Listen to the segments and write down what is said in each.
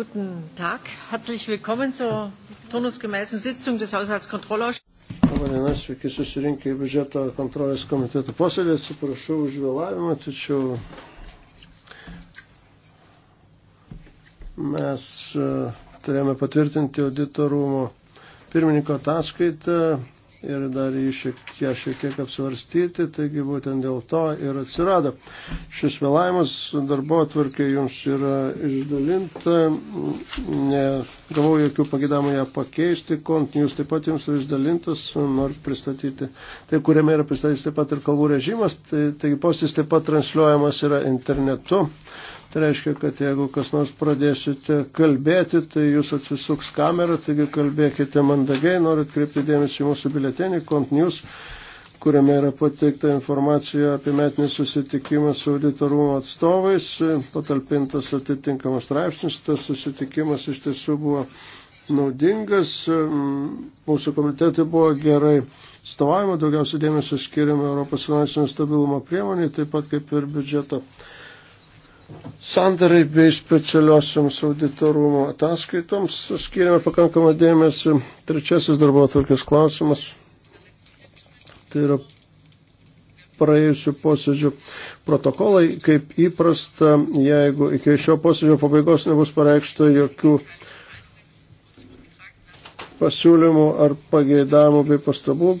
Guten Tag, herzlich willkommen zur turnusgemäßen Sitzung des Haushaltskontrollausschusses. Labadiena, sveiki susirinkę į biudžeto kontrolės komiteto posėdį. Atsiprašau už vėlavimą, tačiau mes e, turėjome patvirtinti auditorumo pirmininko ataskaitą ir dar jį šiek, ją šiek tiek apsvarstyti, taigi būtent dėl to ir atsirado. Šis vėlavimas darbo atvarkė jums yra išdalinta, negavau jokių pagidamų ją pakeisti, kont jūs taip pat jums yra išdalintas, noriu pristatyti, tai kuriame yra pristatytas taip pat ir kalbų režimas, tai, taigi postis taip pat transliuojamas yra internetu. Tai reiškia, kad jeigu kas nors pradėsite kalbėti, tai jūs atsisuks kamerą, taigi kalbėkite mandagiai, norit kreipti dėmesį į mūsų biletenį, Cont News, kuriame yra pateikta informacija apie metinį susitikimą su auditorumo atstovais, patalpintas atitinkamas straipsnis, tas susitikimas iš tiesų buvo naudingas, mūsų komitetai buvo gerai stovavimo, daugiausiai dėmesio skiriame Europos finansinio stabilumo priemonį, taip pat kaip ir biudžeto sandarai bei specialiosioms auditorumo ataskaitoms. Skiriame pakankamą dėmesį. Trečiasis darbo atvarkės klausimas. Tai yra praėjusių posėdžių protokolai, kaip įprasta, jeigu iki šio posėdžio pabaigos nebus pareikšta jokių pasiūlymų ar pageidavimų bei pastabų,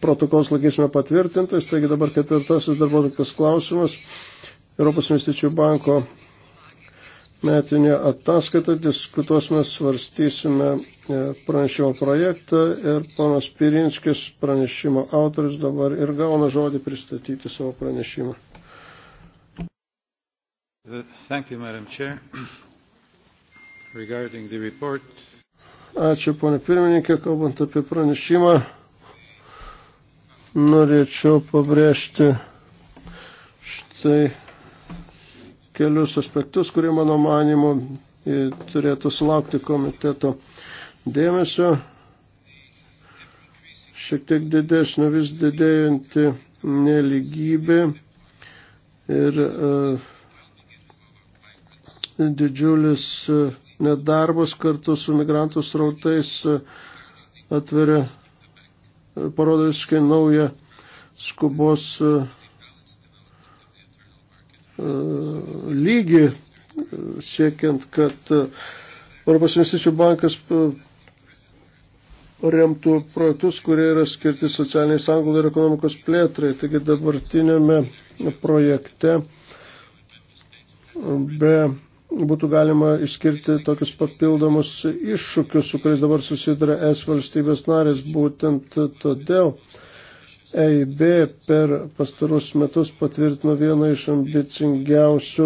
protokolus laikysime patvirtintais, taigi dabar ketvirtasis darbotokas klausimas. Europos investicijų banko metinė ataskaita, diskutuosime, svarstysime e, pranešimo projektą ir ponas Pirinskis, pranešimo autoris, dabar ir gauna žodį pristatyti savo pranešimą. Uh, thank you, Madam Chair. Regarding the report. Ačiū, ponė pirmininkė, kalbant apie pranešimą. Norėčiau pabrėžti štai kelius aspektus, kurie mano manimu turėtų sulaukti komiteto dėmesio. Šiek tiek didesnė vis didėjanti neligybė ir uh, didžiulis uh, nedarbas kartu su migrantų srautais uh, atveria, parodo visiškai naują skubos uh, lygį, siekiant, kad e, Europos investicijų bankas e, remtų projektus, kurie yra skirti socialiniai sąjungai ir ekonomikos plėtrai. Taigi dabartinėme projekte e, be būtų galima išskirti tokius papildomus iššūkius, su kuriais dabar susiduria es valstybės narės. Būtent todėl uh, EIB per pastarus metus patvirtino vieną iš ambicingiausių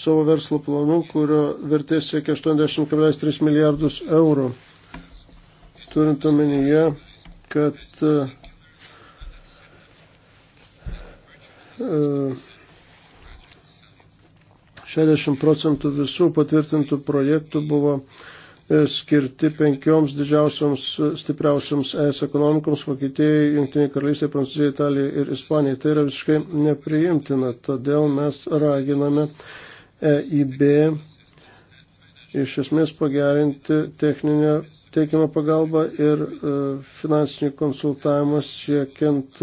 savo verslo planų, kurio vertės siekia 80,3 milijardus eurų. Turint omenyje, kad uh, e, 60 procentų visų patvirtintų projektų buvo uh, E, skirti penkioms didžiausioms, e, stipriausioms ES ekonomikoms - Vokietijai, Junktiniai karalystė, Prancūzijai, Italijai ir Ispanijai. Tai yra visiškai nepriimtina, todėl mes raginame EIB iš esmės pagerinti techninę teikimą pagalbą ir e, finansinį konsultavimą siekiant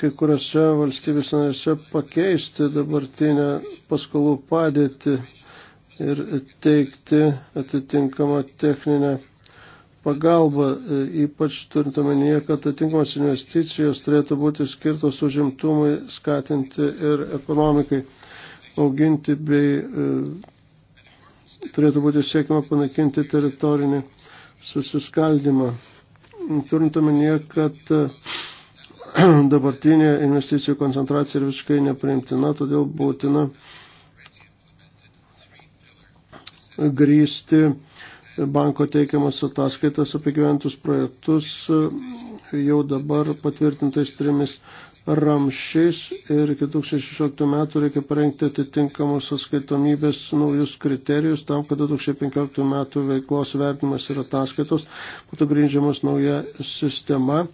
kai kuriuose valstybės narėse pakeisti dabartinę paskolų padėtį ir teikti atitinkamą techninę pagalbą, e, ypač turint omenyje, kad atitinkamos investicijos turėtų būti skirtos užimtumui skatinti ir ekonomikai auginti bei e, turėtų būti siekiama panaikinti teritorinį susiskaldimą. Turint omenyje, kad e, dabartinė investicijų koncentracija yra visiškai nepriimtina, todėl būtina grįsti banko teikiamas ataskaitas apie gyventus projektus jau dabar patvirtintais trimis ramšiais ir iki 2016 metų reikia parengti atitinkamos atskaitomybės naujus kriterijus tam, kad 2015 metų veiklos vertinimas ir ataskaitos būtų grindžiamas nauja sistema,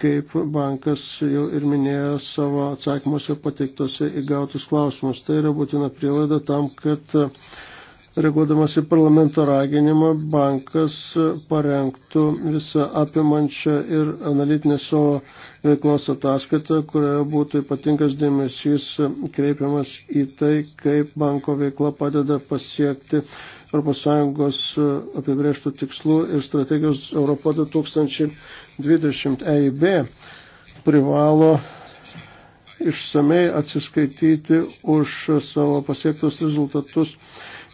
kaip bankas jau ir minėjo savo atsakymuose pateiktose įgautus klausimus. Tai yra būtina prielaida tam, kad reaguodamas į parlamento raginimą, bankas parengtų visą apimančią ir analitinę savo veiklos ataskaitą, kurioje būtų ypatingas dėmesys kreipiamas į tai, kaip banko veikla padeda pasiekti ES apibrėžtų tikslų ir strategijos Europo 2020 EIB privalo išsamei atsiskaityti už savo pasiektus rezultatus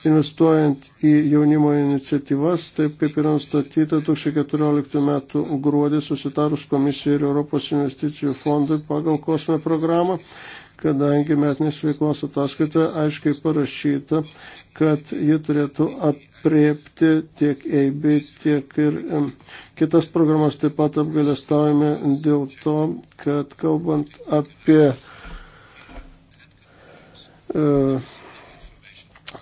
investuojant į jaunimo iniciatyvas, taip kaip yra nustatyta 2014 m. gruodį susitarus komisijai ir Europos investicijų fondui pagal kosmę programą, kadangi metinės veiklos ataskaitoje aiškiai parašyta, kad ji turėtų apriepti tiek EIB, tiek ir um, kitas programas taip pat apgalėstavime dėl to, kad kalbant apie uh,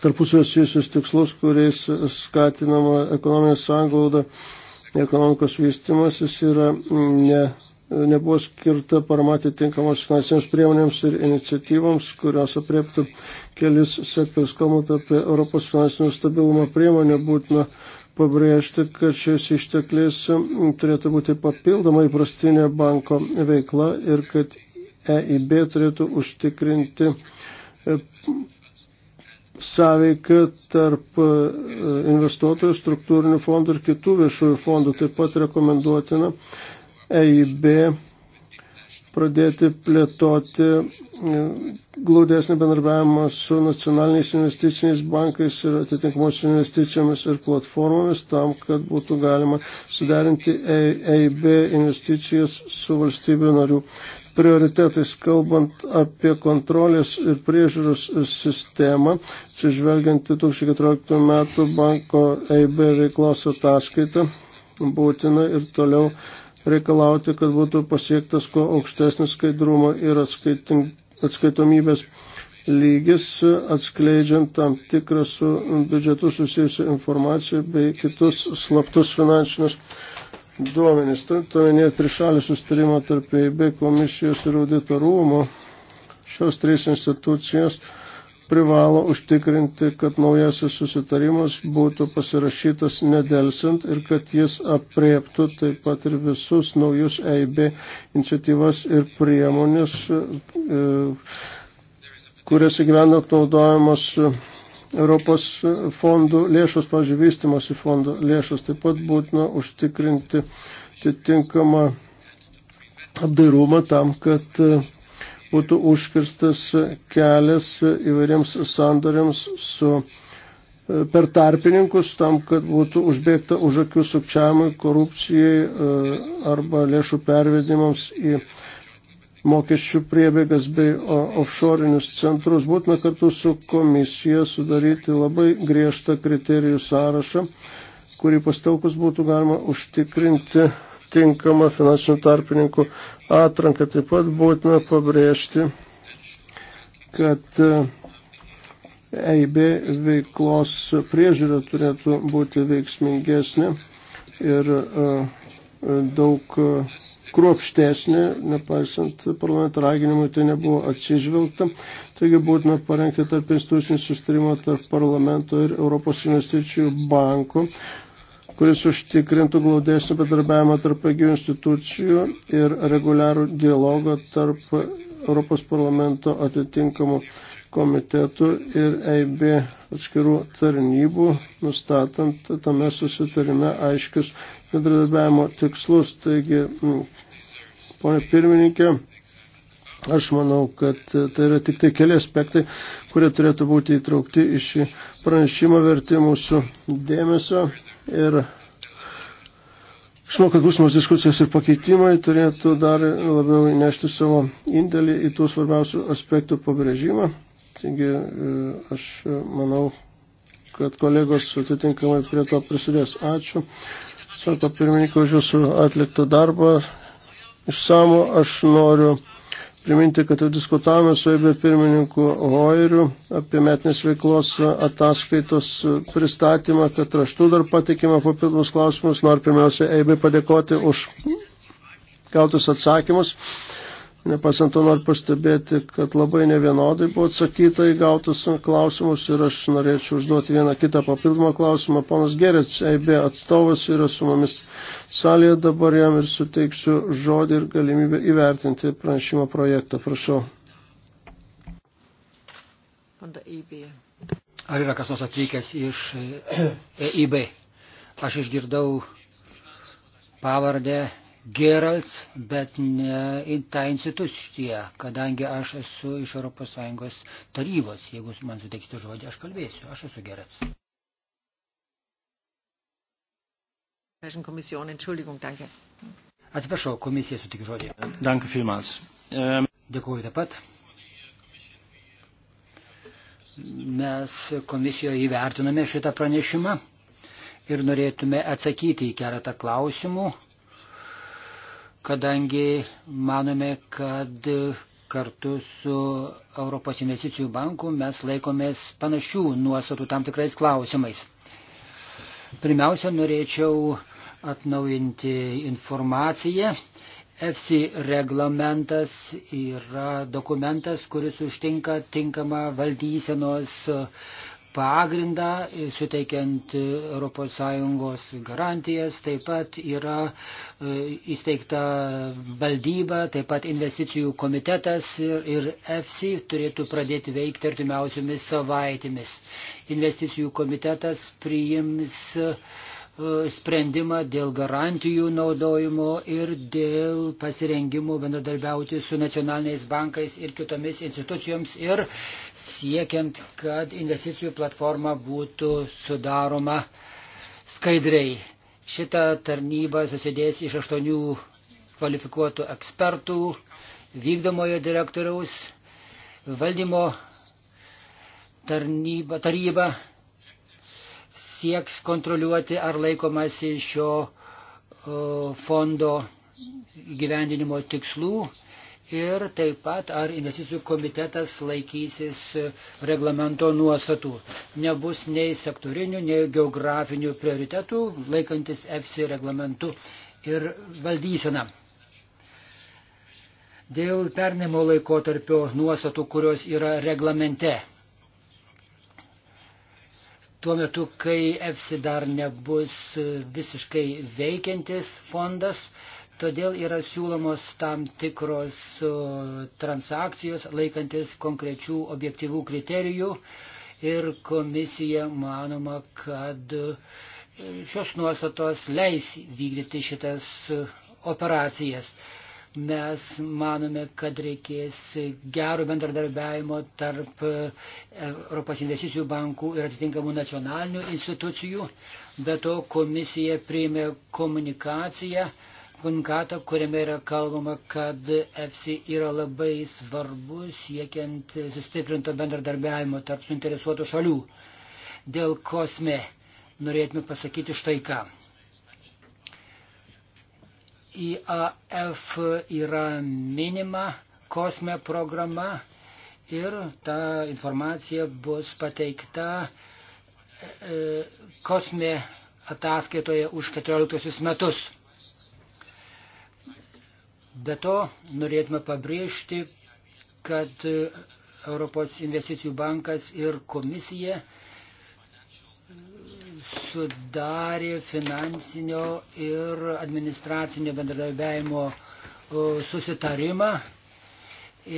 tarpusio susijusius tikslus, kuriais skatinama ekonominė sąglauda, ekonomikos vystimasis yra mm, ne, nebuvo skirta parama atitinkamos finansinėms priemonėms ir iniciatyvoms, kurios apriektų kelis sektorius, kalbant apie Europos finansinio stabilumo priemonę, būtina pabrėžti, kad šis išteklis mm, turėtų būti papildoma įprastinė banko veikla ir kad EIB turėtų užtikrinti e, sąveiką tarp e, investuotojų, struktūrinių fondų ir kitų viešųjų fondų. Taip pat rekomenduotina EIB pradėti plėtoti e, glaudesnį bendarbiavimą su nacionaliniais investiciniais bankais ir atitinkamos investicijomis ir platformomis tam, kad būtų galima suderinti EIB investicijas su valstybių narių prioritetais, kalbant apie kontrolės ir priežiūros sistemą, atsižvelgiant į 2014 metų banko EIB veiklos ataskaitą, būtina ir toliau reikalauti, kad būtų pasiektas kuo aukštesnis skaidrumo ir atskaitomybės lygis, atskleidžiant tam tikrą su biudžetu susijusią informaciją bei kitus slaptus finansinius duomenys. Tuomenė trišalį sustarimą tarp EIB komisijos ir auditorumo. Šios trys institucijos privalo užtikrinti, kad naujasis susitarimas būtų pasirašytas nedelsint ir kad jis apriektų taip pat ir visus naujus EIB iniciatyvas ir priemonės, e, kurias įgyvendant naudojamos Europos fondų lėšos, pavyzdžiui, vystimosi fondų lėšos. Taip pat būtina užtikrinti atitinkamą apdairumą tam, kad e, būtų užkirstas kelias įvairiems sandoriams su e, per tarpininkus tam, kad būtų užbėgta už akių sukčiavimui, korupcijai e, arba lėšų pervedimams į mokesčių priebėgas bei offshorinius centrus. Būtina kartu su komisija sudaryti labai griežtą kriterijų sąrašą, kurį pastelkus būtų galima užtikrinti tinkamą finansinių tarpininkų atranką. Taip pat būtina pabrėžti, kad EIB e veiklos priežiūra turėtų būti veiksmingesnė ir e, daug kruopštesnė, nepaisant parlamento raginimų, tai nebuvo atsižvelgta. Taigi būtina parengti tarp institucinį sustarimą tarp parlamento ir Europos investicijų banko, kuris užtikrintų glaudesnį bedarbiavimą tarp agių institucijų ir reguliarų dialogą tarp Europos parlamento atitinkamų komitetų ir EIB atskirų tarnybų, nustatant tame susitarime aiškius bendradarbiavimo tikslus. Taigi Pone pirmininkė, Aš manau, kad tai yra tik tai keli aspektai, kurie turėtų būti įtraukti į šį pranešimą verti mūsų dėmesio. Ir aš manau, kad būsimos diskusijos ir pakeitimai turėtų dar labiau įnešti savo indėlį į tų svarbiausių aspektų pabrėžimą. Taigi e, aš manau, kad kolegos atitinkamai prie to prisidės. Ačiū. Sako pirmininkai už jūsų atliktą darbą išsamų. Aš noriu priminti, kad jau diskutavome su EBE pirmininku Hoiriu apie metinės veiklos ataskaitos pristatymą, kad raštu dar patikime papildomus klausimus. Noriu pirmiausia EBE padėkoti už gautus atsakymus. Nepasant to noriu pastebėti, kad labai nevienodai buvo atsakyta į gautus klausimus ir aš norėčiau užduoti vieną kitą papildomą klausimą. Ponas Gerets, EIB atstovas yra su mumis salėje, dabar jam ir suteiksiu žodį ir galimybę įvertinti pranešimo projektą. Prašau. E Ar yra kas nors atvykęs iš EIB? Aš išgirdau pavardę Gerals, bet ne į tą instituciją, kadangi aš esu iš ES tarybos. Jeigu man suteiksite žodį, aš kalbėsiu. Aš esu Gerals. Atsiprašau, komisija sutik žodį. Danke vielmals. Ähm, Dėkuoju taip pat mes komisijoje įvertiname šitą pranešimą ir norėtume atsakyti į keletą klausimų, kadangi manome, kad kartu su Europos investicijų banku mes laikomės panašių nuostatų tam tikrais klausimais. Pirmiausia, norėčiau atnaujinti informaciją. EFSI reglamentas yra dokumentas, kuris užtinka tinkamą valdysenos uh, pagrindą, e, suteikiant e, ES garantijas, taip pat yra e, įsteigta valdyba, taip pat investicijų komitetas ir, ir EFSI turėtų pradėti veikti artimiausiomis savaitėmis. Investicijų komitetas priims uh, E, sprendimą dėl garantijų naudojimo ir dėl pasirengimo bendradarbiauti su nacionaliniais bankais ir kitomis institucijoms ir siekiant, kad investicijų platforma būtų sudaroma skaidriai. Šita tarnyba susidės iš aštuonių kvalifikuotų ekspertų, vykdomojo direktoriaus, valdymo tarnyba, taryba sieks kontroliuoti, ar laikomasi šio fondo gyvendinimo tikslų ir taip pat ar investicijų komitetas laikysis reglamento nuostatų. Nebus nei sektorinių, nei geografinių prioritetų laikantis EFSI reglamentu ir valdysena. Dėl pernimo laikotarpio nuostatų, kurios yra reglamente tuo metu, kai EFSI dar nebus visiškai veikiantis fondas, todėl yra siūlomos tam tikros transakcijos laikantis konkrečių objektyvų kriterijų ir komisija manoma, kad e, šios nuostatos leis vykdyti šitas e, operacijas. Mes manome, kad reikės gero bendradarbiavimo tarp e, Europos investicijų bankų ir atitinkamų nacionalinių institucijų. Be to komisija priėmė komunikaciją, komunikatą, kuriame yra kalbama, kad EFSI yra labai svarbus siekiant sustiprinto bendradarbiavimo tarp suinteresuotų šalių. Dėl kosme norėtume pasakyti štai ką IAF yra minima kosme programa ir ta informacija bus pateikta e, kosme ataskaitoje už 14 metus. Be to, norėtume pabrėžti, kad Europos investicijų bankas ir komisija sudarė finansinio ir administracinio bendradarbiavimo susitarimą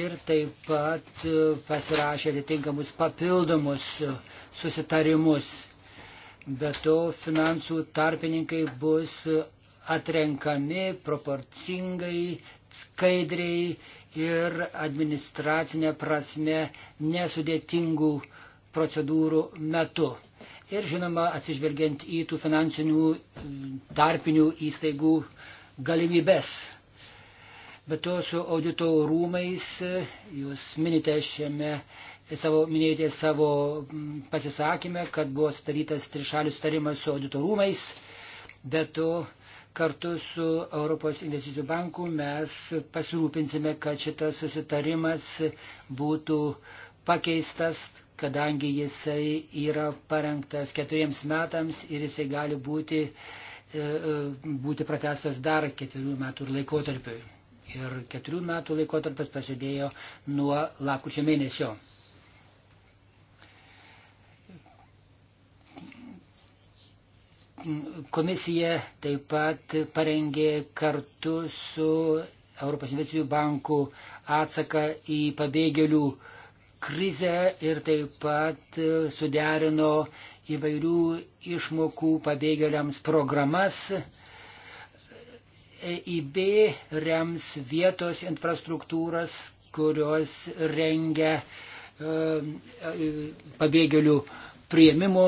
ir taip pat e, pasirašė atitinkamus papildomus susitarimus. Be to finansų tarpininkai bus atrenkami proporcingai, skaidriai ir administracinė prasme nesudėtingų procedūrų metu ir žinoma atsižvelgiant į tų finansinių mm, tarpinių įstaigų galimybės. Bet to su audito rūmais, jūs minite šiame, savo, minėjote savo mm, pasisakymę, kad buvo starytas trišalis starimas su audito rūmais, bet to kartu su Europos investicijų banku mes pasirūpinsime, kad šitas susitarimas būtų pakeistas kadangi jisai yra parengtas keturiems metams ir jisai gali būti, e, e, būti pratestas dar ketverių metų laikotarpiui. Ir keturių metų laikotarpis prasidėjo nuo lakučio mėnesio. Komisija taip pat parengė kartu su Europos investicijų bankų atsaką į pabėgėlių uh, krizę ir taip pat e, suderino įvairių išmokų pabėgėliams programas. EIB rems vietos infrastruktūras, kurios rengia e, e, pabėgėlių prieimimo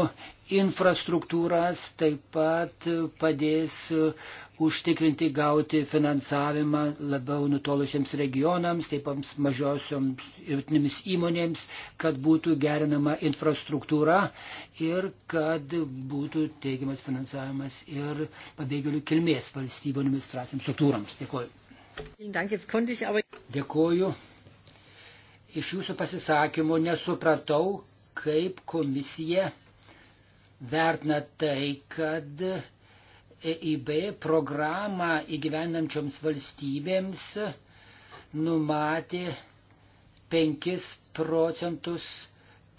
infrastruktūras, taip pat padės užtikrinti gauti finansavimą labiau nutolusiems regionams, taip pat mažiosioms ir vidutinėms įmonėms, kad būtų gerinama infrastruktūra ir kad būtų teigiamas finansavimas ir pabėgėlių kilmės valstybių administracijams struktūrams. Dėkuoju. Dėkuoju. Iš jūsų pasisakymų nesupratau, kaip komisija vertina tai, kad EIB programą įgyvendančioms valstybėms numatė 5 procentus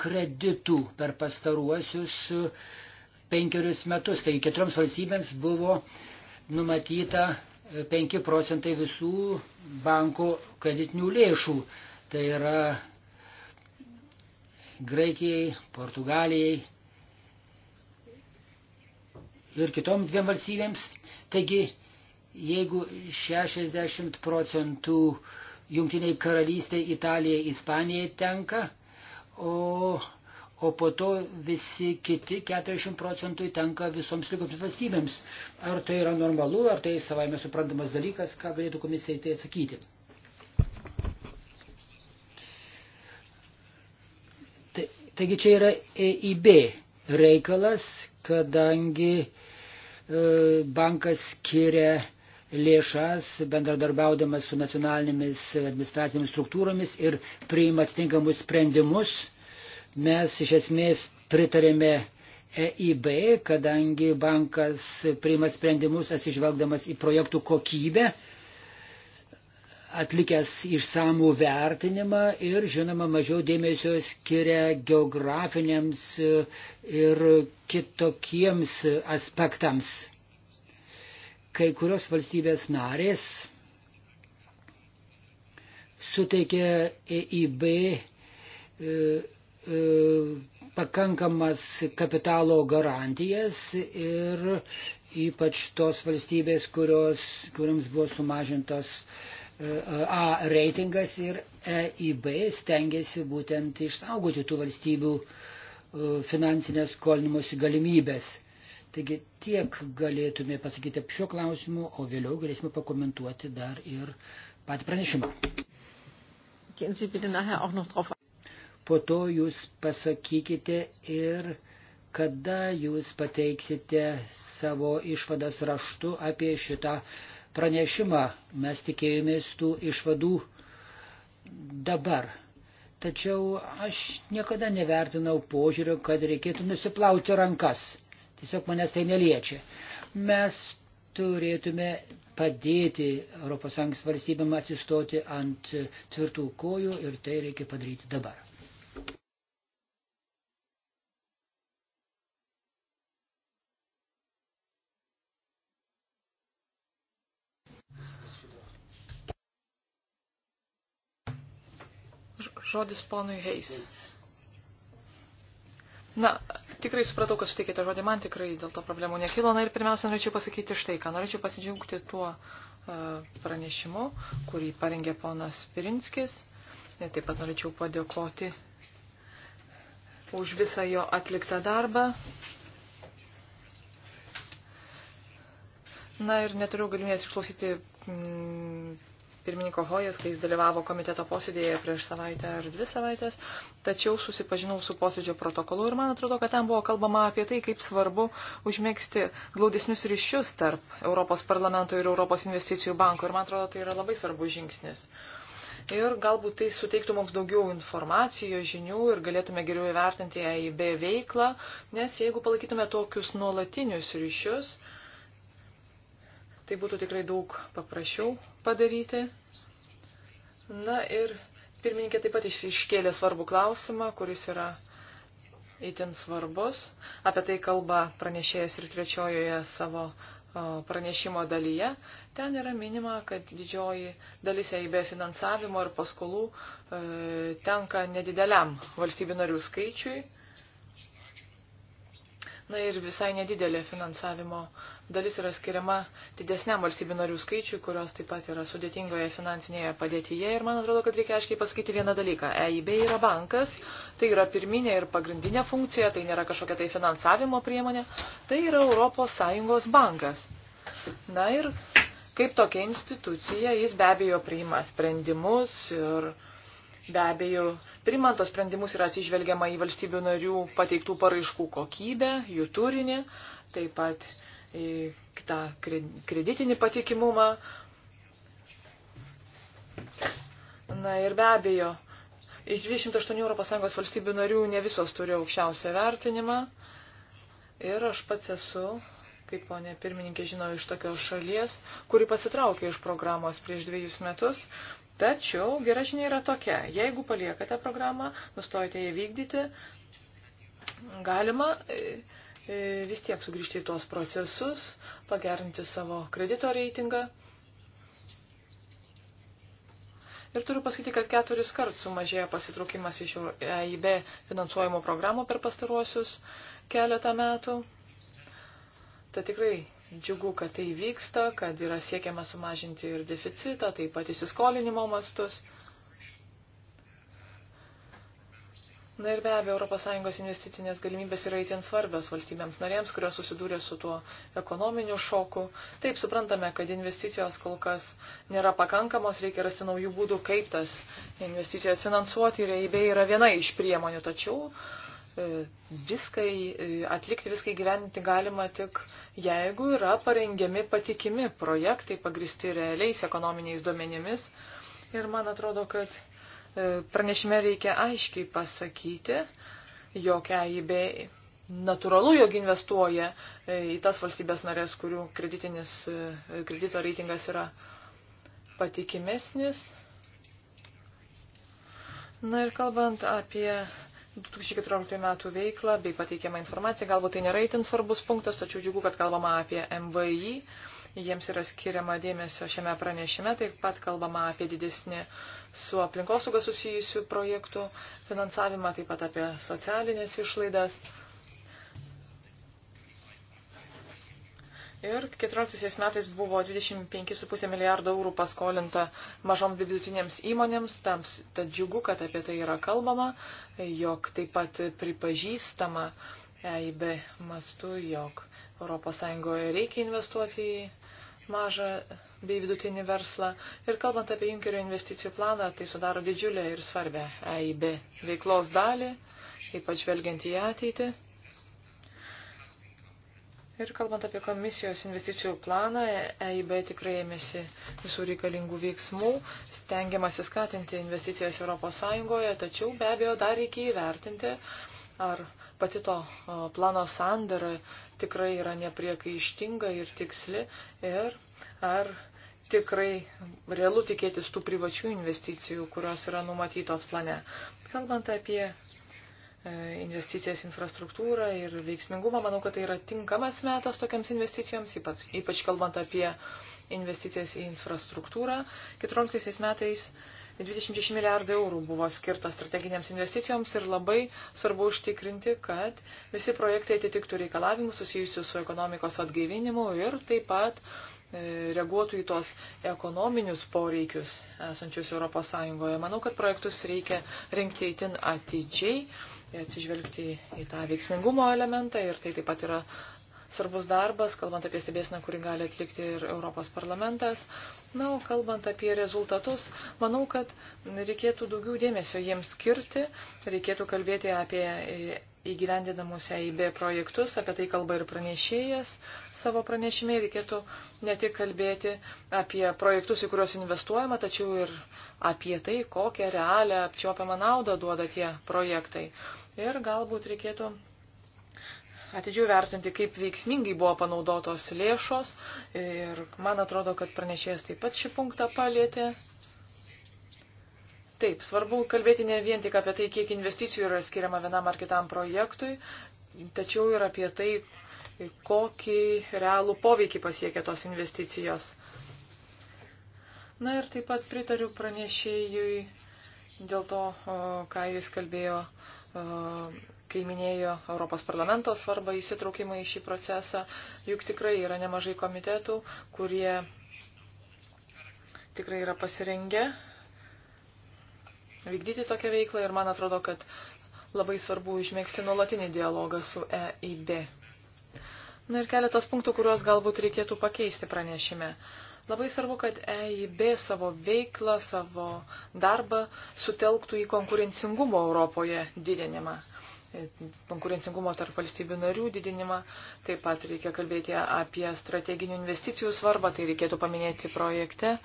kreditų per pastaruosius penkerius metus. Tai keturioms valstybėms buvo numatyta 5 procentai visų banko kreditinių lėšų. Tai yra Graikijai, Portugalijai ir kitoms dviem valstybėms. Taigi, jeigu 60 procentų jungtiniai karalystė Italijai, Ispanijai tenka, o, o po to visi kiti 40 procentų tenka visoms likoms valstybėms. Ar tai yra normalu, ar tai savai mes suprantamas dalykas, ką galėtų komisija į tai atsakyti? Taigi čia yra EIB reikalas, kadangi e, bankas skiria lėšas bendradarbiaudamas su nacionalinėmis administracinėmis struktūromis ir priima atitinkamus sprendimus. Mes iš esmės pritarėme EIB, kadangi bankas priima sprendimus atsižvelgdamas į projektų kokybę, atlikęs išsamų vertinimą ir, žinoma, mažiau dėmesio skiria geografiniams e, ir kitokiems aspektams. Kai kurios valstybės narės suteikė EIB e, e, pakankamas kapitalo garantijas ir ypač tos valstybės, kurios, kuriams buvo sumažintos uh, A reitingas ir EIB stengiasi būtent išsaugoti tų valstybių e, finansinės skolinimosi galimybės. Taigi tiek galėtume pasakyti apie šio klausimu, o vėliau galėsime pakomentuoti dar ir patį pranešimą. Po to jūs pasakykite ir kada jūs pateiksite savo išvadas raštu apie šitą uh, pranešimą. Mes tikėjomės tų išvadų dabar. Tačiau aš niekada nevertinau požiūriu, kad reikėtų nusiplauti rankas. Tiesiog manęs tai neliečia. Mes turėtume padėti ES valstybėm atsistoti ant tvirtų kojų ir tai reikia padaryti dabar. Žodis ponui Heis. Na, tikrai supratau, kad suteikėte žodį, man tikrai dėl to problemų nekilo. Na ir pirmiausia, norėčiau pasakyti štai, ką norėčiau pasidžiaugti tuo e, pranešimu, kurį parengė ponas Pirinskis. Ir taip pat norėčiau padėkoti už visą jo atliktą darbą. Na ir neturiu galimybės išklausyti pirmininko Hojas, kai jis dalyvavo komiteto posėdėje prieš savaitę ar dvi savaitės, tačiau susipažinau su posėdžio protokolu ir man atrodo, kad ten buvo kalbama apie tai, kaip svarbu užmėgsti glaudesnius ryšius tarp Europos parlamento ir Europos investicijų banko ir man atrodo, tai yra labai svarbus žingsnis. Ir galbūt tai suteiktų mums daugiau informacijos, žinių ir galėtume geriau įvertinti EIB veiklą, nes jeigu palaikytume tokius nuolatinius ryšius, uh, Tai būtų tikrai daug paprasčiau padaryti. Na ir pirmininkė taip pat iškėlė svarbų klausimą, kuris yra įtin svarbus. Apie tai kalba pranešėjas ir trečiojoje savo pranešimo dalyje. Ten yra minima, kad didžioji dalis EIB finansavimo ir paskolų e, tenka nedideliam valstybių narių skaičiui. Na ir visai nedidelė finansavimo dalis yra skiriama didesniam valstybių narių skaičiui, kurios taip pat yra sudėtingoje finansinėje padėtyje. Ir man atrodo, kad reikia aiškiai pasakyti vieną dalyką. EIB yra bankas, tai yra pirminė ir pagrindinė funkcija, tai nėra kažkokia tai finansavimo priemonė, tai yra ES bankas. Na ir kaip tokia institucija, jis be abejo priima sprendimus ir be abejo Primant tos sprendimus yra atsižvelgiama į valstybių narių pateiktų paraiškų kokybę, jų turinį, taip pat į tą kreditinį patikimumą. Na ir be abejo, iš 28 ES valstybių narių ne visos turi aukščiausią vertinimą. Ir aš pats esu, kaip ponė pirmininkė žino, iš tokios šalies, kuri pasitraukė iš programos prieš dviejus metus. Tačiau gera žinia yra tokia, jeigu paliekate programą, nustojate ją vykdyti, galima e, e, vis tiek sugrįžti į tuos procesus, pagerinti savo kredito reitingą. Ir turiu pasakyti, kad keturis kart sumažėjo pasitraukimas iš EIB finansuojimo programų per pastaruosius keletą metų. Tai tikrai Džiugu, kad tai vyksta, kad yra siekiama sumažinti ir deficitą, taip pat įsiskolinimo mastus. Na ir be abejo, ES investicinės galimybės yra įtin svarbios valstybėms narėms, kurios susidūrė su tuo ekonominiu šoku. Taip, suprantame, kad investicijos kol kas nėra pakankamos, reikia rasti naujų būdų, kaip tas investicijas finansuoti ir EIB yra viena iš priemonių, tačiau viską atlikti, viską gyventi galima tik jeigu yra parengiami patikimi projektai, pagristi realiais ekonominiais duomenimis. Ir man atrodo, kad e, pranešime reikia aiškiai pasakyti, jog EIB natūralu, jog investuoja e, į tas valstybės narės, kurių e, kredito reitingas yra patikimesnis. Na ir kalbant apie 2014 metų veiklą bei pateikiamą informaciją. Galbūt tai nėra itin svarbus punktas, tačiau džiugu, kad kalbama apie MVI. Jiems yra skiriama dėmesio šiame pranešime, taip pat kalbama apie didesnį su aplinkosauga susijusių projektų finansavimą, taip pat apie socialinės išlaidas. Ir 14 metais buvo 25,5 milijardo eurų paskolinta mažom vidutinėms įmonėms, tams tad džiugu, kad apie tai yra kalbama, jog taip pat pripažįstama EIB mastu, jog ES reikia investuoti į mažą bei vidutinį verslą. Ir kalbant apie Junkerio investicijų planą, tai sudaro didžiulę ir svarbę EIB veiklos dalį, ypač žvelgiant į ateitį. Ir kalbant apie komisijos investicijų planą, EIB tikrai ėmėsi visų reikalingų veiksmų, stengiamasi skatinti investicijas ES, tačiau be abejo dar reikia įvertinti, ar pati to plano sandara tikrai yra nepriekaištinga ir tiksli, ir ar tikrai realu tikėtis tų privačių investicijų, kurios yra numatytos plane. Kalbant apie E, investicijas infrastruktūrą ir veiksmingumą. Manau, kad tai yra tinkamas metas tokiams investicijoms, ypač, ypač kalbant apie investicijas į infrastruktūrą. 14 metais 26 milijardai eurų buvo skirta strateginiams investicijoms ir labai svarbu užtikrinti, kad visi projektai atitiktų reikalavimus susijusius su ekonomikos atgaivinimu ir taip pat e, reaguotų į tos ekonominius poreikius esančius ES. Manau, kad projektus reikia rinkti įtin atidžiai atsižvelgti į tą veiksmingumo elementą ir tai taip pat yra svarbus darbas, kalbant apie stebėsiną, kurį gali atlikti ir Europos parlamentas. Na, o kalbant apie rezultatus, manau, kad reikėtų daugiau dėmesio jiems skirti, reikėtų kalbėti apie įgyvendinamus EIB projektus, apie tai kalba ir pranešėjas savo pranešime. Reikėtų ne tik kalbėti apie projektus, į kuriuos investuojama, tačiau ir apie tai, kokią realią apčiopiamą naudą duoda tie projektai. Ir galbūt reikėtų atidžiau vertinti, kaip veiksmingai buvo panaudotos lėšos. Ir man atrodo, kad pranešėjas taip pat šį punktą palėtė. Taip, svarbu kalbėti ne vien tik apie tai, kiek investicijų yra skiriama vienam ar kitam projektui, tačiau ir apie tai, kokį realų poveikį pasiekia tos investicijos. Na ir taip pat pritariu pranešėjui dėl to, ką jis kalbėjo, kai minėjo Europos parlamento svarbą įsitraukimą į šį procesą. Juk tikrai yra nemažai komitetų, kurie tikrai yra pasirengę vykdyti tokią veiklą ir man atrodo, kad labai svarbu išmėgsti nuolatinį dialogą su EIB. Na ir keletas punktų, kuriuos galbūt reikėtų pakeisti pranešime. Labai svarbu, kad EIB savo veiklą, savo darbą sutelktų į konkurencingumo Europoje didinimą e, konkurencingumo tarp valstybių narių didinimą. Taip pat reikia kalbėti apie strateginių investicijų svarbą, tai reikėtų paminėti projekte.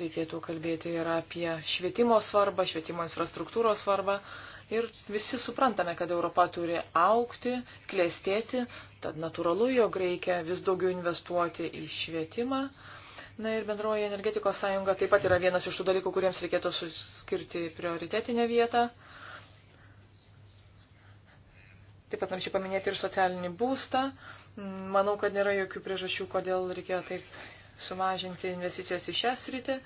Reikėtų kalbėti ir apie švietimo svarbą, švietimo infrastruktūros svarbą. Ir visi suprantame, kad Europa turi aukti, klėstėti, tad natūralu, jog reikia vis daugiau investuoti į švietimą. Na ir bendroji energetikos sąjunga taip pat yra vienas iš tų dalykų, kuriems reikėtų skirti prioritetinę vietą. Taip pat norėčiau paminėti ir socialinį būstą. Manau, kad nėra jokių priežasčių, kodėl reikėjo taip sumažinti investicijas į šią sritį.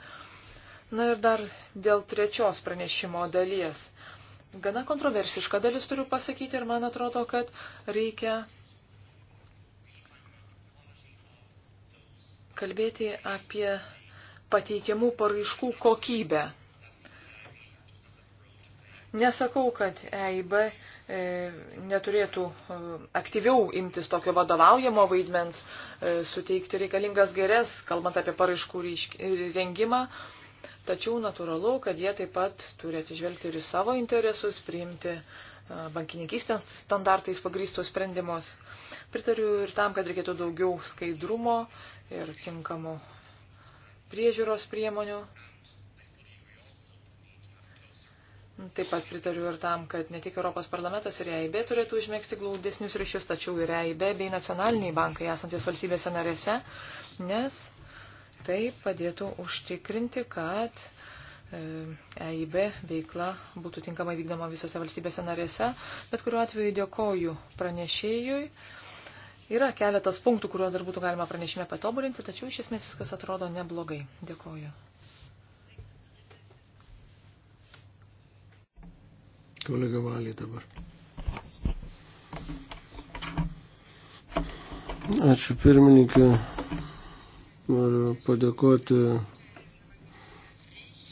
Na ir dar dėl trečios pranešimo dalies. Gana kontroversiška dalis turiu pasakyti ir man atrodo, kad reikia kalbėti apie pateikiamų paraiškų kokybę. Nesakau, kad EIB E, neturėtų e, aktyviau imtis tokio vadovaujamo vaidmens, e, suteikti reikalingas gerės, kalbant apie paraiškų rengimą. Tačiau natūralu, kad jie taip pat turi atsižvelgti ir į savo interesus, priimti bankininkystės standartais pagrįstos sprendimus. Pritariu ir tam, kad reikėtų daugiau skaidrumo ir tinkamų priežiūros priemonių. Taip pat pritariu ir tam, kad ne tik Europos parlamentas ir EIB turėtų užmėgsti glaudesnius ryšius, tačiau ir EIB bei nacionaliniai bankai esantis valstybėse narėse, nes tai padėtų užtikrinti, kad e, EIB veikla būtų tinkamai vykdoma visose valstybėse narėse, bet kuriuo atveju dėkoju pranešėjui. Yra keletas punktų, kuriuos dar būtų galima pranešime patobulinti, tačiau iš esmės viskas atrodo neblogai. Dėkoju. Kolega Valį dabar. Ačiū pirmininkė. Noriu padėkoti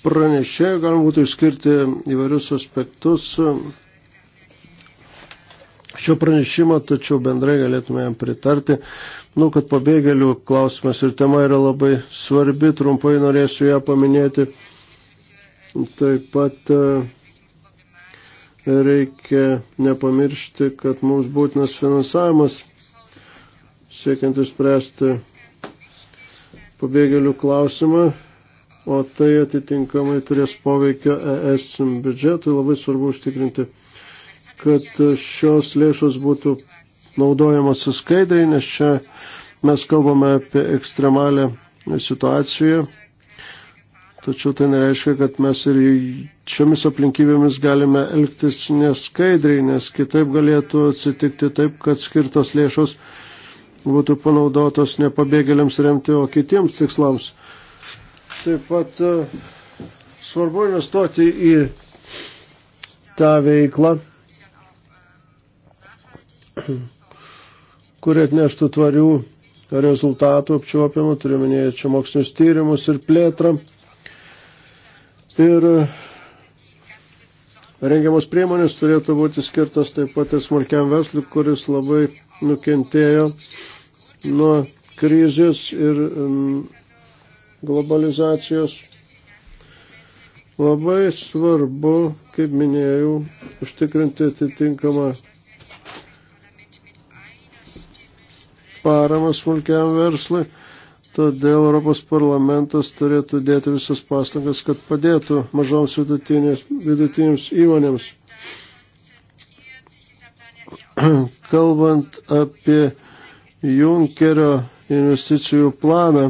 pranešėjų, galima būtų išskirti įvairius aspektus šio pranešimo, tačiau bendrai galėtume jam pritarti. Nu, kad pabėgėlių klausimas ir tema yra labai svarbi, trumpai norėsiu ją paminėti. Taip pat uh, reikia nepamiršti, kad mums būtinas finansavimas siekiant išspręsti pabėgėlių klausimą, o tai atitinkamai turės poveikio ES biudžetui. Labai svarbu užtikrinti, kad šios lėšos būtų naudojamos skaidriai, nes čia mes kalbame apie ekstremalę situaciją Tačiau tai nereiškia, kad mes ir šiomis aplinkybėmis galime elgtis neskaidriai, nes kitaip galėtų atsitikti taip, kad skirtos lėšos būtų panaudotos ne pabėgėliams remti, o kitiems tikslams. Taip pat e, svarbu investuoti į tą veiklą, kuri atneštų tvarių rezultatų apčiuopiamų, turiu minėti čia mokslinius tyrimus ir plėtrą Ir e, rengiamos priemonės turėtų būti skirtos taip pat ir smulkiam verslui, kuris labai nukentėjo nuo krizės ir globalizacijos. Labai svarbu, kaip minėjau, užtikrinti atitinkamą paramą smulkiam verslui. Todėl Europos parlamentas turėtų dėti visas pastangas, kad padėtų mažoms vidutinėms įmonėms. Kalbant apie Junkerio investicijų planą,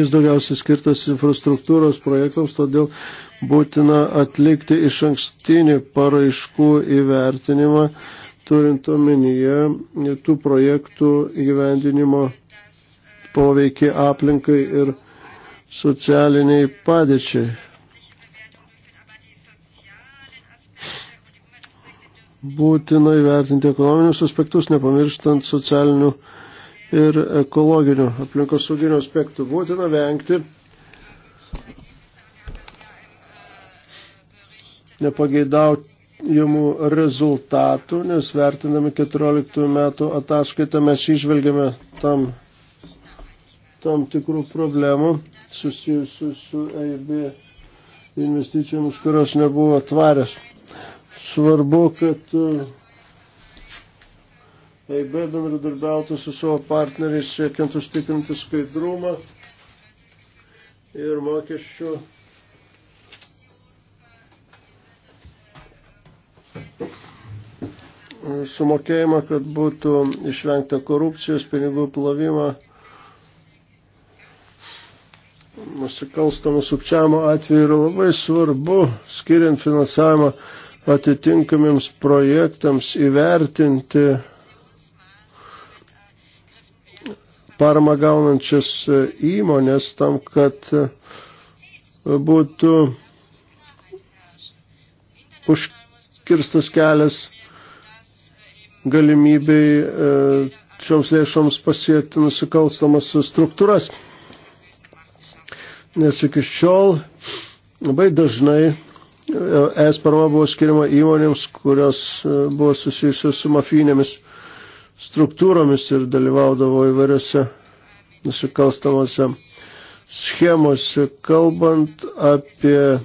jis daugiausiai skirtas infrastruktūros projektams, todėl būtina atlikti iš ankstinį paraiškų įvertinimą, turint omenyje tų projektų įgyvendinimo poveikį aplinkai ir socialiniai padėčiai. Būtina įvertinti ekonominius aspektus, nepamirštant socialinių ir ekologinių aplinkos sauginių aspektų. Būtina vengti nepageidaujamų rezultatų, nes vertinami 14 metų ataskaitą mes išvelgiame tam tam tikrų problemų susijusių su EIB investicijomis, kurios nebuvo tvarios. Svarbu, kad EIB uh, bendradarbiautų su savo partneriais, siekiant užtikrinti skaidrumą ir mokesčių sumokėjimą, kad būtų išvengta korupcijos, pinigų plovimo nusikalstamų sukčiamo atveju yra labai svarbu, skiriant finansavimą atitinkamiems projektams įvertinti paramą gaunančias įmonės tam, kad būtų užkirstas kelias galimybei e, šioms lėšoms pasiekti nusikalstamas struktūras nes iki šiol labai dažnai e, ES parama buvo skiriama įmonėms, kurios e, buvo susijusios su mafinėmis struktūromis ir dalyvaudavo įvairiose nusikalstamose schemose. Kalbant apie e,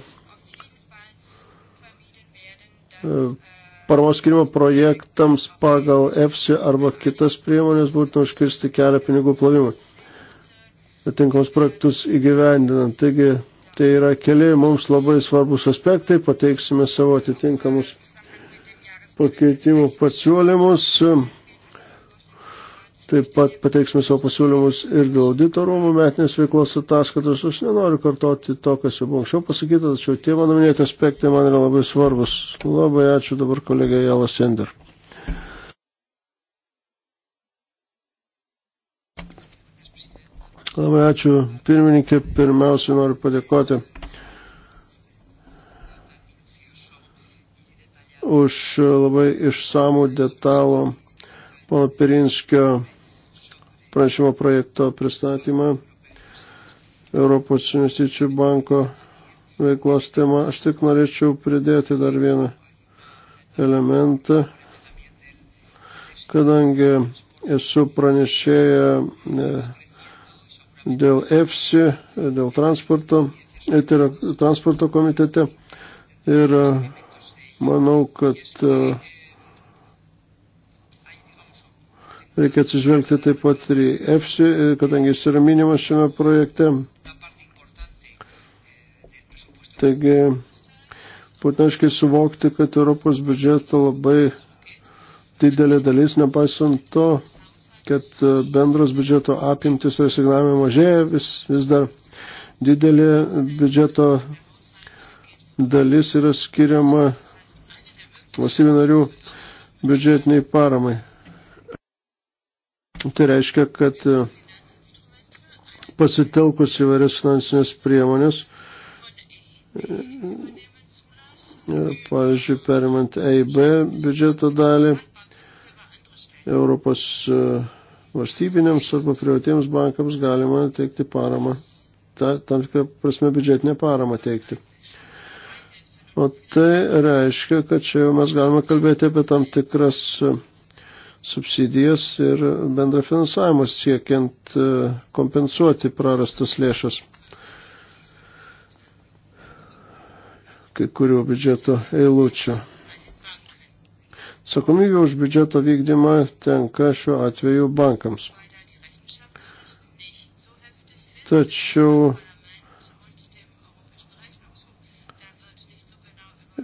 paramos skirimo projektams pagal EFSI arba kitas priemonės būtų užkirsti kelią pinigų plovimui atinkamus projektus įgyvendinant. Taigi tai yra keli mums labai svarbus aspektai, pateiksime savo atitinkamus pakeitimų pasiūlymus. Taip pat pateiksime savo pasiūlymus ir dėl auditorumų metinės veiklos ataskaitos. Aš nenoriu kartoti to, kas jau buvo anksčiau pasakyta, tačiau tie mano minėti aspektai man yra labai svarbus. Labai ačiū dabar kolegė Jala Sender. Labai ačiū pirmininkė. Pirmiausia, noriu padėkoti už labai išsamų detalų pono Pirinskio pranešimo projekto pristatymą Europos investicijų banko veiklos tema. Aš tik norėčiau pridėti dar vieną elementą, kadangi esu pranešėję e, dėl EFSI, dėl transporto, eterio, transporto komitete. Ir e, manau, kad e, reikia atsižvelgti taip pat ir į EFSI, kadangi jis yra minimas šiame projekte. Taigi, būtent suvokti, kad Europos biudžeto labai didelė dalis, nepaisant to, kad e, bendros biudžeto apimtis ir signavimai mažėja, vis, vis dar didelė biudžeto dalis yra skiriama valstybių narių biudžetiniai paramai. Tai reiškia, kad e, pasitelkus įvairias finansinės priemonės, e, pavyzdžiui, perimant EIB biudžeto dalį, Europos valstybinėms arba privatiems bankams galima teikti paramą, ta, tam tikrą prasme biudžetinę paramą teikti. O tai reiškia, kad čia jau mes galime kalbėti apie tam tikras e, subsidijas ir bendrą finansavimą siekiant e, kompensuoti prarastas lėšas. kai kurių biudžeto eilučių. Atsakomybė už biudžeto vykdymą tenka šiuo atveju bankams. Tačiau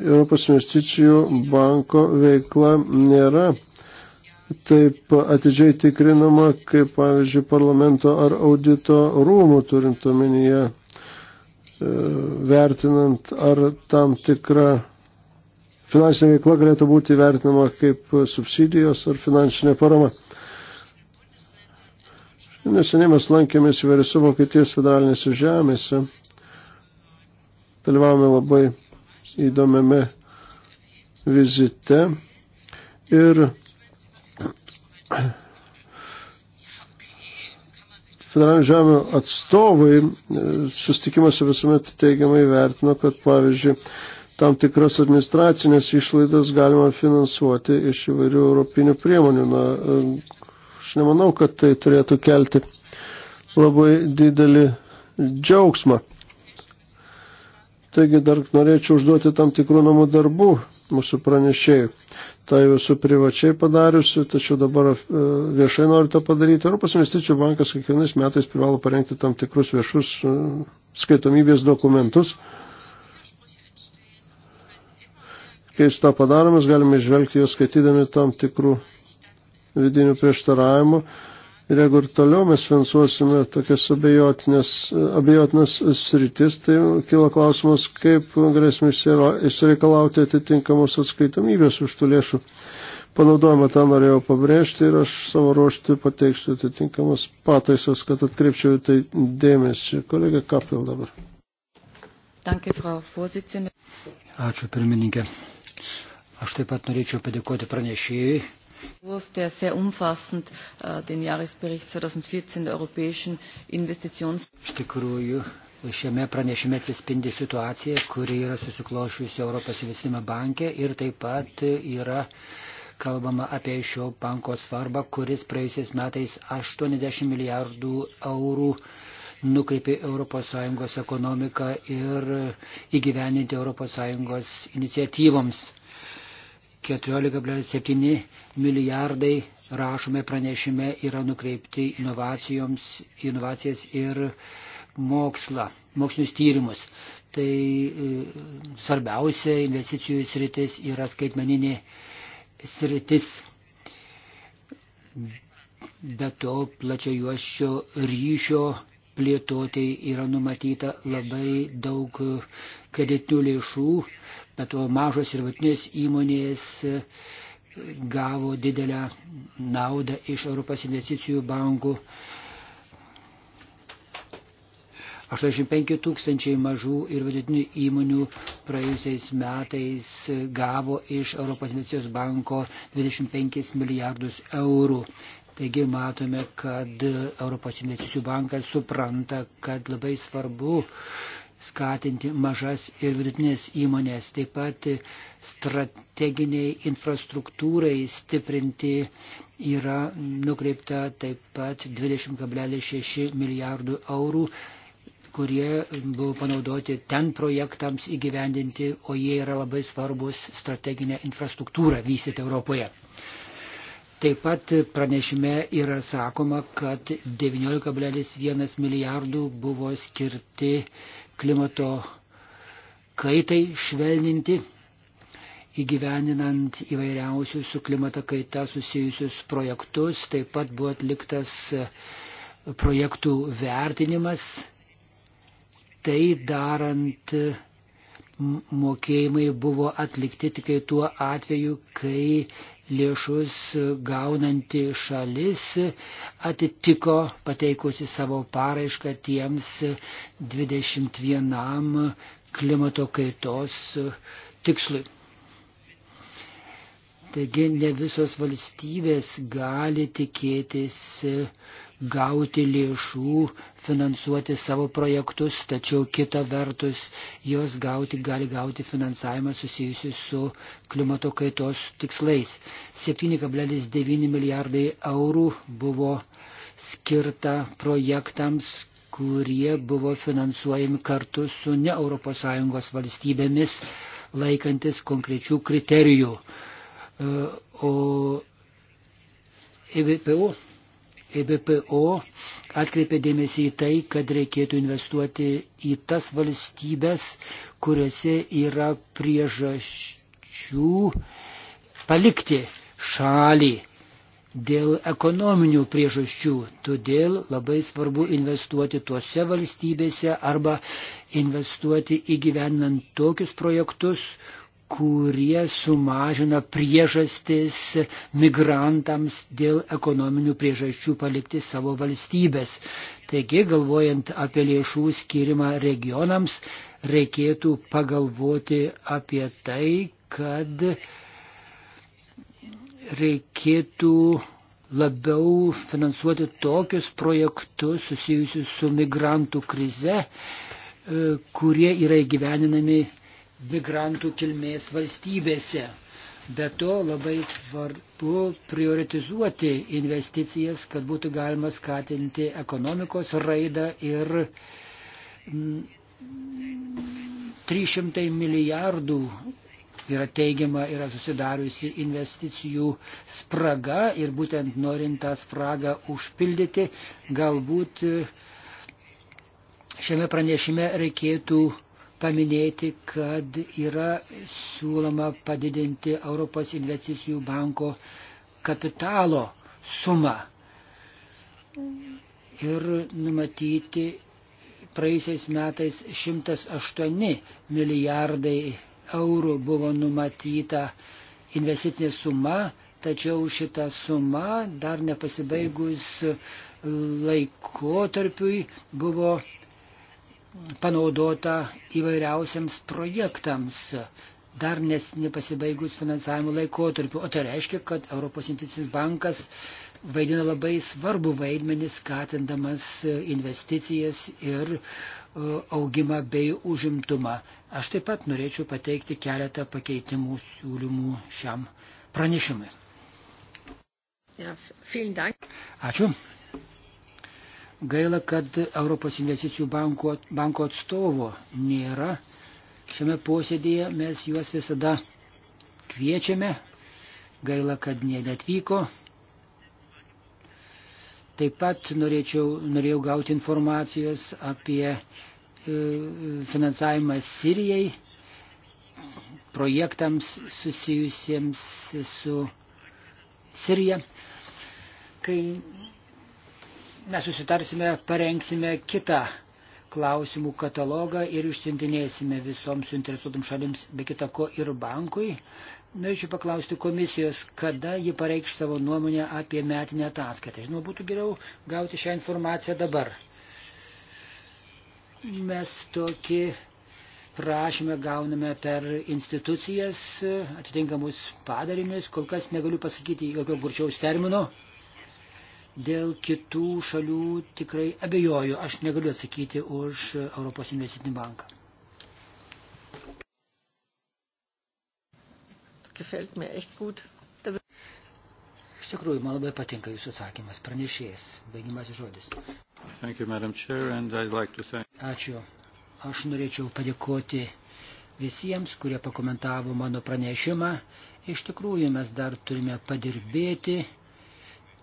Europos investicijų banko veikla nėra taip atidžiai tikrinama, kaip pavyzdžiui parlamento ar audito rūmų turint omenyje, e, vertinant ar tam tikra finansinė veikla galėtų būti vertinama kaip subsidijos ar finansinė parama. Neseniai mes lankėmės įvairiose Vokietijos federalinėse žemėse, dalyvavome labai įdomiame vizite ir federalinių žemių atstovai sustikimuose visuomet teigiamai vertino, kad pavyzdžiui tam tikras administracinės išlaidas galima finansuoti iš įvairių europinių priemonių. Na, aš nemanau, kad tai turėtų kelti labai didelį džiaugsmą. Taigi dar norėčiau užduoti tam tikrų namų darbų mūsų pranešėjų. Tai jūsų privačiai padariusi, tačiau dabar e, viešai noriu tą padaryti. Europos investicijų bankas kiekvienais metais privalo parengti tam tikrus viešus e, skaitomybės dokumentus. Uh, Kai jis tą padaro, mes galime išvelgti juos skaitydami tam tikrų vidinių prieštaravimų. Ir jeigu ir toliau mes finansuosime tokias abejotinas sritis, tai kila klausimas, kaip galėsime išsireikalauti atitinkamos atskaitomybės už tų lėšų panaudojimą. Tą norėjau pabrėžti ir aš savo ruoštį pateiksiu atitinkamas pataisas, kad atkreipčiau tai dėmesį. Kolega Kapil dabar. Danke, Frau Vorsitzende. Ačiū, pirmininkė. Aš taip pat norėčiau padėkoti pranešėjai. Entwurf, der sehr umfassend äh, den Jahresbericht 2014 der Europäischen Investitions. Iš tikrųjų, šiame pranešime atsispindi situacija, kuri yra susiklošiusi Europos investime banke ir taip pat yra kalbama apie šio banko svarbą, kuris praėjusiais metais 80 milijardų eurų nukreipė ES ekonomiką ir įgyveninti ES iniciatyvoms. 14,7 milijardai rašome pranešime yra nukreipti inovacijoms, inovacijas ir mokslą, mokslinius tyrimus. Tai e, svarbiausia investicijų sritis yra skaitmeninė sritis. Be to plačiajuoščio ryšio plėtoti yra numatyta labai daug kreditinių lėšų bet to mažos ir vatinės įmonės e, gavo didelę naudą iš Europos investicijų bankų. 85 tūkstančiai mažų ir vidutinių įmonių praėjusiais metais gavo iš Europos investicijos banko 25 milijardus eurų. Taigi matome, kad Europos investicijų bankas supranta, kad labai svarbu skatinti mažas ir vidutinės įmonės, taip pat strateginiai infrastruktūrai stiprinti yra nukreipta taip pat 20,6 milijardų eurų, kurie buvo panaudoti ten projektams įgyvendinti, o jie yra labai svarbus strateginę infrastruktūrą vystyti Europoje. Taip pat pranešime yra sakoma, kad 19,1 milijardų buvo skirti klimato kaitai švelninti, įgyveninant įvairiausius su klimato kaita susijusius projektus. Taip pat buvo atliktas e, projektų vertinimas, tai darant e, mokėjimai buvo atlikti tik tai tuo atveju, kai lėšus gaunanti šalis atitiko pateikusi savo paraišką tiems 21 klimato kaitos tikslui. Taigi ne visos valstybės gali tikėtis e, gauti lėšų, finansuoti savo projektus, tačiau kita vertus jos gauti, gali gauti finansavimą susijusiu su klimato kaitos tikslais. 7,9 milijardai eurų buvo skirta projektams, kurie buvo finansuojami kartu su ne ES valstybėmis laikantis konkrečių kriterijų o EBPO, EBPO atkreipė dėmesį į tai, kad reikėtų investuoti į tas valstybės, kuriuose yra priežasčių palikti šalį dėl ekonominių priežasčių. Todėl labai svarbu investuoti tuose valstybėse arba investuoti įgyvendant tokius projektus, kurie sumažina priežastis migrantams dėl ekonominių priežasčių palikti savo valstybės. Taigi, galvojant apie lėšų skirimą regionams, reikėtų pagalvoti apie tai, kad reikėtų labiau finansuoti tokius projektus susijusius su migrantų krize, e, kurie yra įgyveninami migrantų kilmės valstybėse. Be to labai svarbu prioritizuoti investicijas, kad būtų galima skatinti ekonomikos raidą ir 300 mm, milijardų yra teigiama, yra susidariusi investicijų spraga ir būtent norint tą spragą užpildyti, galbūt e, šiame pranešime reikėtų paminėti, kad yra siūloma padidinti Europos investicijų banko kapitalo sumą ir numatyti praeisiais metais 108 milijardai eurų buvo numatyta investicinė suma, tačiau šita suma dar nepasibaigus laikotarpiui buvo panaudota įvairiausiams projektams dar nes nepasibaigus finansavimo laikotarpiu. O tai reiškia, kad Europos investicinis bankas vaidina labai svarbu vaidmenį skatindamas investicijas ir e, augimą bei užimtumą. Aš taip pat norėčiau pateikti keletą pakeitimų siūlymų šiam pranešimui. Ja, Ačiū. Gaila, kad Europos investicijų banko, banko atstovo nėra. Šiame posėdėje mes juos visada kviečiame. Gaila, kad jie netvyko. Taip pat norėčiau, norėjau gauti informacijos apie e, finansavimą Sirijai projektams susijusiems su Sirija. Kai mes susitarsime, parengsime kitą klausimų katalogą ir išsintinėsime visoms suinteresuotum šalims, be kita ko ir bankui. Norėčiau paklausti komisijos, kada ji pareikš savo nuomonę apie metinę ataskaitą. Žinoma, būtų geriau gauti šią informaciją dabar. Mes tokį prašymą gauname per institucijas, atitinkamus padarinius, kol kas negaliu pasakyti jokio gurčiaus termino. Dėl kitų šalių tikrai abejoju, aš negaliu atsakyti už Europos investicinį banką. Gefällt mir echt gut. Iš tikrųjų, man labai patinka jūsų atsakymas, pranešėjas, baigimas žodis. Thank you, Madam Chair, and I'd like to thank... Ačiū. Aš norėčiau padėkoti visiems, kurie pakomentavo mano pranešimą. Iš tikrųjų, mes dar turime padirbėti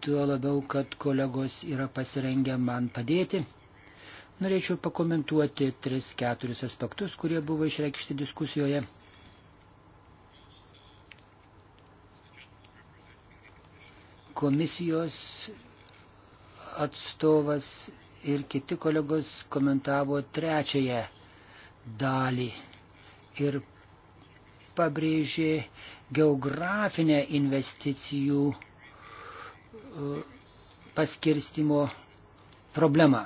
tuo labiau, kad kolegos yra pasirengę man padėti. Norėčiau pakomentuoti 3-4 aspektus, kurie buvo išreikšti diskusijoje. Komisijos atstovas ir kiti kolegos komentavo trečiąją dalį ir pabrėžė geografinę investicijų paskirstimo problemą.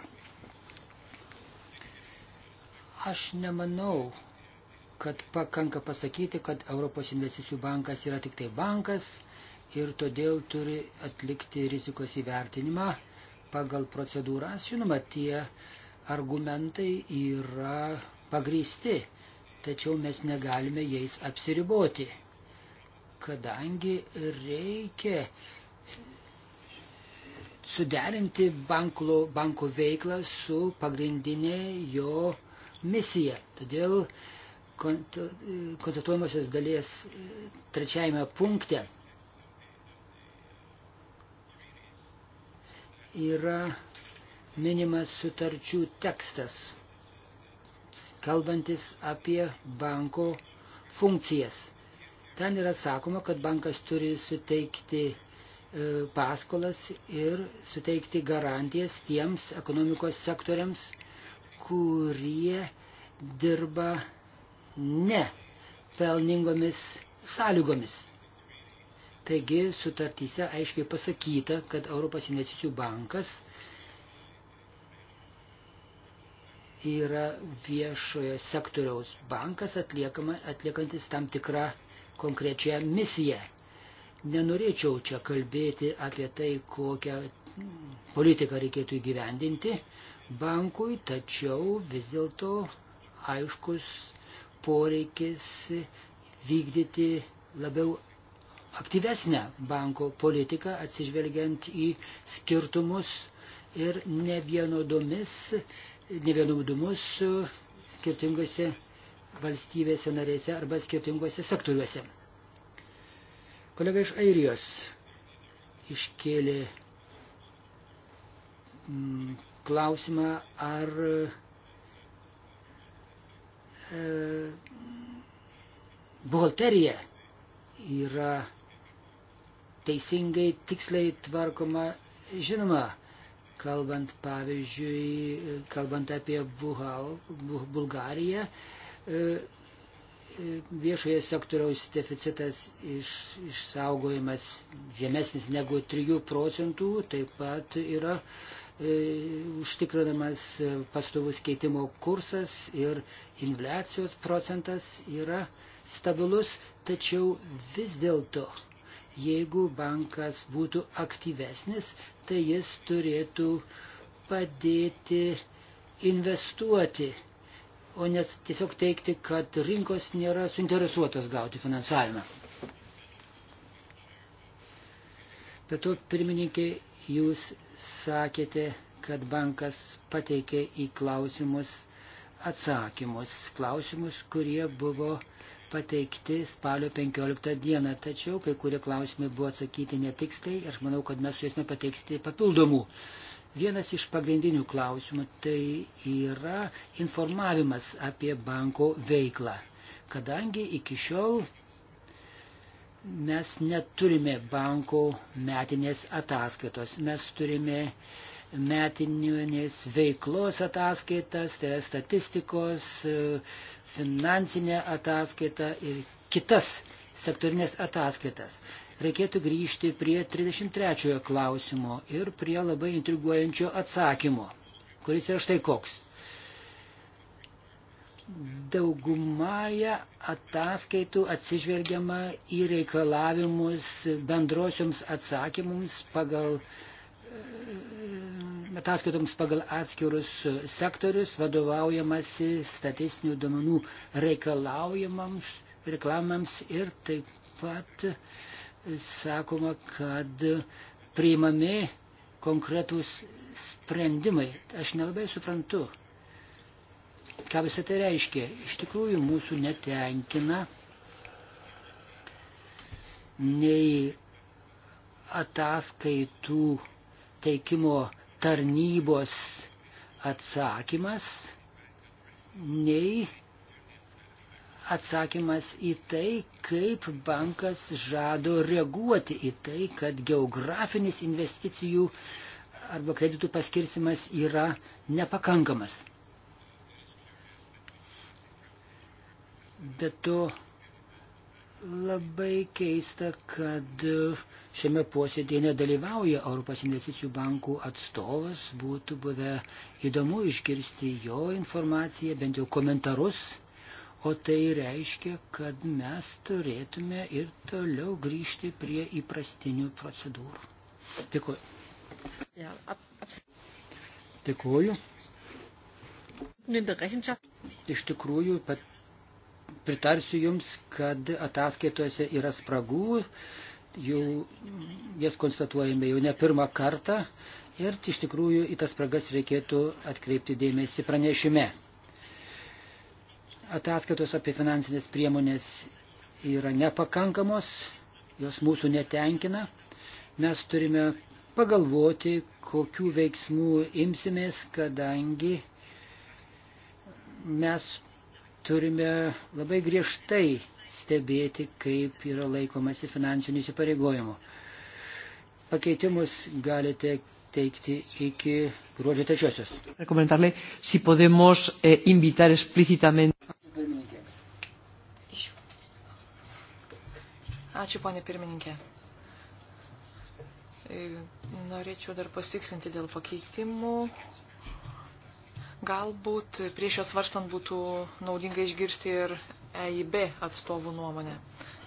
Aš nemanau, kad pakanka pasakyti, kad Europos investicijų bankas yra tik tai bankas ir todėl turi atlikti rizikos įvertinimą pagal procedūras. Žinoma, tie argumentai yra pagrysti, tačiau mes negalime jais apsiriboti, kadangi reikia suderinti banko, banko veiklą su pagrindinė jo misija. Todėl konstatuojamosios dalies e, trečiajame punkte yra minimas sutarčių tekstas, kalbantis apie banko funkcijas. Ten yra sakoma, kad bankas turi suteikti E, paskolas ir suteikti garantijas tiems ekonomikos sektoriams, kurie dirba ne pelningomis sąlygomis. Taigi sutartyse aiškiai pasakyta, kad Europos investicijų bankas yra viešojo sektoriaus bankas atliekantis tam tikrą konkrečią misiją. Nenorėčiau čia kalbėti apie tai, kokią politiką reikėtų įgyvendinti bankui, tačiau vis dėlto aiškus poreikis vykdyti labiau aktyvesnę banko politiką atsižvelgiant į skirtumus ir nevienodomis, nevienodumus skirtingose valstybėse narėse arba skirtingose sektoriuose. Kolega iš Airijos iškėlė mm, klausimą, ar e, buhalterija yra teisingai, tiksliai tvarkoma. Žinoma, kalbant pavyzdžiui, kalbant apie Buhal, Bulgariją, e, viešoje sektoriaus deficitas iš, išsaugojimas žemesnis negu 3 procentų, taip pat yra e, užtikrinamas pastovus keitimo kursas ir infliacijos procentas yra stabilus, tačiau vis dėlto, jeigu bankas būtų aktyvesnis, tai jis turėtų padėti investuoti o nes tiesiog teikti, kad rinkos nėra suinteresuotos gauti finansavimą. Bet to, pirmininkė, jūs sakėte, kad bankas pateikė į klausimus atsakymus, klausimus, kurie buvo pateikti spalio 15 dieną, tačiau kai kurie klausimai buvo atsakyti netiksliai ir aš manau, kad mes turėsime pateikti papildomų Vienas iš pagrindinių klausimų tai yra informavimas apie banko veiklą, kadangi iki šiol mes neturime banko metinės ataskaitos, mes turime metinės veiklos ataskaitas, tai yra statistikos, finansinė ataskaita ir kitas sektorinės ataskaitas reikėtų grįžti prie 33 klausimo ir prie labai intriguojančio atsakymo, kuris yra štai koks. Daugumoje ataskaitų atsižvelgiama į reikalavimus bendrosioms atsakymams pagal e, ataskaitoms pagal atskirus sektorius vadovaujamasi statistinių duomenų reikalavimams ir taip pat sakoma, kad priimami konkretūs sprendimai. Aš nelabai suprantu, ką visą tai reiškia. Iš tikrųjų, mūsų netenkina nei ataskaitų teikimo tarnybos atsakymas, nei atsakymas į tai, kaip bankas žado reaguoti į tai, kad geografinis investicijų arba kreditų paskirsimas yra nepakankamas. Bet to labai keista, kad šiame posėdėje nedalyvauja Europos investicijų bankų atstovas. Būtų buvę įdomu išgirsti jo informaciją, bent jau komentarus O tai reiškia, kad mes turėtume ir toliau grįžti prie įprastinių procedūrų. Dėkuoju. Dėkuoju. Iš tikrųjų, pat, pritarsiu Jums, kad ataskaitose yra spragų, jau jas konstatuojame jau ne pirmą kartą ir iš tikrųjų į tas spragas reikėtų atkreipti dėmesį pranešime ataskaitos apie finansinės priemonės yra nepakankamos, jos mūsų netenkina. Mes turime pagalvoti, kokių veiksmų imsimės, kadangi mes turime labai griežtai stebėti, kaip yra laikomasi finansinių įsipareigojimų. Pakeitimus galite teikti iki gruodžio trečiosios. Si podemos, eh, Ačiū, ponė pirmininkė. E, norėčiau dar pasitikslinti dėl pakeitimų. Galbūt prieš jos varstant būtų naudinga išgirsti ir EIB atstovų nuomonę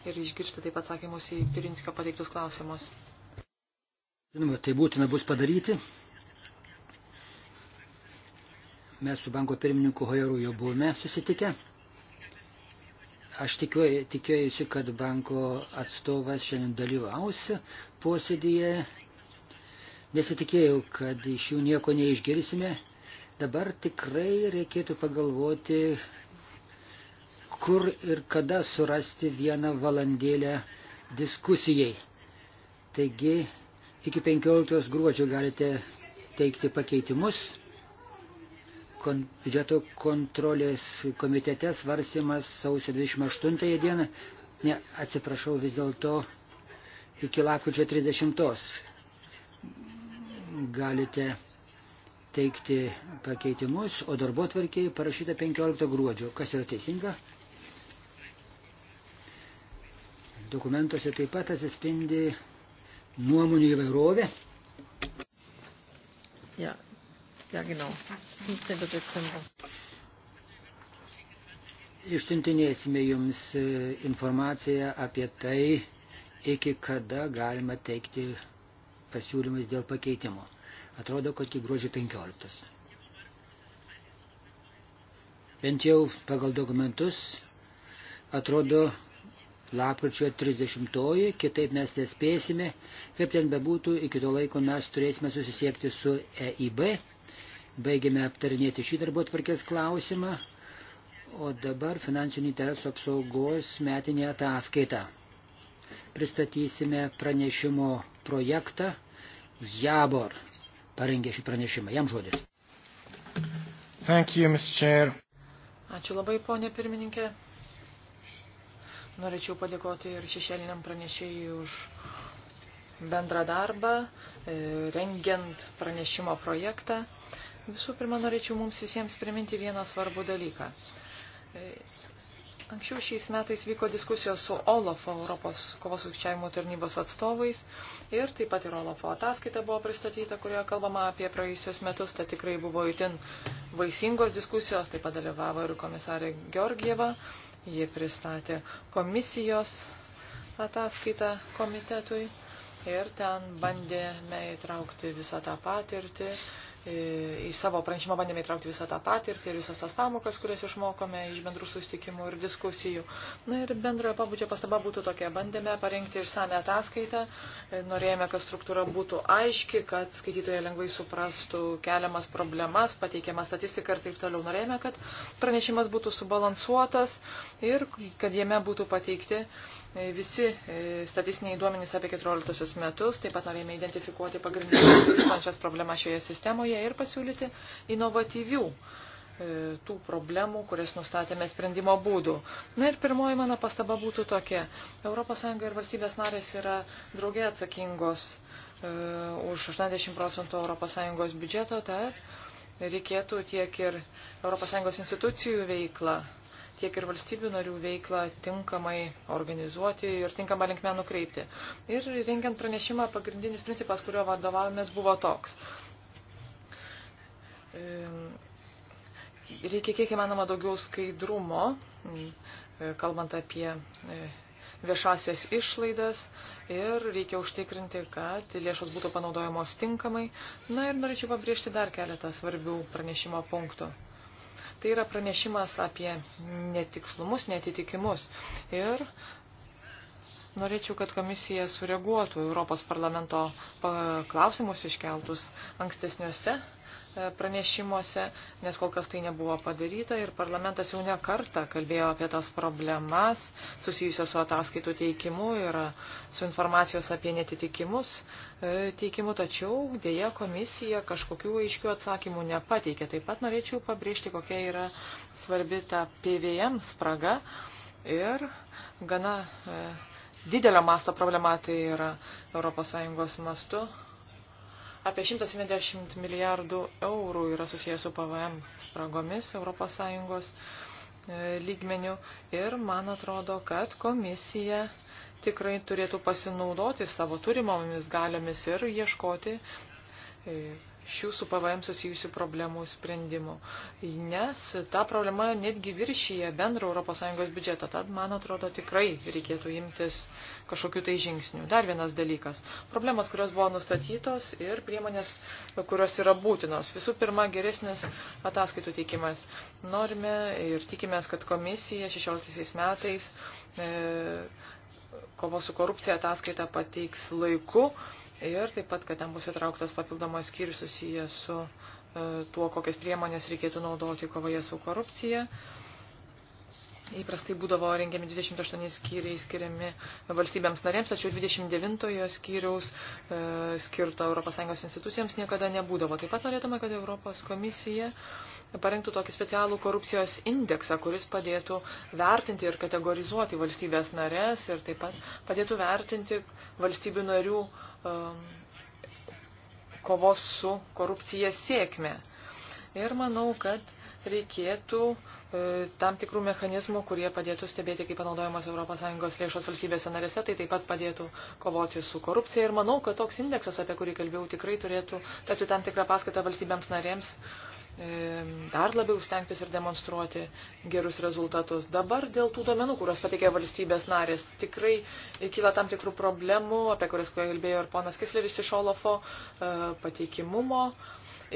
ir išgirsti taip atsakymus į Pirinskio pateiktus klausimus. Žinoma, tai būtina bus padaryti. Mes su banko pirmininku Hojeru jau buvome susitikę. Aš tikėjusi, kad banko atstovas šiandien dalyvaus posėdėje. Nesitikėjau, kad iš jų nieko neišgirsime. Dabar tikrai reikėtų pagalvoti, kur ir kada surasti vieną valandėlę diskusijai. Taigi, iki 15 gruodžio galite teikti pakeitimus kon, biudžeto kontrolės komitete svarstymas sausio 28 dieną, ne, atsiprašau, vis dėlto iki lapkričio 30 galite teikti pakeitimus, o darbo tvarkiai parašyta 15 gruodžio. Kas yra teisinga? Dokumentuose taip pat atsispindi nuomonių įvairovė. Yeah. Ja. Ja, genau. 15. Dezember. Ištintinėsime jums e, informaciją apie tai, iki kada galima teikti pasiūlymus dėl pakeitimo. Atrodo, kad iki gruodžio 15. Bent jau pagal dokumentus atrodo lapkričio 30, kitaip mes nespėsime, kaip ten bebūtų, iki to laiko mes turėsime susisiekti su EIB Baigėme aptarinėti šį darbo tvarkės klausimą, o dabar finansinių interesų apsaugos metinė ataskaita. Pristatysime pranešimo projektą. Jabor parengė šį pranešimą. Jam žodis. Thank you, Mr. Chair. Ačiū labai, ponė pirmininkė. Norėčiau padėkoti ir šešėliniam pranešėjui už bendrą darbą, e, rengiant pranešimo projektą. Visų pirma, norėčiau mums visiems priminti vieną svarbų dalyką. E, Anksčiau šiais metais vyko diskusijos su OLAFO, Europos kovos sukčiavimo tarnybos atstovais, ir taip pat ir OLAFO ataskaita buvo pristatyta, kurioje kalbama apie praėjusios metus, tai tikrai buvo įtin vaisingos diskusijos, taip pat dalyvavo ir komisarė Georgieva, ji pristatė komisijos ataskaitą komitetui ir ten bandėme įtraukti visą tą patirtį E, į savo pranešimą bandėme įtraukti visą tą patirtį ir visas tas pamokas, kurias išmokome iš bendrų sustikimų ir diskusijų. Na ir bendrojo pabudžio pastaba būtų tokia. Bandėme parengti išsame ataskaitą, e, norėjome, kad struktūra būtų aiški, kad skaitytojai lengvai suprastų keliamas problemas, pateikiamą statistiką ir taip toliau. Norėjome, kad pranešimas būtų subalansuotas ir kad jame būtų pateikti E, visi e, statistiniai duomenys apie 14 metus, taip pat norėjome identifikuoti pagrindinės vykstančias problemas šioje sistemoje ir pasiūlyti inovatyvių e, tų problemų, kurias nustatėme sprendimo būdų. Na ir pirmoji mano pastaba būtų tokia. ES ir valstybės narės yra draugė atsakingos už 80 procentų ES biudžeto, tad reikėtų tiek ir ES institucijų veiklą tiek ir valstybių narių veiklą tinkamai organizuoti ir tinkamą linkmę nukreipti. Ir rengiant pranešimą, pagrindinis principas, kurio vadovavomės, buvo toks. Ehm, reikia kiek įmanoma daugiau skaidrumo, ehm, kalbant apie ehm, viešasias išlaidas ir reikia užtikrinti, kad lėšos būtų panaudojamos tinkamai. Na ir norėčiau pabrėžti dar keletą svarbių pranešimo punktų. Tai yra pranešimas apie netikslumus, netitikimus. Ir norėčiau, kad komisija sureaguotų Europos parlamento klausimus iškeltus ankstesniuose E, pranešimuose, nes kol kas tai nebuvo padaryta ir parlamentas jau ne kartą kalbėjo apie tas problemas susijusias su ataskaitų teikimu ir su informacijos apie netitikimus e, teikimu, tačiau dėja komisija kažkokių aiškių atsakymų nepateikė. Taip pat norėčiau pabrėžti, kokia yra svarbi ta PVM spraga ir gana e, didelio masto problema tai yra ES mastu Apie 170 milijardų eurų yra susijęs su PVM spragomis ES e, lygmenių ir man atrodo, kad komisija tikrai turėtų pasinaudoti savo turimomis galiomis ir ieškoti e, šių su PVM susijusių problemų sprendimu, nes ta problema netgi viršyje bendrą ES biudžetą. Tad, man atrodo, tikrai reikėtų imtis kažkokių tai žingsnių. Dar vienas dalykas - problemas, kurios buvo nustatytos ir priemonės, kurios yra būtinos. Visų pirma, geresnis ataskaitų teikimas. Norime ir tikimės, kad komisija 16 metais e, kovo su korupcija ataskaitą pateiks laiku ir taip pat, kad ten bus įtrauktas papildomas skyrius susijęs su e, tuo, kokias priemonės reikėtų naudoti kovoje su korupcija. Įprastai būdavo rengiami 28 skyriai skiriami valstybėms narėms, tačiau 29 skyriaus e, skirto ES institucijams niekada nebūdavo. Taip pat norėtume, kad Europos komisija parengtų tokį specialų korupcijos indeksą, kuris padėtų vertinti ir kategorizuoti valstybės narės ir taip pat padėtų vertinti valstybių narių e, um, kovos su korupcija sėkmę. Ir manau, kad reikėtų e, tam tikrų mechanizmų, kurie padėtų stebėti, kaip panaudojamas ES lėšos valstybėse narėse, tai taip pat padėtų kovoti su korupcija. Ir manau, kad toks indeksas, apie kurį kalbėjau, tikrai turėtų tapti tam tikrą paskatą valstybėms narėms uh, E, dar labiau stengtis ir demonstruoti gerus rezultatus. Dabar dėl tų duomenų, kuriuos pateikė valstybės narės, tikrai kyla tam tikrų problemų, apie kurias kalbėjo ir ponas Kisleris iš Olofo, e, pateikimumo.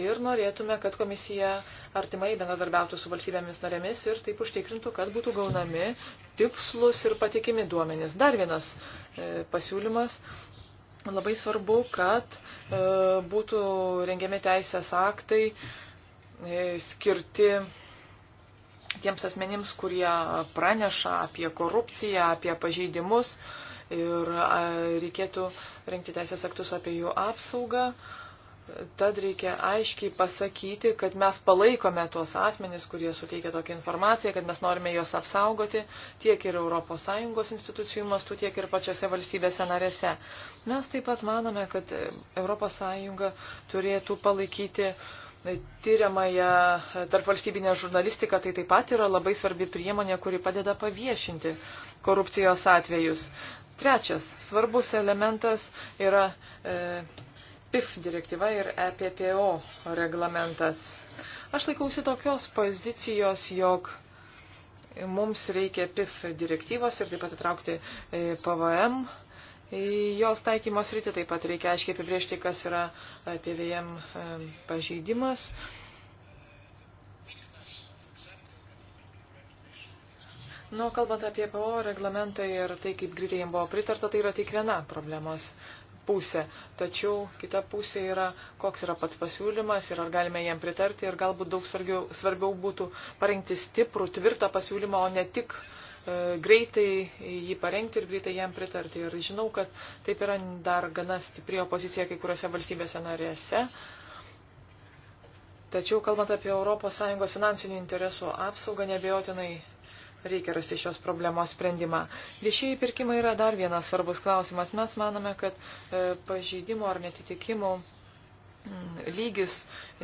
Ir norėtume, kad komisija artimai bendradarbiautų su valstybėmis narėmis ir taip užtikrintų, kad būtų gaunami tikslus ir patikimi duomenys. Dar vienas e, pasiūlymas labai svarbu, kad e, būtų rengiami teisės aktai E, skirti tiems asmenims, kurie praneša apie korupciją, apie pažeidimus ir reikėtų rinkti teisės aktus apie jų apsaugą. Tad reikia aiškiai pasakyti, kad mes palaikome tuos asmenys, kurie suteikia tokią informaciją, kad mes norime juos apsaugoti tiek ir ES institucijų mastu, tiek ir pačiose valstybėse narėse. Mes taip pat manome, kad ES turėtų palaikyti uh, tyriamąją tarp valstybinę žurnalistiką, tai taip pat yra labai svarbi priemonė, kuri padeda paviešinti korupcijos atvejus. Trečias svarbus elementas yra e, PIF direktyva ir EPPO reglamentas. Aš laikausi tokios pozicijos, jog mums reikia PIF direktyvos ir taip pat atraukti e, PVM Jos taikymos rytį taip pat reikia aiškiai apibriežti, kas yra PVM pažeidimas. Nu, kalbant apie PO reglamentą ir tai, kaip greitai jam buvo pritarta, tai yra tik viena problemos pusė. Tačiau kita pusė yra, koks yra pats pasiūlymas ir ar galime jam pritarti ir galbūt daug svarbiau, svarbiau būtų parinkti stiprų, tvirtą pasiūlymą, o ne tik uh, E, greitai jį parengti ir greitai jam pritarti. Ir žinau, kad taip yra dar gana stipri opozicija kai kuriuose valstybėse narėse. Tačiau, kalbant apie ES finansinių interesų apsaugą, nebejotinai reikia rasti šios problemos sprendimą. Viešieji pirkimai yra dar vienas svarbus klausimas. Mes manome, kad e, pažeidimo ar netitikimų lygis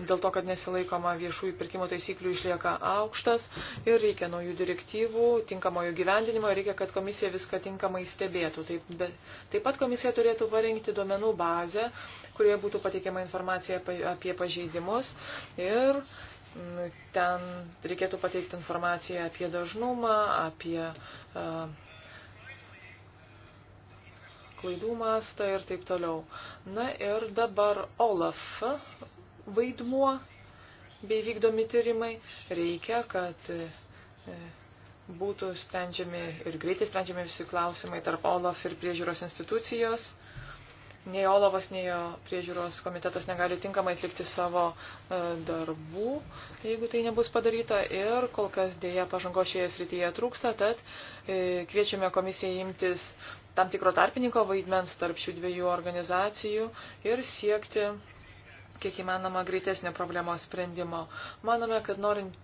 dėl to, kad nesilaikoma viešųjų pirkimų taisyklių išlieka aukštas ir reikia naujų direktyvų, tinkamojo gyvendinimo, reikia, kad komisija viską tinkamai stebėtų. Taip, be, taip pat komisija turėtų parengti duomenų bazę, kurioje būtų pateikiama informacija apie pažeidimus ir mm, ten reikėtų pateikti informaciją apie dažnumą, apie uh, klaidų mastą ir taip toliau. Na ir dabar Olaf vaidmuo bei vykdomi tyrimai reikia, kad e, būtų sprendžiami ir greitai sprendžiami visi klausimai tarp Olaf ir priežiūros institucijos. Nei Olavas, nei jo priežiūros komitetas negali tinkamai atlikti savo e, darbų, jeigu tai nebus padaryta. Ir kol kas dėja pažango šioje srityje trūksta, tad e, kviečiame komisiją imtis tam tikro tarpininko vaidmens tarp šių dviejų organizacijų ir siekti kiek įmanoma greitesnio problemos sprendimo. Manome, kad norint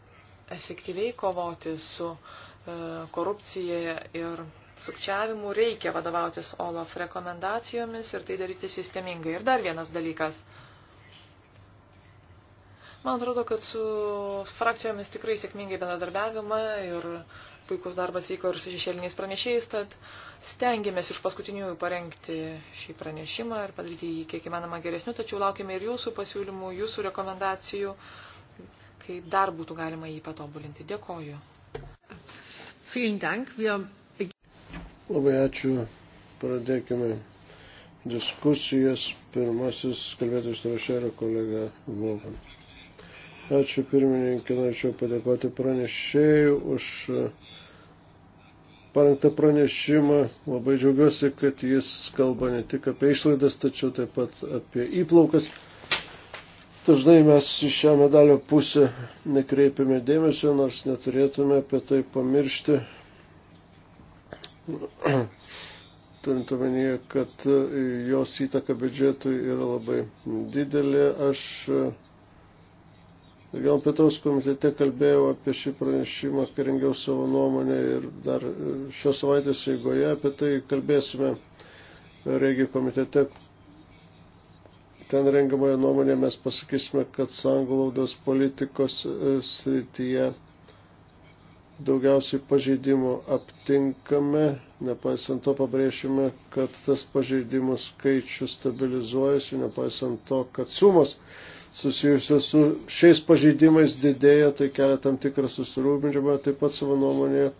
efektyviai kovoti su e, korupcija ir sukčiavimu, reikia vadovautis OLAF rekomendacijomis ir tai daryti sistemingai. Ir dar vienas dalykas. Man atrodo, kad su frakcijomis tikrai sėkmingai bendradarbiavimą ir puikus darbas vyko ir su šešėliniais pranešėjais, tad stengiamės iš paskutinių parengti šį pranešimą ir padaryti jį kiek įmanoma geresniu, tačiau laukime ir jūsų pasiūlymų, jūsų rekomendacijų, kaip dar būtų galima jį patobulinti. Dėkoju. Labai ačiū. Pradėkime diskusijas. Pirmasis kalbėtojas rašė yra kolega Volkan. Ačiū pirmininkė, norėčiau padėkoti pranešėjai už e, parengtą pranešimą. Labai džiaugiuosi, kad jis kalba ne tik apie išlaidas, tačiau taip pat apie įplaukas. Dažnai mes į šią medalio pusę nekreipiame dėmesio, nors neturėtume apie tai pamiršti. Turint omenyje, kad e, jos įtaka biudžetui yra labai didelė, aš e, Regionų plėtros komitete kalbėjau apie šį pranešimą, kai rengiau savo nuomonę ir dar e, šios savaitės eigoje apie tai kalbėsime regijų komitete. Ten rengiamoje nuomonėje mes pasakysime, kad sanglaudos politikos e, srityje daugiausiai pažeidimų aptinkame, nepaisant to pabrėšime, kad tas pažeidimų skaičius stabilizuojasi, nepaisant to, kad sumos susijusios su šiais pažeidimais didėja, tai kelia tam tikrą susirūpinimą, taip pat savo nuomonėje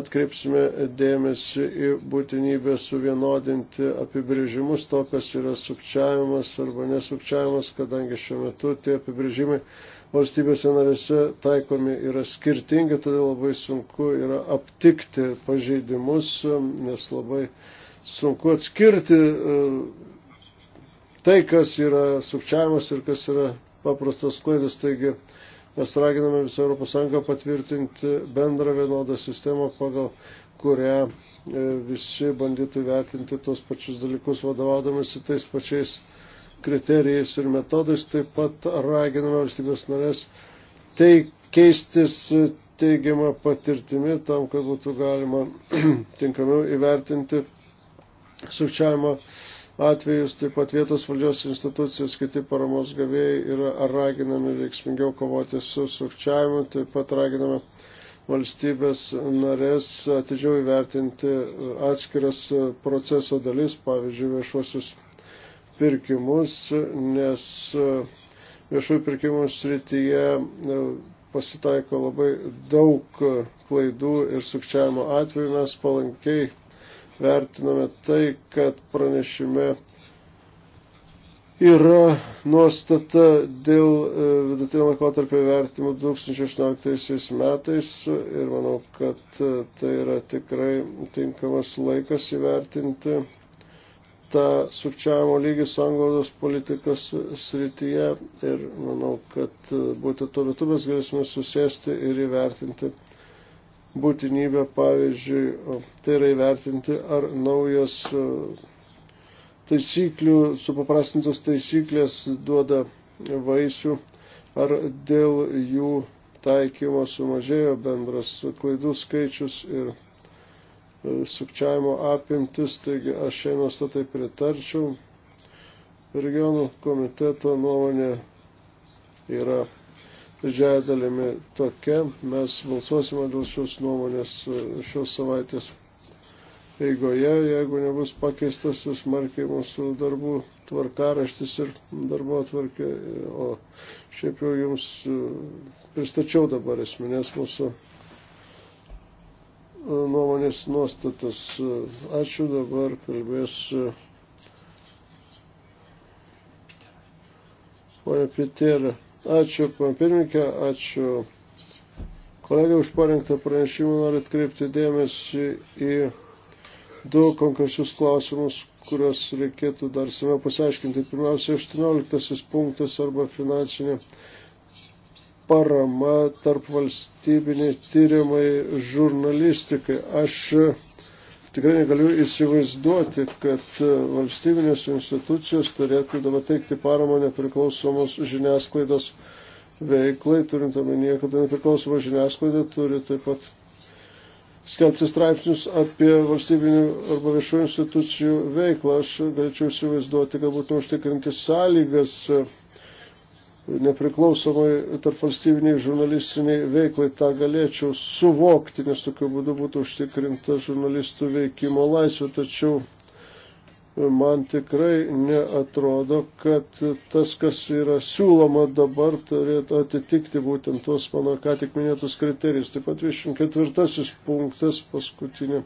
atkreipsime dėmesį į būtinybę suvienodinti apibrėžimus to, kas yra sukčiavimas arba nesukčiavimas, kadangi šiuo metu tie apibrėžimai valstybėse narėse taikomi yra skirtingi, todėl labai sunku yra aptikti pažeidimus, nes labai sunku atskirti tai, kas yra sukčiavimas ir kas yra paprastas klaidas. Taigi mes raginame visą ES patvirtinti bendrą vienodą sistemą, pagal kurią e, visi bandytų vertinti tos pačius dalykus vadovaudamasi tais pačiais kriterijais ir metodais. Taip pat raginame valstybės narės tai keistis teigiamą patirtimį tam, kad būtų galima tinkamiau įvertinti sukčiavimo atvejus, taip pat vietos valdžios institucijos, kiti paramos gavėjai yra raginami veiksmingiau kovoti su sukčiavimu, taip pat raginame valstybės narės atidžiau įvertinti atskiras proceso dalis, pavyzdžiui, viešuosius pirkimus, nes viešųjų pirkimų srityje e, pasitaiko labai daug klaidų ir sukčiavimo atveju mes palankiai vertiname tai, kad pranešime yra nuostata dėl e, vidutinio laikotarpio vertimo 2018 metais ir manau, kad e, tai yra tikrai tinkamas laikas įvertinti tą sukčiavimo lygį sanglaudos politikos srityje ir manau, kad e, būtent tuo metu mes galėsime susėsti ir įvertinti būtinybę, pavyzdžiui, tai yra įvertinti, ar naujas e, taisyklių, supaprastintos taisyklės duoda vaisių, ar dėl jų taikymo sumažėjo bendras klaidų skaičius ir e, sukčiavimo apimtis, taigi aš šiai nuostatai pritarčiau. Regionų komiteto nuomonė yra didžiaja dalimi tokia. Mes balsuosime dėl šios nuomonės e, šios savaitės eigoje, jeigu nebus pakeistas vis markiai mūsų darbų tvarkaraštis ir darbo tvarkė. O šiaip jau jums e, pristačiau dabar esminės mūsų e, nuomonės nuostatas. Ačiū dabar, kalbės. Pone Pitėra. Ačiū, pirmininkė, ačiū. Kolegai už parengtą pranešimą noriu atkreipti dėmesį į du konkrečius klausimus, kuriuos reikėtų dar save pasiaiškinti. Pirmiausia, 18 punktas arba finansinė parama tarp valstybiniai tyrimai žurnalistikai. Aš tikrai negaliu įsivaizduoti, kad e, valstybinės institucijos turėtų dabar teikti paramą nepriklausomos žiniasklaidos veiklai, turint omenyje, kad nepriklausoma žiniasklaida turi taip pat skelbti straipsnius apie valstybinių arba viešų institucijų veiklą. Aš galėčiau įsivaizduoti, kad būtų užtikrinti sąlygas e, nepriklausomai tarp valstybiniai žurnalistiniai veiklai tą galėčiau suvokti, nes tokiu būdu būtų užtikrinta žurnalistų veikimo laisvė, tačiau man tikrai neatrodo, kad tas, kas yra siūloma dabar, turėtų atitikti būtent tuos mano ką tik minėtus kriterijus. Taip pat 24 punktas, paskutinė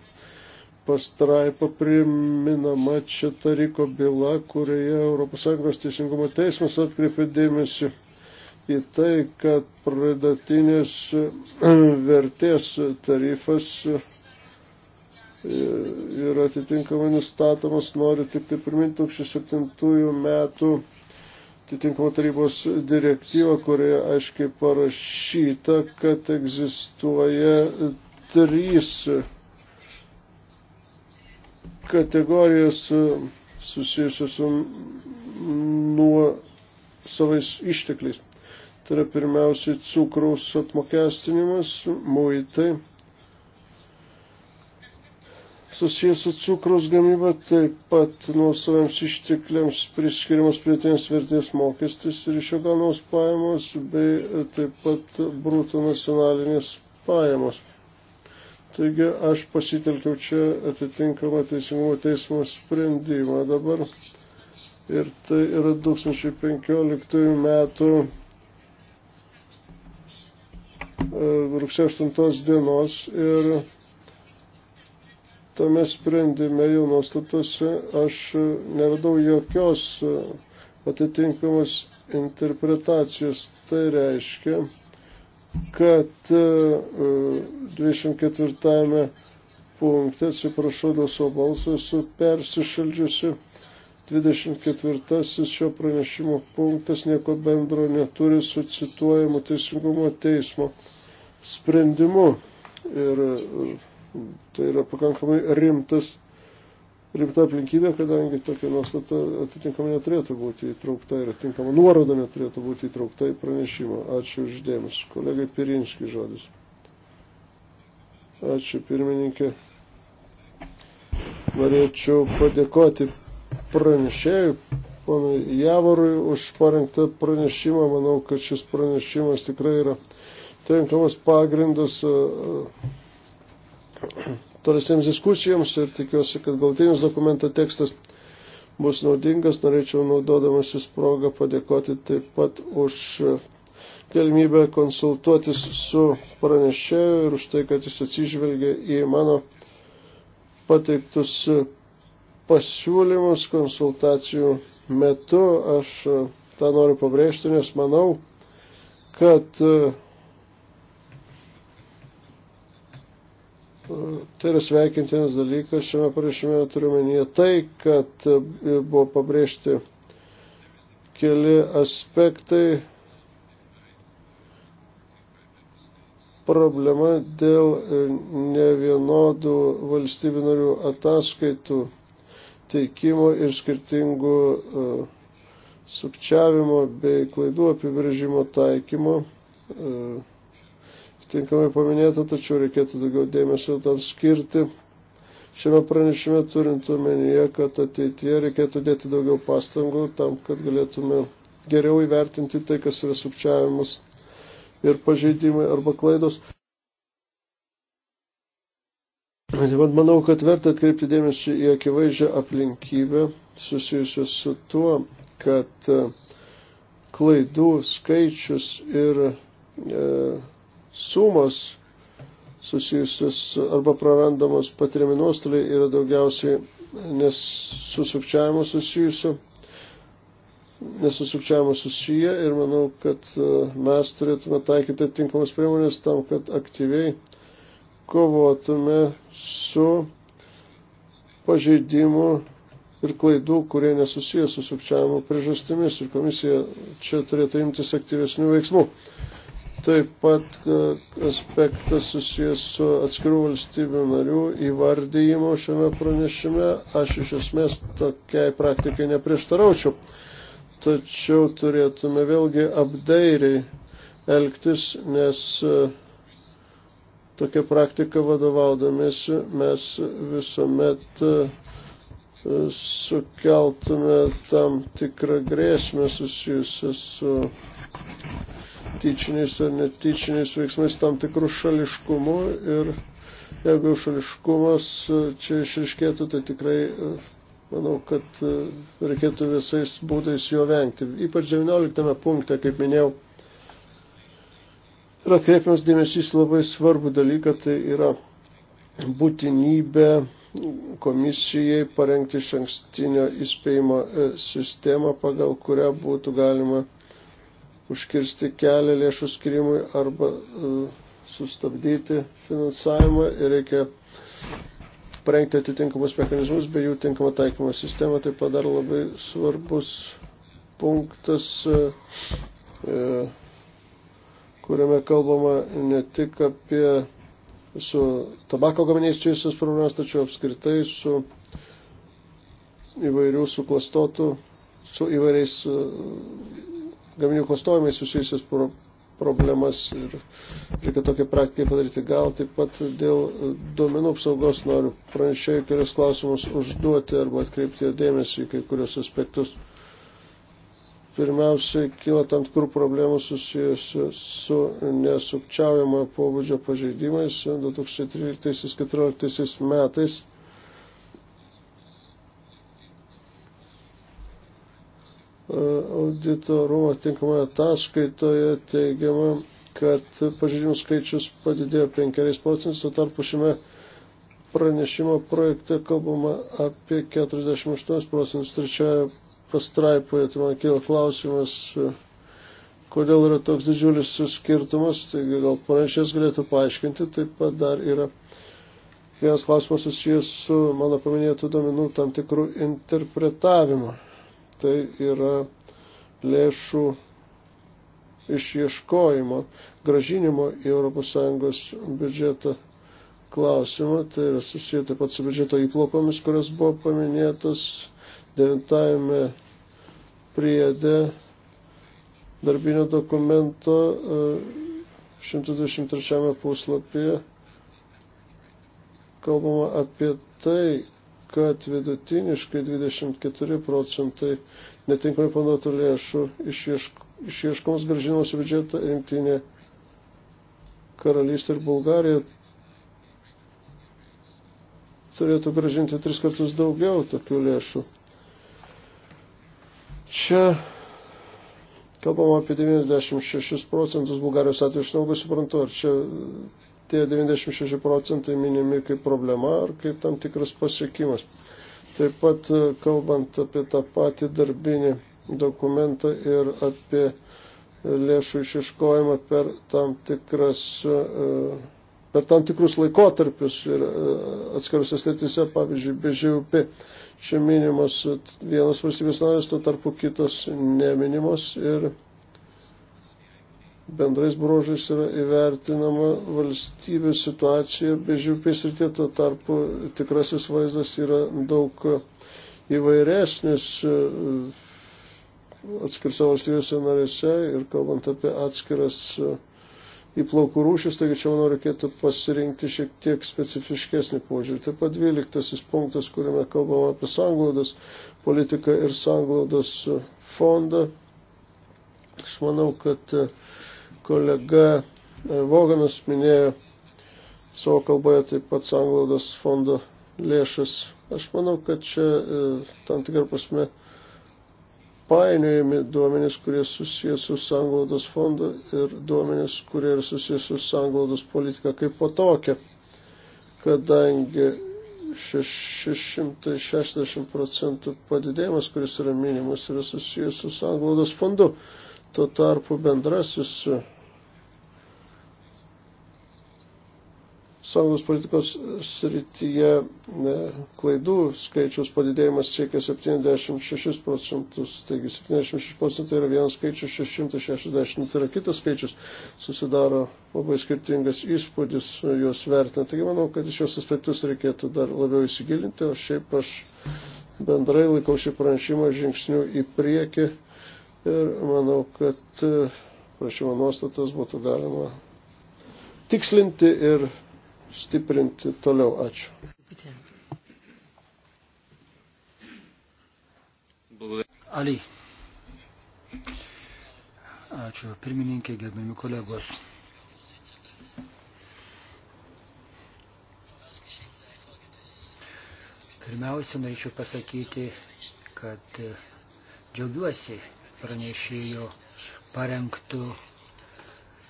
pastraipą priminama čia Tariko byla, kurioje ES teisingumo teismas atkreipė dėmesį į tai, kad pradatinės vertės tarifas ir e, atitinkamai nustatomas, noriu tik tai priminti 2007 metų atitinkamo tarybos direktyvą, kurioje aiškiai parašyta, kad egzistuoja trys kategorijas e, susijusios su nuo savais ištekliais. Tai yra pirmiausiai cukraus apmokestinimas, muitai. Susijęs su cukraus gamyba taip pat nuosavams ištekliams priskiriamas prietinės vertės mokestis ir iš jo gaunamos pajamos bei e, taip pat brūto nacionalinės pajamos. Taigi aš pasitelkiau čia atitinkamą teisingumo teismo sprendimą dabar. Ir tai yra 2015 metų e, rugsėjo 8 dienos ir tame sprendime jau nuostatose aš neradau jokios e, atitinkamos interpretacijos. Tai reiškia, kad 24 e, e, punkte, atsiprašau dėl savo balsą, esu persišaldžiusi. 24 šio pranešimo punktas nieko bendro neturi su cituojamu teisingumo teismo sprendimu. Ir e, tai yra pakankamai rimtas rimta aplinkybė, kadangi tokia nuostata atitinkama neturėtų būti įtraukta ir atitinkama nuoroda neturėtų būti įtraukta į pranešimą. Ačiū uždėmesi. Kolegai Pirinski žodis. Ačiū pirmininkė. Norėčiau padėkoti pranešėjui, ponui Javorui, už parengtą pranešimą. Manau, kad šis pranešimas tikrai yra tinkamas pagrindas. Uh, tolesiems diskusijoms ir tikiuosi, kad galtinis dokumento tekstas bus naudingas. Norėčiau naudodamasis progą padėkoti taip pat už galimybę konsultuotis su pranešėju ir už tai, kad jis atsižvelgia į mano pateiktus pasiūlymus konsultacijų metu. Aš tą noriu pabrėžti, nes manau, kad Tai yra sveikintinas dalykas, šiame pareišime turiuomenyje tai, kad e, buvo pabrėžti keli aspektai problema dėl e, nevienodų valstybių narių ataskaitų teikimo ir skirtingų e, sukčiavimo bei klaidų apibrėžimo taikymo. Uh, tinkamai paminėta, tačiau reikėtų daugiau dėmesio tam skirti. Šiame pranešime turint omenyje, kad ateityje reikėtų dėti daugiau pastangų tam, kad galėtume geriau įvertinti tai, kas yra sukčiavimas ir pažeidimai arba klaidos. Bet manau, kad verta atkreipti dėmesį į akivaizdžią aplinkybę susijusią su tuo, kad e, klaidų skaičius ir e, sumos susijusios arba prarandamos patiriami nuostoliai yra daugiausiai nesusukčiavimo susijusio, nesusukčiavimo susiję ir manau, kad e, mes turėtume taikyti tinkamas priemonės tam, kad aktyviai kovotume su pažeidimu ir klaidų, kurie nesusiję su sukčiavimo priežastimis ir komisija čia turėtų imtis aktyvesnių veiksmų. Taip pat aspektas susijęs su atskirų valstybių narių įvardyjimo šiame pranešime. Aš iš esmės tokiai praktikai neprieštaraučiau. Tačiau turėtume vėlgi apdairiai elgtis, nes e, tokia praktika vadovaudamėsi mes visuomet e, sukeltume tam tikrą grėsmę susijusią su tyčiniais ar netyčiniais veiksmais tam tikrų šališkumų ir jeigu šališkumas e, čia išriškėtų, tai tikrai e, manau, kad e, reikėtų visais būdais jo vengti. Ypač 19 punkte, kaip minėjau, yra atkreipiamas dėmesys labai svarbu dalyką, tai yra būtinybė komisijai parengti iš ankstinio įspėjimo sistemą, pagal kurią būtų galima užkirsti kelią lėšų skirimui arba e, sustabdyti finansavimą ir reikia parengti atitinkamus mechanizmus bei jų tinkamą taikymo sistemą. Taip pat dar labai svarbus punktas, e, e, kuriame kalbama ne tik apie su tabako gaminiais čia visas problemas, tačiau apskritai su įvairių suklastotų, su įvairiais gaminių klastojimais susijusias pro, problemas ir reikia tokią praktiką padaryti. Gal taip pat dėl e, duomenų apsaugos noriu pranešėjai kelias klausimus užduoti arba atkreipti jo dėmesį į kai kurios aspektus. Pirmiausiai kyla tam tikrų problemų susijusių su nesukčiaujamo pobūdžio pažeidimais 2013-2014 metais auditorumo tinkamoje ataskaitoje teigiama, kad pažeidimų skaičius padidėjo 5 procentais, o tarpu šiame pranešimo projekte kalbama apie 48 procentus trečioje pastraipoje. Tai man kyla klausimas, kodėl yra toks didžiulis skirtumas, taigi gal pranešės galėtų paaiškinti, taip pat dar yra. Vienas klausimas susijęs su mano paminėtų domenų tam tikrų interpretavimu tai yra lėšų išieškojimo, gražinimo į ES biudžetą klausimą. Tai yra susiję taip pat su biudžeto įplokomis, kurios buvo paminėtos devintajame priede darbinio dokumento 123 e, puslapyje. Kalbama apie tai, kad vidutiniškai 24 procentai netinkamai panaudotų lėšų išieškoms gražinos biudžetą rinktinė karalystė ir Bulgarija turėtų gražinti tris kartus daugiau tokių lėšų. Čia kalbama apie 96 procentus Bulgarijos atveju, aš nelabai suprantu, ar čia tie 96 procentai minimi kaip problema ar kaip tam tikras pasiekimas. Taip pat e, kalbant apie tą patį darbinį dokumentą ir apie e, lėšų išiškojimą per tam, tikras, e, per tam tikrus laikotarpius ir atskirose statise, pavyzdžiui, BŽUP, čia minimos vienas valstybės narės, to tarpu kitas neminimos ir bendrais brožais yra įvertinama valstybės situacija, bežiūpės ir tie tuo tarpu tikrasis vaizdas yra daug įvairesnis e, atskirose valstybėse narėse ir kalbant apie atskiras e, įplaukų rūšis, taigi čia manau reikėtų pasirinkti šiek tiek specifiškesnį požiūrį. Taip pat dvyliktasis punktas, kuriame kalbama apie sanglaudos politiką ir sanglaudos fondą. Aš manau, kad uh, Kolega e, Voganas minėjo savo kalboje taip pat sanglaudos fondo lėšas. Aš manau, kad čia e, tam tikrą prasme painiojami duomenys, kurie susijęs su sanglaudos fondu ir duomenys, kurie yra susijęs su sanglaudos politika kaip po tokia, kadangi 660 procentų padidėjimas, kuris yra minimas, yra susijęs su sanglaudos fondu. Tuo tarpu bendrasis Sąjungos politikos srityje e, klaidų skaičiaus padidėjimas siekia 76 procentus, taigi 76 procentai yra vienas skaičius, 660 tai yra kitas skaičius, susidaro labai skirtingas įspūdis juos vertinant. Taigi manau, kad iš šios aspektus reikėtų dar labiau įsigilinti, o šiaip aš bendrai laikau šį pranešimą žingsnių į priekį ir manau, kad e, prašymo nuostatas būtų galima tikslinti ir stiprinti toliau. Ačiū. Ali. Ačiū pirmininkė, gerbiami kolegos. Pirmiausia, norėčiau pasakyti, kad džiaugiuosi pranešėjo parengtų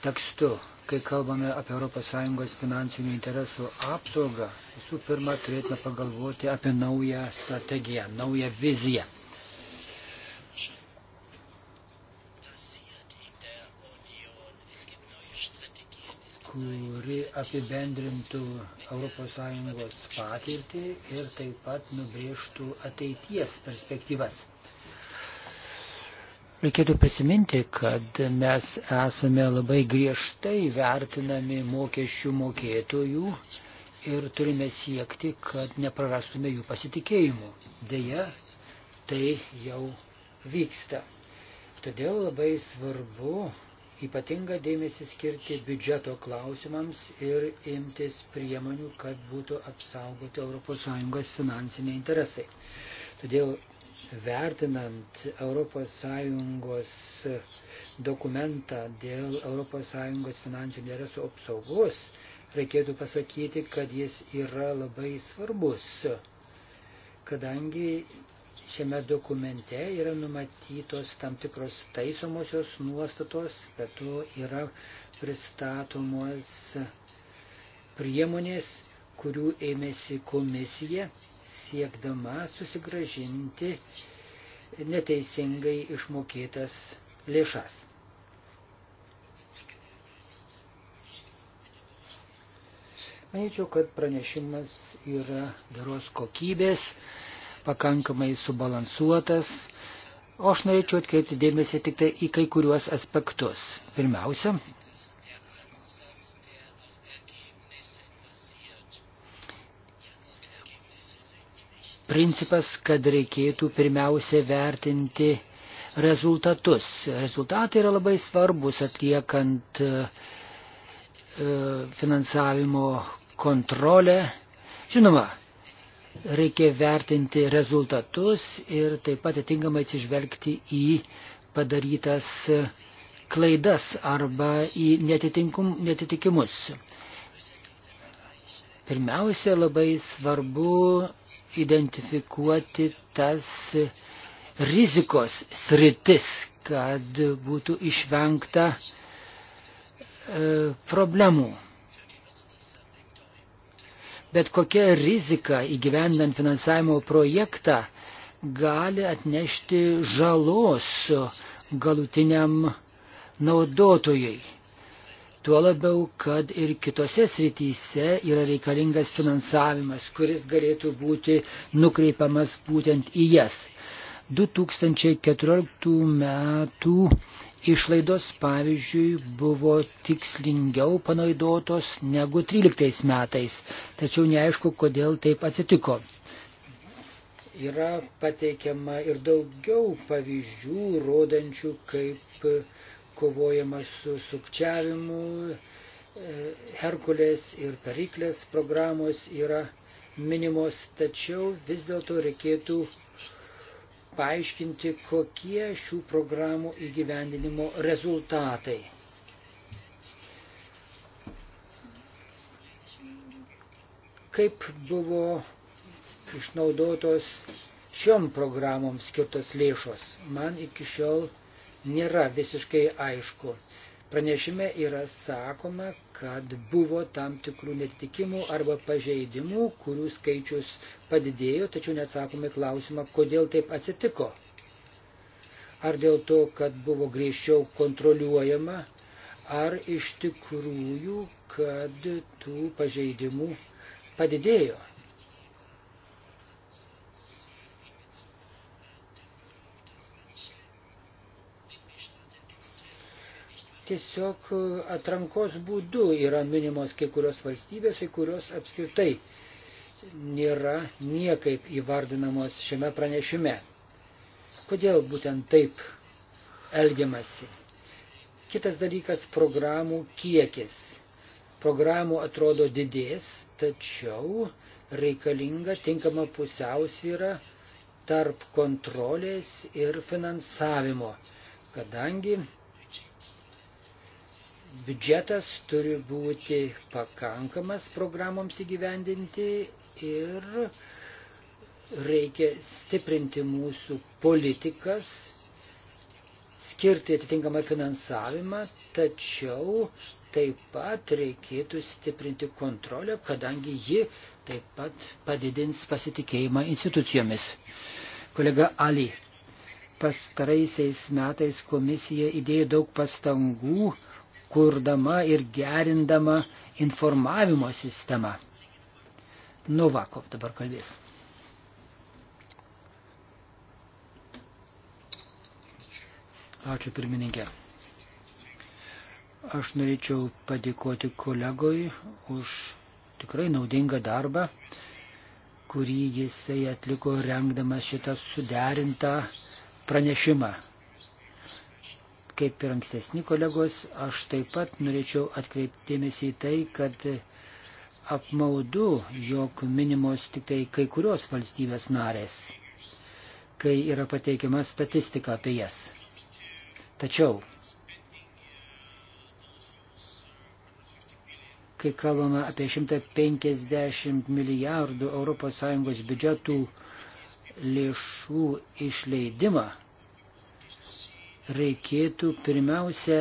tekstų kai kalbame apie ES finansinių interesų apsaugą, visų pirma turėtume pagalvoti apie naują strategiją, naują viziją. kuri apibendrintų ES patirtį ir taip pat nubrėžtų ateities perspektyvas. Reikėtų prisiminti, kad mes esame labai griežtai vertinami mokesčių mokėtojų ir turime siekti, kad neprarastume jų pasitikėjimų. Deja, tai jau vyksta. Todėl labai svarbu ypatingą dėmesį skirti biudžeto klausimams ir imtis priemonių, kad būtų apsaugoti ES finansiniai interesai. Todėl vertinant ES dokumentą dėl ES finansinių interesų apsaugos, reikėtų pasakyti, kad jis yra labai svarbus, kadangi šiame dokumente yra numatytos tam tikros taisomosios nuostatos, bet to yra pristatomos priemonės kurių ėmėsi komisija siekdama susigražinti neteisingai išmokėtas lėšas. Manyčiau, kad pranešimas yra geros kokybės, pakankamai subalansuotas, o aš norėčiau atkreipti dėmesį tik tai į kai kuriuos aspektus. Pirmiausia, principas, kad reikėtų pirmiausia vertinti rezultatus. Rezultatai yra labai svarbus atliekant e, e, finansavimo kontrolę. Žinoma, reikia vertinti rezultatus ir taip pat atitinkamai atsižvelgti į padarytas klaidas arba į netitikimus. Pirmiausia, labai svarbu identifikuoti tas rizikos sritis, kad būtų išvengta e, problemų. Bet kokia rizika įgyvendant finansavimo projektą gali atnešti žalos galutiniam naudotojui. Tuo labiau, kad ir kitose srityse yra reikalingas finansavimas, kuris galėtų būti nukreipiamas būtent į jas. 2014 metų išlaidos, pavyzdžiui, buvo tikslingiau panaudotos negu 13 metais, tačiau neaišku, kodėl taip atsitiko. Yra pateikiama ir daugiau pavyzdžių, rodančių, kaip kovojama su sukčiavimu, e, Herkulės ir Periklės programos yra minimos, tačiau vis dėlto reikėtų paaiškinti, kokie šių programų įgyvendinimo rezultatai. Kaip buvo išnaudotos šiom programom skirtos lėšos. Man iki šiol nėra visiškai aišku. Pranešime yra sakoma, kad buvo tam tikrų netikimų arba pažeidimų, kurių skaičius padidėjo, tačiau neatsakome klausimą, kodėl taip atsitiko. Ar dėl to, kad buvo griežčiau kontroliuojama, ar iš tikrųjų, kad tų pažeidimų padidėjo. tiesiog e, atrankos būdu yra minimos kai kurios valstybės, kai kurios apskritai nėra niekaip įvardinamos šiame pranešime. Kodėl būtent taip elgiamasi? Kitas dalykas - programų kiekis. Programų atrodo didės, tačiau reikalinga tinkama pusiausvyra tarp kontrolės ir finansavimo, kadangi biudžetas turi būti pakankamas programoms įgyvendinti ir reikia stiprinti mūsų politikas, skirti atitinkamą finansavimą, tačiau taip pat reikėtų stiprinti kontrolę, kadangi ji taip pat padidins pasitikėjimą institucijomis. Kolega Ali, pastaraisiais metais komisija įdėjo daug pastangų kurdama ir gerindama informavimo sistemą. Novakov nu dabar kalbės. Ačiū pirmininkė. Aš norėčiau padėkoti kolegoj už tikrai naudingą darbą, kurį jisai atliko rengdamas šitą suderintą pranešimą. Kaip ir ankstesni kolegos, aš taip pat norėčiau atkreipdėmėsi į tai, kad apmaudu, jog minimos tik tai kai kurios valstybės narės, kai yra pateikiama statistika apie jas. Tačiau, kai kalbama apie 150 milijardų ES biudžetų lėšų išleidimą, reikėtų pirmiausia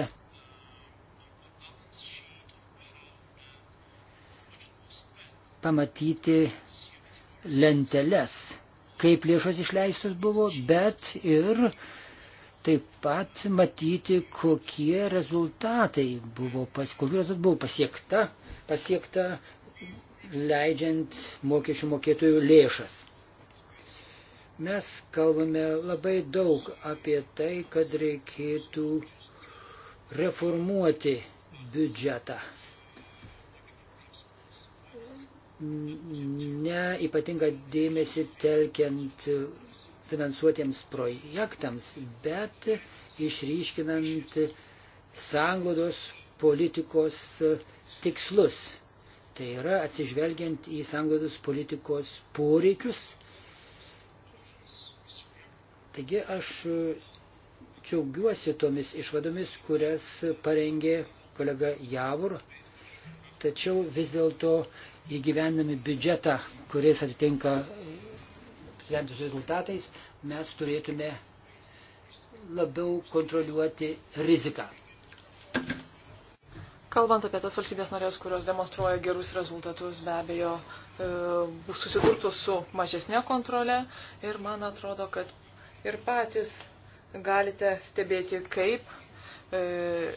pamatyti lenteles, kaip lėšos išleistos buvo, bet ir taip pat matyti, kokie rezultatai buvo, pas, kokiu rezultatu buvo pasiekta, pasiekta leidžiant mokesčių mokėtojų lėšas. Mes kalbame labai daug apie tai, kad reikėtų reformuoti biudžetą. Ne ypatinga dėmesį telkiant finansuotiems projektams, bet išryškinant sanglodos politikos tikslus. Tai yra atsižvelgiant į sanglodos politikos poreikius Taigi aš e, džiaugiuosi tomis išvadomis, kurias parengė kolega Javur, tačiau vis dėlto įgyvendami biudžetą, kuris atitinka lemtus e, rezultatais, mes turėtume labiau kontroliuoti riziką. Kalbant apie tas valstybės narės, kurios demonstruoja gerus rezultatus, be abejo, e, susidurtų su mažesnė kontrolė ir man atrodo, kad ir patys galite stebėti, kaip e,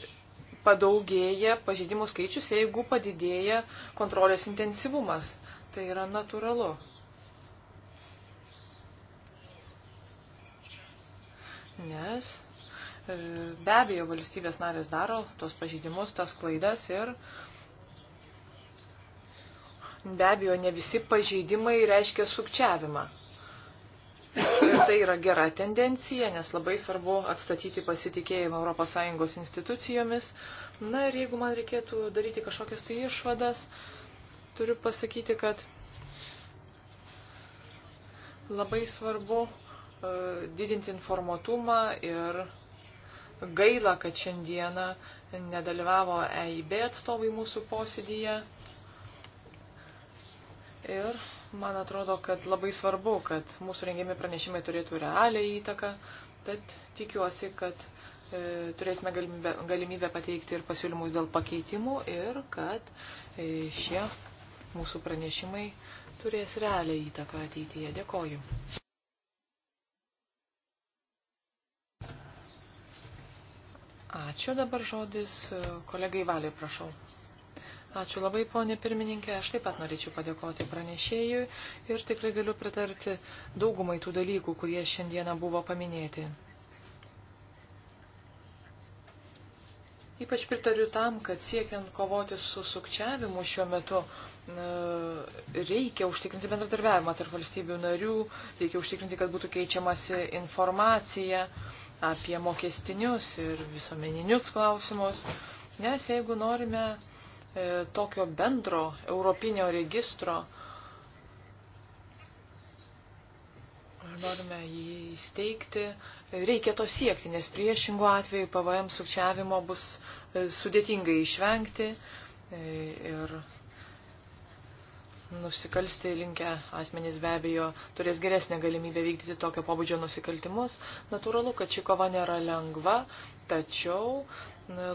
padaugėja pažeidimų skaičius, jeigu padidėja kontrolės intensyvumas. Tai yra natūralu. Nes e, be abejo valstybės narės daro tos pažeidimus, tas klaidas ir be abejo ne visi pažeidimai reiškia sukčiavimą tai yra gera tendencija, nes labai svarbu atstatyti pasitikėjimą ES institucijomis. Na ir jeigu man reikėtų daryti kažkokias tai išvadas, turiu pasakyti, kad labai svarbu e, didinti informatumą ir gaila, kad šiandieną nedalyvavo EIB atstovai mūsų posėdyje. Ir Man atrodo, kad labai svarbu, kad mūsų rengiami pranešimai turėtų realią įtaką, tad tikiuosi, kad e, turėsime galimybę, galimybę pateikti ir pasiūlymus dėl pakeitimų ir kad e, šie mūsų pranešimai turės realią įtaką ateityje. Dėkoju. Ačiū dabar žodis e, kolegai Valiai, prašau. Ačiū labai, ponė pirmininkė. Aš taip pat norėčiau padėkoti pranešėjui ir tikrai galiu pritarti daugumai tų dalykų, kurie šiandieną buvo paminėti. Ypač pritariu tam, kad siekiant kovoti su sukčiavimu šiuo metu reikia užtikrinti bendradarbiavimą tarp valstybių narių, reikia užtikrinti, kad būtų keičiamasi informacija apie mokestinius ir visuomeninius klausimus, nes jeigu norime E, tokio bendro europinio registro. Norime jį įsteigti. Reikia to siekti, nes priešingų atveju PVM sukčiavimo bus e, sudėtingai išvengti. E, ir nusikalsti linkę asmenys be abejo turės geresnę galimybę vykdyti tokio pobūdžio nusikaltimus. Natūralu, kad ši kova nėra lengva, tačiau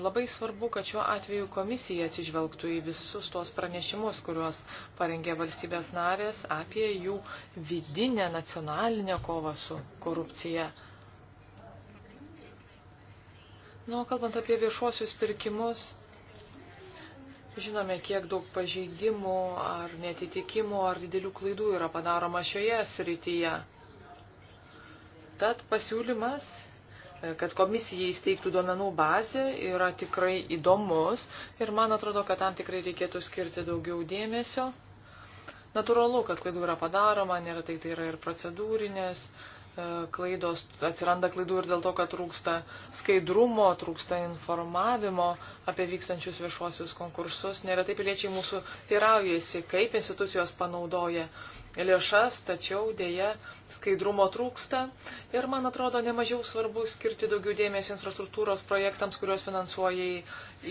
labai svarbu, kad šiuo atveju komisija atsižvelgtų į visus tuos pranešimus, kuriuos parengė valstybės narės apie jų vidinę nacionalinę kovą su korupcija. Na, o kalbant apie viešuosius pirkimus, Žinome, kiek daug pažeidimų ar netitikimų ar didelių klaidų yra padaroma šioje srityje. Tad pasiūlymas, e, kad komisija įsteigtų duomenų bazę, yra tikrai įdomus ir man atrodo, kad tam tikrai reikėtų skirti daugiau dėmesio. Natūralu, kad klaidų yra padaroma, neretai tai yra ir procedūrinės, E, klaidos, atsiranda klaidų ir dėl to, kad trūksta skaidrumo, trūksta informavimo apie vykstančius viešuosius konkursus. Neretai piliečiai mūsų teiraujasi, kaip institucijos panaudoja lėšas, tačiau dėja skaidrumo trūksta ir, man atrodo, nemažiau svarbu skirti daugiau dėmesio infrastruktūros projektams, kuriuos finansuoja į,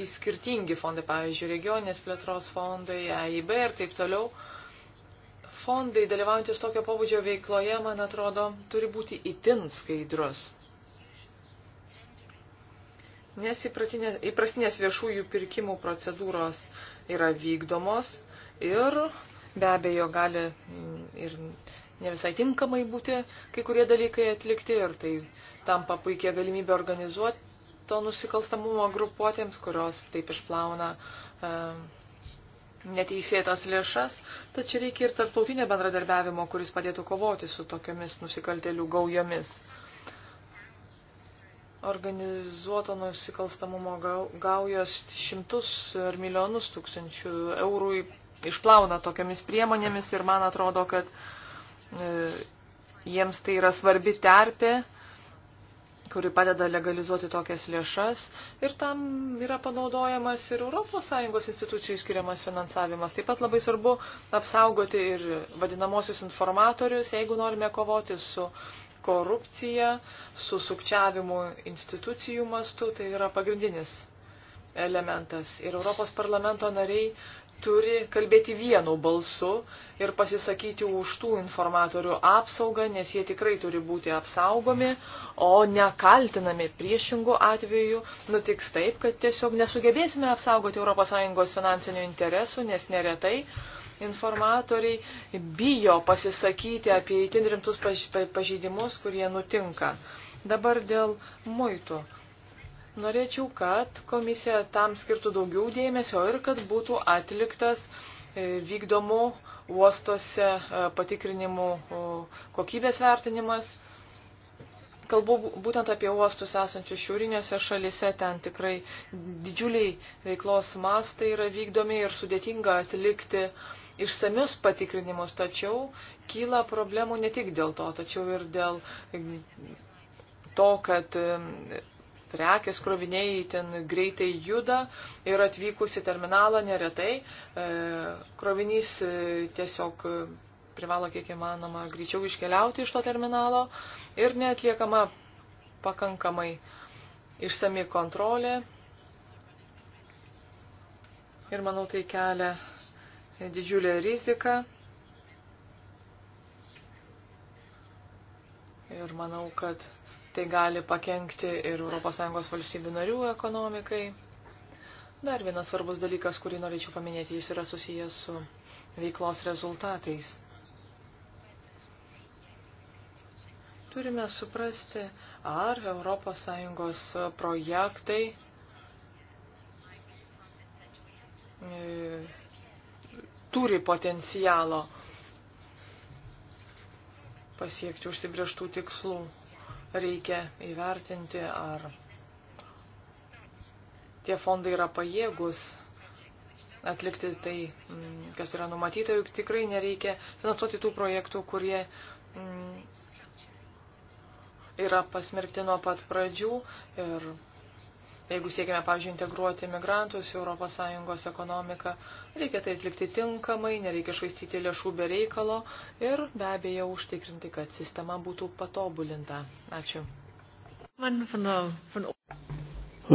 į skirtingi fondai, pavyzdžiui, regioninės plėtros fondai, AIB ir taip toliau fondai dalyvaujantis tokio pobūdžio veikloje, man atrodo, turi būti itin skaidrus. Nes įprastinės viešųjų pirkimų procedūros yra vykdomos ir be abejo gali mm, ir ne visai tinkamai būti kai kurie dalykai atlikti ir tai tampa puikia galimybė organizuoti to nusikalstamumo grupuotėms, kurios taip išplauna. Uh, neteisėtas lėšas, tačiau reikia ir tarptautinio bendradarbiavimo, kuris padėtų kovoti su tokiomis nusikaltelių gaujomis. Organizuoto nusikalstamumo gaujos šimtus ar milijonus tūkstančių eurų išplauna tokiamis priemonėmis ir man atrodo, kad e, jiems tai yra svarbi terpė kuri padeda legalizuoti tokias lėšas ir tam yra panaudojamas ir ES institucijų skiriamas finansavimas. Taip pat labai svarbu apsaugoti ir vadinamosius informatorius, jeigu norime kovoti su korupcija, su sukčiavimu institucijų mastu, tai yra pagrindinis elementas. Ir Europos parlamento nariai turi kalbėti vienu balsu ir pasisakyti už tų informatorių apsaugą, nes jie tikrai turi būti apsaugomi, o nekaltinami priešingų atveju nutiks taip, kad tiesiog nesugebėsime apsaugoti ES finansinių interesų, nes neretai informatoriai bijo pasisakyti apie įtin rimtus pažeidimus, kurie nutinka. Dabar dėl muitų Norėčiau, kad komisija tam skirtų daugiau dėmesio ir kad būtų atliktas e, vykdomų uostuose e, patikrinimų kokybės vertinimas. Kalbu būtent apie uostus esančius šiaurinėse šalise, ten tikrai didžiuliai veiklos mastai yra vykdomi ir sudėtinga atlikti išsamius patikrinimus, tačiau kyla problemų ne tik dėl to, tačiau ir dėl to, kad prekės kroviniai ten greitai juda ir atvykus į terminalą neretai e, krovinys e, tiesiog e, privalo kiek įmanoma greičiau iškeliauti iš to terminalo ir neatliekama pakankamai išsami kontrolė. Ir manau, tai kelia didžiulę riziką. Ir manau, kad Tai gali pakengti ir ES valstybių narių ekonomikai. Dar vienas svarbus dalykas, kurį norėčiau paminėti, jis yra susijęs su veiklos rezultatais. Turime suprasti, ar ES projektai e, turi potencialo pasiekti užsibrieštų tikslų reikia įvertinti, ar tie fondai yra pajėgus atlikti tai, mm, kas yra numatyta, juk tikrai nereikia finansuoti tų projektų, kurie mm, yra pasmerkti nuo pat pradžių ir Jeigu siekime, pavyzdžiui, integruoti migrantus į ES ekonomiką, reikia tai atlikti tinkamai, nereikia švaistyti lėšų be reikalo ir be abejo užtikrinti, kad sistema būtų patobulinta. Ačiū.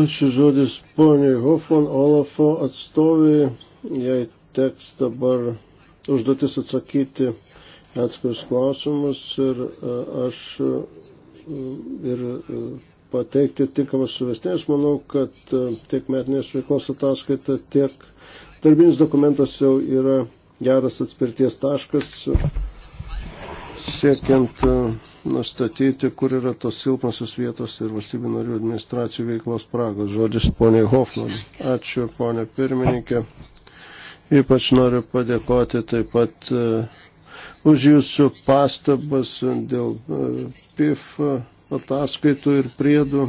Ačiū žodis poniai Hofman Olafo atstovai. Jai teks dabar užduotis atsakyti atskirus klausimus ir e, aš e, ir e, pateikti tinkamas suvestinius. Manau, kad e, tiek metinės veiklos ataskaita, tiek darbinis dokumentas jau yra geras atspirties taškas, siekiant e, nustatyti, kur yra tos silpnosios vietos ir valstybių narių administracijų veiklos spragos. Žodis poniai Hoffman. Ačiū, ponė pirmininkė. Ypač noriu padėkoti taip pat uh, už jūsų pastabas dėl uh, PIF. Uh, ataskaitų ir priedų.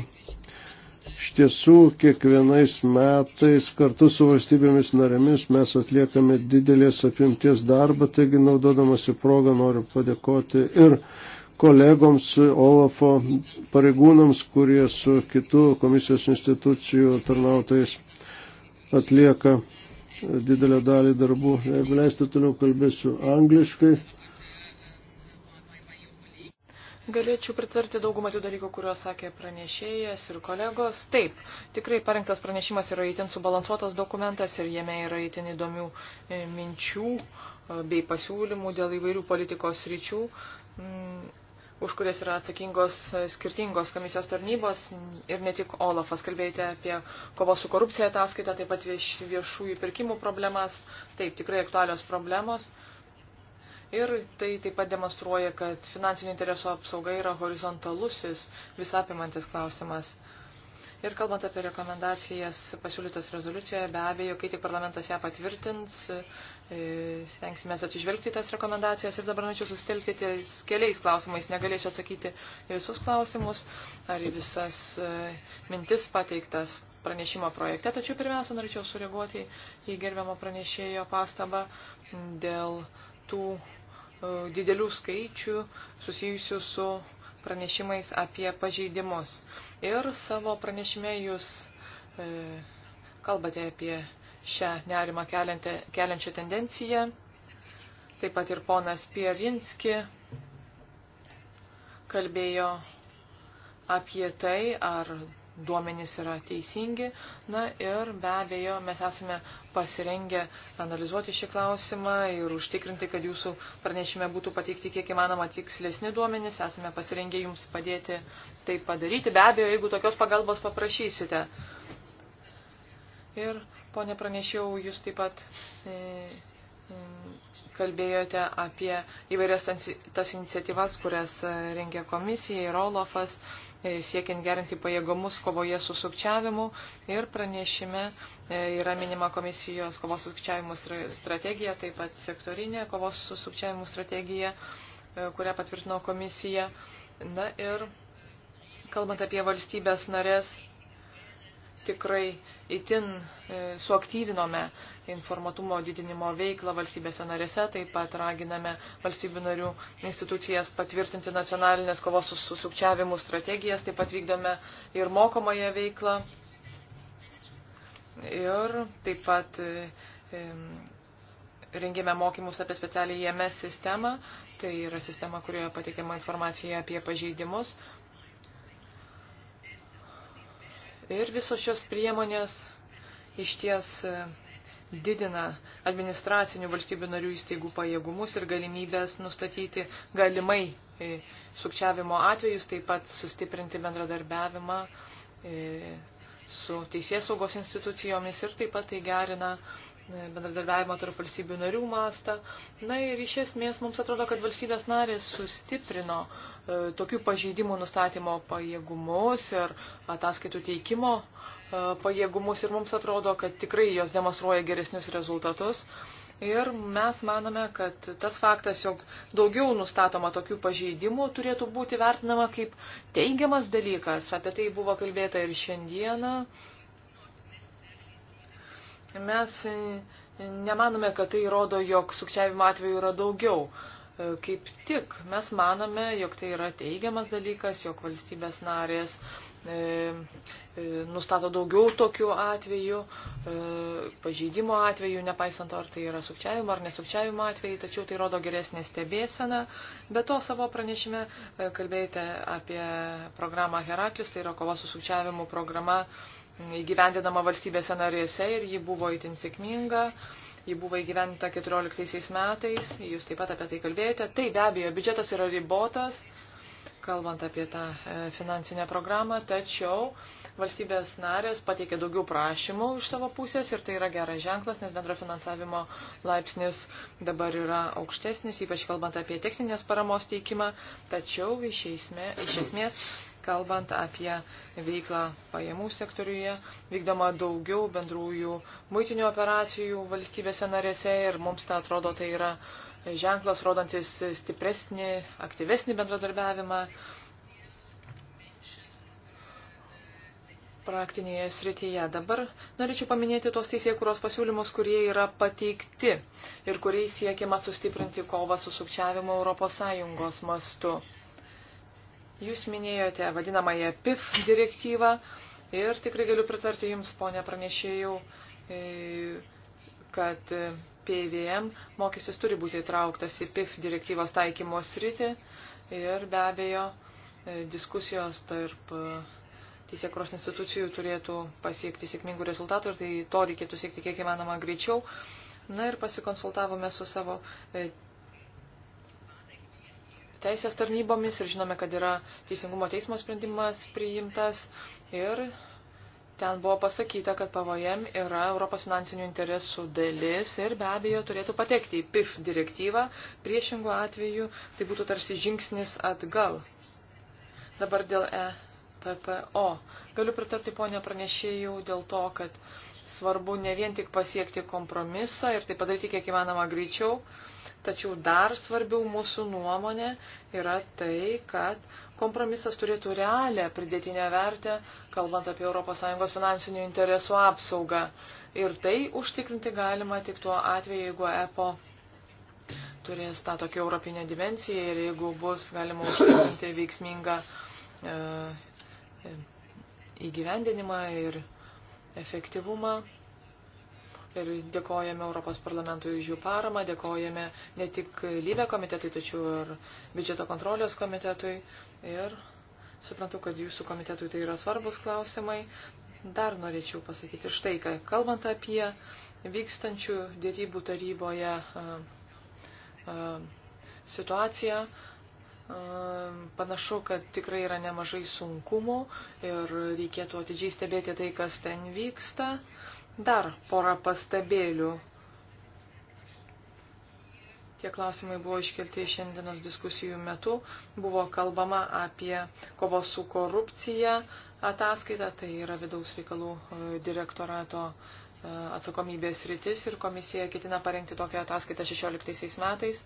Iš tiesų, kiekvienais metais kartu su valstybėmis narėmis mes atliekame didelės apimties darbą, taigi naudodamasi progą noriu padėkoti ir kolegoms Olafo pareigūnams, kurie su kitų komisijos institucijų tarnautais atlieka didelę dalį darbų. Jeigu leisite, toliau kalbėsiu angliškai. Galėčiau pritarti daugumą tų dalykų, kuriuos sakė pranešėjas ir kolegos. Taip, tikrai parengtas pranešimas yra įtin subalansuotas dokumentas ir jame yra įtin įdomių e, minčių e, bei pasiūlymų dėl įvairių politikos ryčių, mm, už kurias yra atsakingos e, skirtingos komisijos tarnybos ir ne tik Olafas. Kalbėjote apie kovos su korupcija ataskaitą, taip pat vieš, viešųjų pirkimų problemas. Taip, tikrai aktualios problemos. Ir tai taip pat demonstruoja, kad finansinio intereso apsauga yra horizontalusis, visapimantis klausimas. Ir kalbant apie rekomendacijas pasiūlytas rezoliucijoje, be abejo, kai tik parlamentas ją patvirtins, e, stengsime atsižvelgti tas rekomendacijas ir dabar norėčiau sustelkti ties keliais klausimais. Negalėsiu atsakyti į visus klausimus ar į visas e, mintis pateiktas pranešimo projekte, tačiau pirmiausia norėčiau sureaguoti į gerbiamo pranešėjo pastabą dėl tų E, didelių skaičių susijusių su pranešimais apie pažeidimus. Ir savo pranešime jūs e, kalbate apie šią nerimą keliantę, keliančią tendenciją. Taip pat ir ponas Pierinski kalbėjo apie tai, ar duomenys yra teisingi. Na ir be abejo, mes esame pasirengę analizuoti šį klausimą ir užtikrinti, kad jūsų pranešime būtų pateikti kiek įmanoma tikslesni duomenys. Esame pasirengę jums padėti tai padaryti. Be abejo, jeigu tokios pagalbos paprašysite. Ir, ponė, pranešiau, jūs taip pat. E, e, kalbėjote apie įvairias tas iniciatyvas, kurias e, rengia komisija ir Olofas, e, siekiant gerinti pajėgumus kovoje su sukčiavimu. Ir pranešime e, yra minima komisijos kovos su sukčiavimu strategija, taip pat sektorinė kovos su sukčiavimu strategija, kurią patvirtino komisija. Na ir kalbant apie valstybės narės tikrai itin e, suaktyvinome informatumo didinimo veiklą valstybėse narėse, taip pat raginame valstybių narių institucijas patvirtinti nacionalinės kovos su sukčiavimu strategijas, taip pat vykdome ir mokomąją veiklą ir taip pat e, e, rengėme mokymus apie specialią IMS sistemą, tai yra sistema, kurioje pateikiama informacija apie pažeidimus, Ir visos šios priemonės iš ties e, didina administracinių valstybių narių įstaigų pajėgumus ir galimybės nustatyti galimai e, sukčiavimo atvejus, taip pat sustiprinti bendradarbiavimą e, su teisės saugos institucijomis ir taip pat tai gerina bendradarbiavimo tarp valstybių narių mastą. Na ir iš esmės mums atrodo, kad valstybės narės sustiprino e, tokių pažeidimų nustatymo pajėgumus ir ataskaitų teikimo e, pajėgumus ir mums atrodo, kad tikrai jos demonstruoja geresnius rezultatus. Ir mes manome, kad tas faktas, jog daugiau nustatoma tokių pažeidimų, turėtų būti vertinama kaip teigiamas dalykas. Apie tai buvo kalbėta ir šiandieną. E, Mes e, e, nemanome, kad tai rodo, jog sukčiavimo atveju yra daugiau. E, kaip tik mes manome, jog tai yra teigiamas dalykas, jog valstybės narės e, e, nustato daugiau tokių atvejų, e, pažeidimo atvejų, nepaisant to, ar tai yra sukčiavimo ar nesukčiavimo atvejai, tačiau tai rodo geresnė stebėsena. Be to savo pranešime e, kalbėjote apie programą Heraklis, tai yra kova su sukčiavimu programa. E, įgyvendinama valstybėse narėse ir ji buvo itin sėkminga. Ji buvo įgyvendinta 14 metais, jūs taip pat apie tai kalbėjote. Tai be abejo, biudžetas yra ribotas, kalbant apie tą e, finansinę programą, tačiau valstybės narės pateikė daugiau prašymų iš savo pusės ir tai yra geras ženklas, nes bendro finansavimo laipsnis dabar yra aukštesnis, ypač kalbant apie techninės paramos teikimą, tačiau iš esmės kalbant apie veiklą pajamų sektoriuje, vykdoma daugiau bendrųjų muitinių operacijų valstybėse narėse ir mums tai atrodo tai yra ženklas, rodantis stipresnį, aktyvesnį bendradarbiavimą praktinėje srityje. Dabar norėčiau paminėti tos teisėkuros pasiūlymus, kurie yra pateikti ir kuriais siekiama sustiprinti kovą su sukčiavimu ES mastu. Jūs minėjote vadinamąją PIF direktyvą ir tikrai galiu pritarti Jums, ponė pranešėjau, e, kad PVM mokestis turi būti įtrauktas į PIF direktyvos taikymo sritį ir be abejo e, diskusijos tarp e, teisėkros institucijų turėtų pasiekti sėkmingų rezultatų ir tai to reikėtų siekti kiek įmanoma greičiau. Na ir pasikonsultavome su savo teisės tarnybomis ir žinome, kad yra teisingumo teismo sprendimas priimtas ir ten buvo pasakyta, kad PVM yra Europos finansinių interesų dalis ir be abejo turėtų patekti į PIF direktyvą, priešingų atveju tai būtų tarsi žingsnis atgal. Dabar dėl EPPO. Galiu pritarti ponė pranešėjų dėl to, kad svarbu ne vien tik pasiekti kompromisą ir tai padaryti kiek įmanoma greičiau, Tačiau dar svarbiau mūsų nuomonė yra tai, kad kompromisas turėtų realią pridėtinę vertę, kalbant apie ES finansinių interesų apsaugą. Ir tai užtikrinti galima tik tuo atveju, jeigu EPO turės tą tokią europinę dimenciją ir jeigu bus galima užtikrinti veiksmingą e, e įgyvendinimą ir efektyvumą ir dėkojame Europos parlamentui už jų paramą, dėkojame ne tik lybė komitetui, tačiau ir biudžeto kontrolės komitetui. Ir suprantu, kad jūsų komitetui tai yra svarbus klausimai. Dar norėčiau pasakyti štai, kad kalbant apie vykstančių dėrybų taryboje a, a, situaciją, Panašu, kad tikrai yra nemažai sunkumų ir reikėtų atidžiai stebėti tai, kas ten vyksta. Dar porą pastabėlių. Tie klausimai buvo iškelti šiandienos diskusijų metu. Buvo kalbama apie kovos su korupcija ataskaitą, tai yra vidaus reikalų e, direktorato e, atsakomybės rytis ir komisija ketina parengti tokią ataskaitą 16 metais.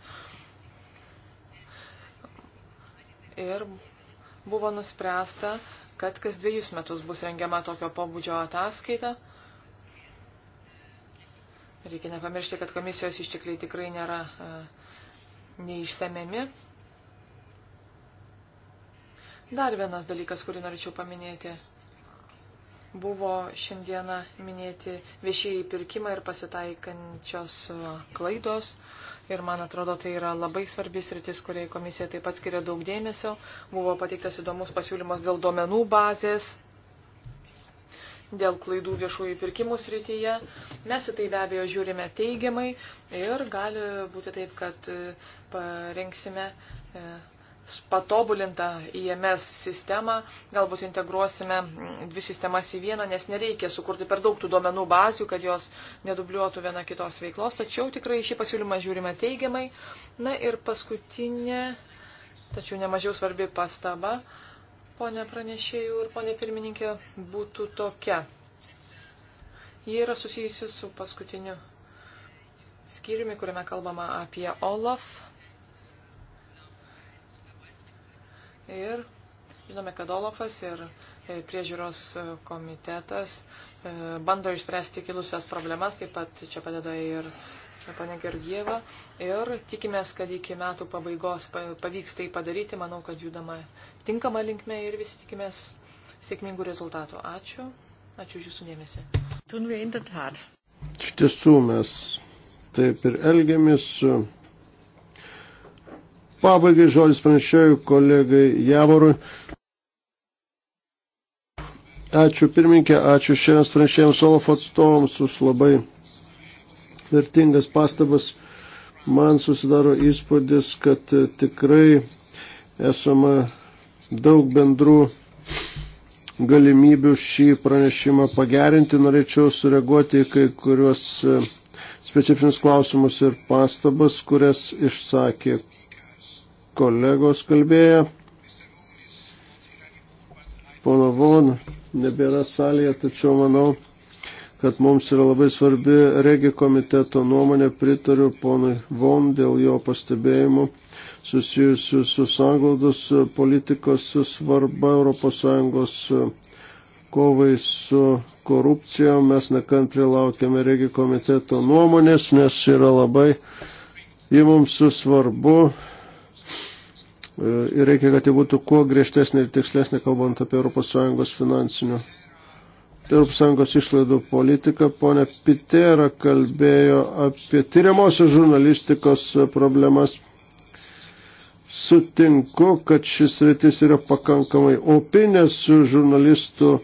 Ir buvo nuspręsta, kad kas dviejus metus bus rengiama tokio pobūdžio ataskaita. Reikia nepamiršti, kad komisijos ištekliai tikrai nėra e, neišsamiami. Dar vienas dalykas, kurį norėčiau paminėti, buvo šiandieną minėti viešieji pirkimai ir pasitaikančios e, klaidos. Ir man atrodo, tai yra labai svarbis rytis, kuriai komisija taip pat skiria daug dėmesio. Buvo pateiktas įdomus pasiūlymas dėl duomenų bazės dėl klaidų viešųjų pirkimų srityje. Mes į tai be abejo žiūrime teigiamai ir gali būti taip, kad e, parengsime e, patobulintą IMS sistemą, galbūt integruosime mm, dvi sistemas į vieną, nes nereikia sukurti per daug tų duomenų bazių, kad jos nedubliuotų viena kitos veiklos, tačiau tikrai šį pasiūlymą žiūrime teigiamai. Na ir paskutinė, tačiau nemažiau svarbi pastaba. Uh, ponė pranešėjų ir ponė pirmininkė, būtų tokia. Jie yra susijusi su paskutiniu skyriumi, kuriame kalbama apie Olaf. Ir žinome, kad Olafas ir e, priežiūros e, komitetas e, bando išspręsti kilusias problemas, taip pat čia padeda ir ponė Gergieva, ir tikimės, kad iki metų pabaigos pavyks tai padaryti. Manau, kad judama tinkama linkme ir visi tikimės sėkmingų rezultatų. Ačiū. Ačiū už Jūsų dėmesį. Iš tiesų mes taip ir elgiamės. Pabaigai žodis panašiojų kolegai Javorui. Ačiū pirminkė, ačiū šiems pranešėjams Olaf atstovams už labai vertingas pastabas. Man susidaro įspūdis, kad e, tikrai esama daug bendrų galimybių šį pranešimą pagerinti. Norėčiau sureaguoti į kai kuriuos e, specifinius klausimus ir pastabas, kurias išsakė kolegos kalbėję. Pono Von nebėra salėje, tačiau manau, kad mums yra labai svarbi regi komiteto nuomonė, pritariu ponui Von dėl jo pastebėjimų susijusių su sanglaudos politikos svarba ES kovai su korupcija. Mes nekantriai laukiame regi komiteto nuomonės, nes yra labai ji mums svarbu ir reikia, kad ji būtų kuo griežtesnė ir tikslesnė, kalbant apie ES finansinių ES išlaidų politiką. Pone Pitera kalbėjo apie tyriamosios žurnalistikos problemas. Sutinku, kad šis rytis yra pakankamai opinės žurnalistų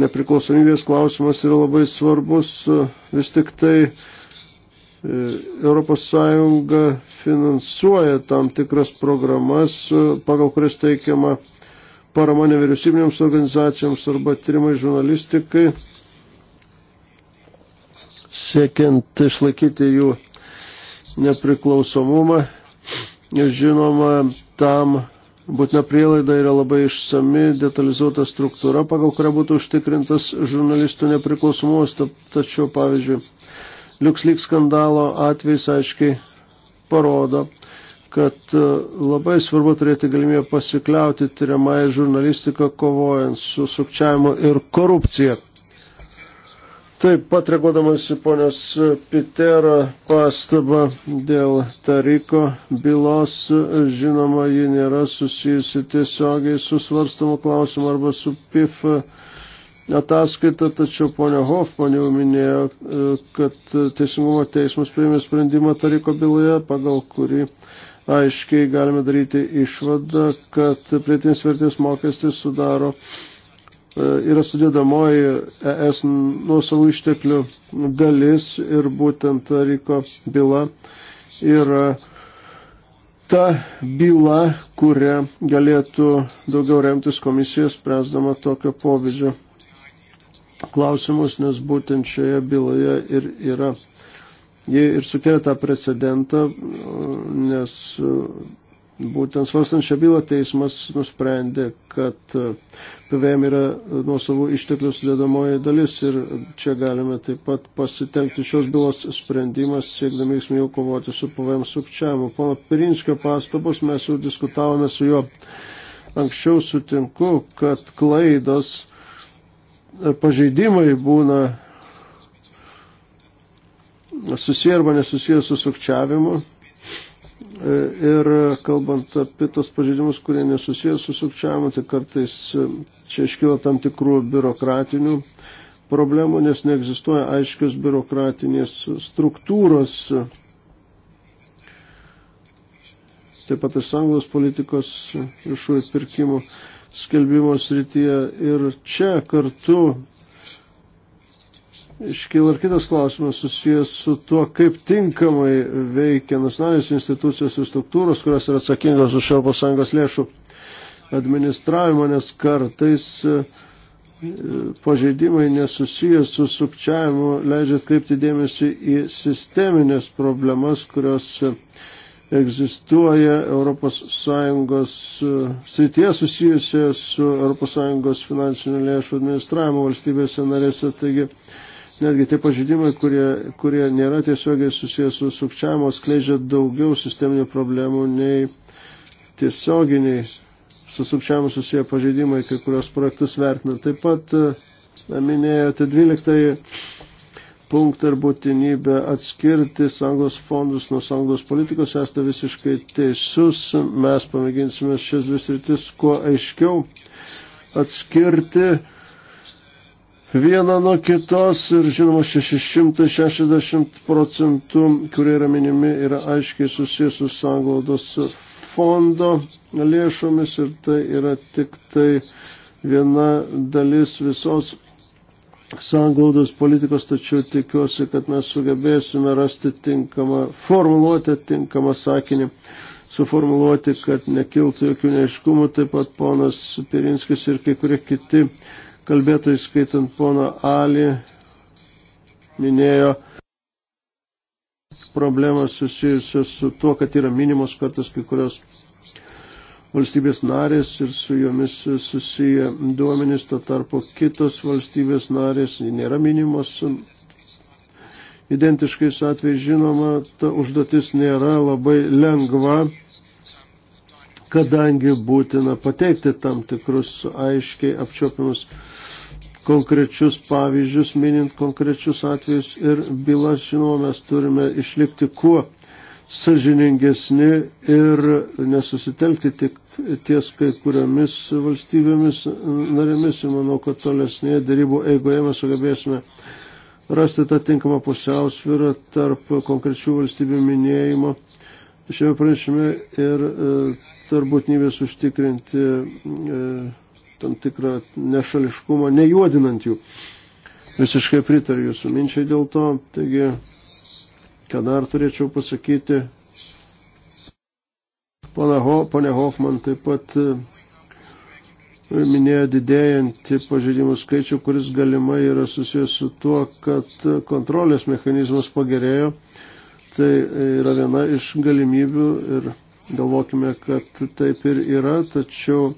nepriklausomybės klausimas yra labai svarbus. Vis tik tai ES finansuoja tam tikras programas, e, pagal kurias teikiama parama nevyriausybinėms organizacijoms arba tyrimai žurnalistikai, siekiant išlaikyti jų nepriklausomumą. Žinoma, tam būtina prielaida yra labai išsami, detalizuota struktūra, pagal kurią būtų užtikrintas žurnalistų nepriklausomumas, tačiau, pavyzdžiui, LuxLeaks skandalo atvejs aiškiai parodo, kad e, labai svarbu turėti galimybę pasikliauti tyriamąją žurnalistiką kovojant su sukčiavimu ir korupcija. Taip pat reaguodamas į ponios Pitero pastabą dėl Tariko bylos, žinoma, ji nėra susijusi tiesiogiai su svarstamu klausimu arba su PIF ataskaita, tačiau ponia Hoffman jau minėjo, e, kad Teisingumo teismas priėmė sprendimą Tariko byloje, pagal kurį aiškiai galime daryti išvadą, kad prietinis vertės mokestis sudaro e, yra sudėdamoji ES nuo savų išteklių dalis ir būtent Ryko byla yra ta byla, kurią galėtų daugiau remtis komisija spręsdama tokio pobūdžio klausimus, nes būtent šioje byloje ir yra Ji ir sukėlė tą precedentą, nes būtent svarstant šią bylą teismas nusprendė, kad PVM yra nuo savų išteklių sudėdamoji dalis ir čia galime taip pat pasitelkti šios bylos sprendimas, siekdami veiksmingiau kovoti su PVM sukčiavimu. Pono Pirinskio pastabos mes jau diskutavome su juo. Anksčiau sutinku, kad klaidos pažeidimai būna susiję arba nesusiję su sukčiavimu. E, ir kalbant apie tos pažeidimus, kurie nesusiję su sukčiavimu, tai kartais e, čia iškyla tam tikrų biurokratinių problemų, nes neegzistuoja aiškios biurokratinės struktūros. Taip pat ir sąjungos politikos viešųjų pirkimų skelbimo srityje. Ir čia kartu Iškyla ir kitas klausimas susijęs su tuo, kaip tinkamai veikia nacionalinės institucijos ir struktūros, kurios yra atsakingos už Europos Sąjungos lėšų administravimą, nes kartais e, pažeidimai nesusijęs su sukčiavimu leidžia atkreipti dėmesį į sisteminės problemas, kurios e, egzistuoja ES e, srityje susijusioje su ES finansinių lėšų administravimo valstybėse narėse. Taigi, netgi tie pažydimai, kurie, kurie nėra tiesiogiai susijęs su sukčiavimo, skleidžia daugiau sisteminių problemų nei tiesioginiai su sukčiavimu susiję pažeidimai, kai kurios projektus vertina. Taip pat minėjote 12 punktą ir būtinybę atskirti sąjungos fondus nuo sąjungos politikos. Esate visiškai teisus, mes pamėginsime šias vis rytis kuo aiškiau atskirti viena nuo kitos ir žinoma 660 procentų, kurie yra minimi, yra aiškiai susijęs su sanglaudos fondo lėšomis ir tai yra tik tai viena dalis visos sanglaudos politikos, tačiau tikiuosi, kad mes sugebėsime rasti tinkamą formuluotę, tinkamą sakinį suformuluoti, kad nekiltų jokių neiškumų. Taip pat ponas Pirinskis ir kai kurie kiti kalbėtojai, skaitant pono Ali, minėjo problemą susijusią su tuo, kad yra minimos kartas kai kurios valstybės narės ir su jomis susiję duomenys, to tarpo kitos valstybės narės nėra minimos. Identiškais atvejais žinoma, ta užduotis nėra labai lengva, kadangi būtina pateikti tam tikrus aiškiai apčiopimus konkrečius pavyzdžius, minint konkrečius atvejus ir bylas, žinoma, mes turime išlikti kuo sažiningesni ir nesusitelkti tik ties kai kuriomis valstybėmis narėmis. Ir manau, kad tolesnėje darybų eigoje mes sugebėsime rasti tą tinkamą pusiausvyrą tarp konkrečių valstybių minėjimo šiame pranešime ir e, turbūt nebės užtikrinti e, tam tikrą nešališkumą, nejuodinant jų. Visiškai pritariu jūsų minčiai dėl to. Taigi, ką dar turėčiau pasakyti. Pone Hoffman taip pat e, minėjo didėjantį pažeidimų skaičių, kuris galimai yra susijęs su tuo, kad kontrolės mechanizmas pagerėjo. Tai yra viena iš galimybių ir galvokime, kad taip ir yra, tačiau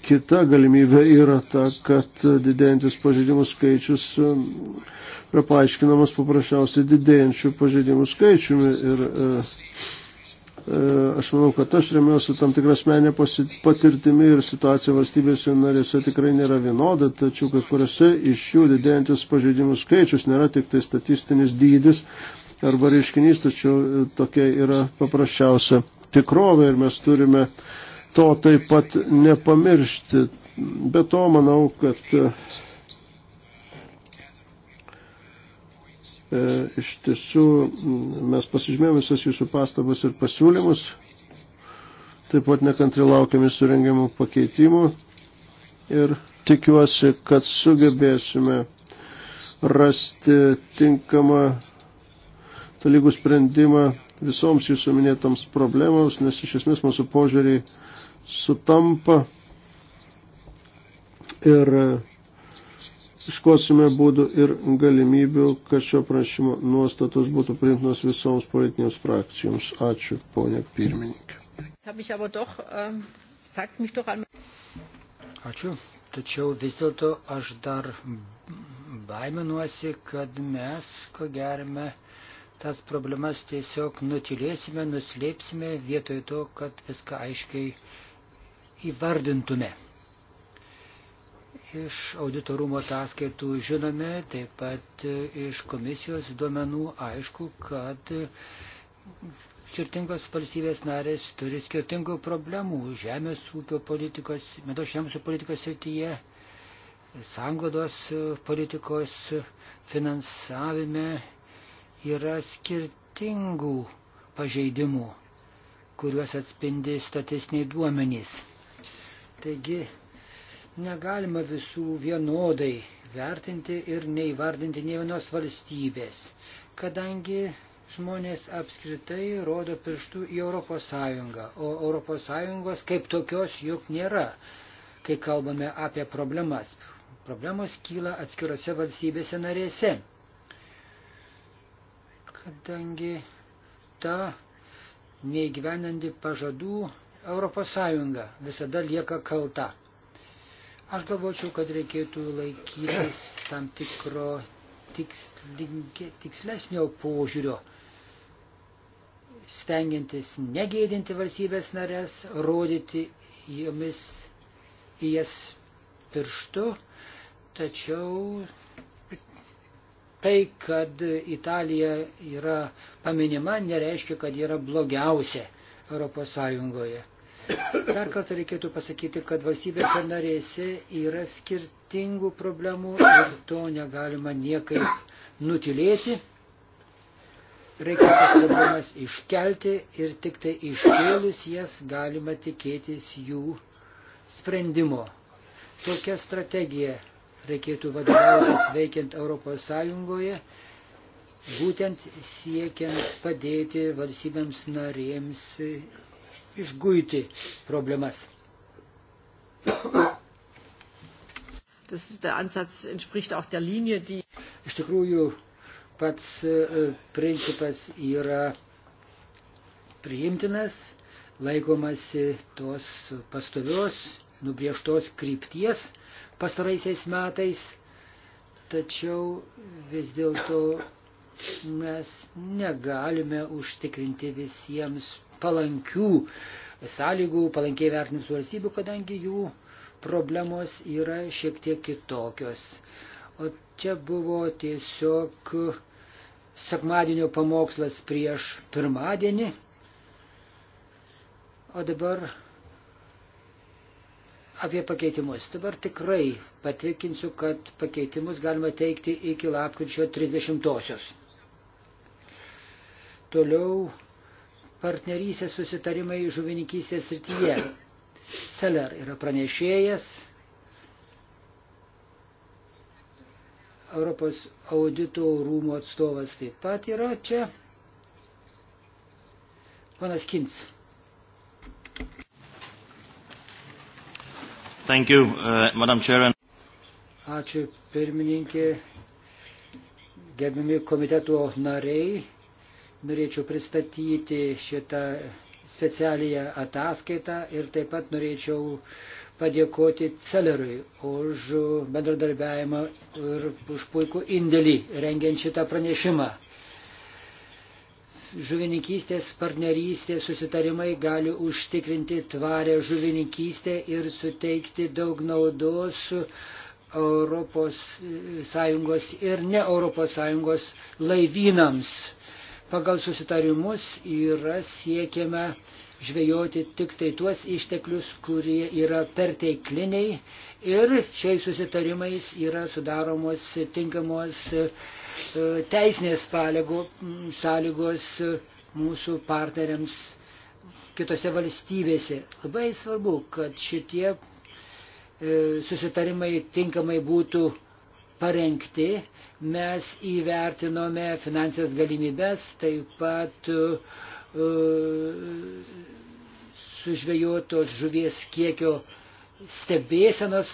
Kita galimybė yra ta, kad didėjantis pažeidimų skaičius yra e, paaiškinamas paprasčiausiai didėjančių pažeidimų skaičiumi. Ir e, e, aš manau, kad aš remiuosi tam tikrą asmenę patirtimi ir situacija valstybėse narėse tikrai nėra vienoda, tačiau kai kuriuose iš jų didėjantis pažeidimų skaičius nėra tik tai statistinis dydis arba reiškinys, tačiau tokia yra paprasčiausia tikrovė ir mes turime uh, to taip pat nepamiršti. Be to, manau, kad e, e, iš tiesų mes pasižymėjome visas jūsų pastabas ir pasiūlymus. Taip pat nekantri laukiami surengiamų pakeitimų ir tikiuosi, kad sugebėsime rasti tinkamą talygų sprendimą visoms jūsų minėtoms problemams, nes iš esmės mūsų požiūriai sutampa ir iškosime būdų ir galimybių, kad šio prašymo nuostatos būtų priimtinos visoms politinėms frakcijoms. Ačiū, ponė pirmininkė. Ähm, Ačiū. Tačiau vis dėlto aš dar baiminuosi, kad mes, ko gerime, tas problemas tiesiog nutilėsime, nuslėpsime vietoj to, kad viską aiškiai įvardintume. Iš auditorumo ataskaitų žinome, taip pat iš komisijos duomenų aišku, kad skirtingos valstybės narės turi skirtingų problemų žemės ūkio politikos, medaus žemės ūkio politikos srityje, sanglados politikos finansavime yra skirtingų pažeidimų, kuriuos atspindi statistiniai duomenys. Taigi negalima visų vienodai vertinti ir neįvardinti ne vienos valstybės, kadangi žmonės apskritai rodo pirštų į ES, o ES kaip tokios juk nėra, kai kalbame apie problemas. Problemos kyla atskirose valstybėse narėse, kadangi ta neįgyvenanti pažadų Europos Sąjunga visada lieka kalta. Aš galvočiau, kad reikėtų laikytis tam tikro tikslinke, tikslesnio požiūrio, stengiantis negėdinti valstybės narės, rodyti jomis į jas pirštu, tačiau tai, kad Italija yra paminima, nereiškia, kad yra blogiausia Europos Sąjungoje. Dar kartą reikėtų pasakyti, kad valstybėse narėse yra skirtingų problemų ir to negalima niekaip nutilėti. Reikia tas problemas iškelti ir tik tai iškėlus jas galima tikėtis jų sprendimo. Tokia strategija reikėtų vadovautis veikiant Europos Sąjungoje būtent siekiant padėti valstybėms narėms išguiti problemas. Iš tikrųjų, pats e, principas yra priimtinas, laikomasi tos pastovios, nubrieštos krypties pastaraisiais metais, tačiau vis dėlto mes negalime užtikrinti visiems palankių sąlygų, palankiai vertinus valstybių, kadangi jų problemos yra šiek tiek kitokios. O čia buvo tiesiog sekmadienio pamokslas prieš pirmadienį. O dabar apie pakeitimus. Dabar tikrai patvirtinsiu, kad pakeitimus galima teikti iki lapkričio 30. -osios. Toliau partnerysės susitarimai žuvininkystės srityje. Seller yra pranešėjas. Europos audito rūmų atstovas taip pat yra čia. Ponas Kins. Thank you, uh, Madam Chair. Ačiū pirmininkė, gerbiami komiteto nariai norėčiau pristatyti šitą specialiją ataskaitą ir taip pat norėčiau padėkoti Celerui už bendradarbiavimą ir už puikų indėlį rengiant šitą pranešimą. Žuvininkystės partnerystės susitarimai gali užtikrinti tvarę žuvininkystę ir suteikti daug naudos Europos Sąjungos ir ne Europos Sąjungos laivynams. Pagal susitarimus yra siekiama žvejoti tik tai tuos išteklius, kurie yra perteikliniai ir šiais susitarimais yra sudaromos tinkamos e, teisinės palėgo, sąlygos mūsų partneriams kitose valstybėse. Labai svarbu, kad šitie e, susitarimai tinkamai būtų parengti. Mes įvertinome finansinės galimybės, taip pat uh, sužvėjotos žuvies kiekio stebėsenos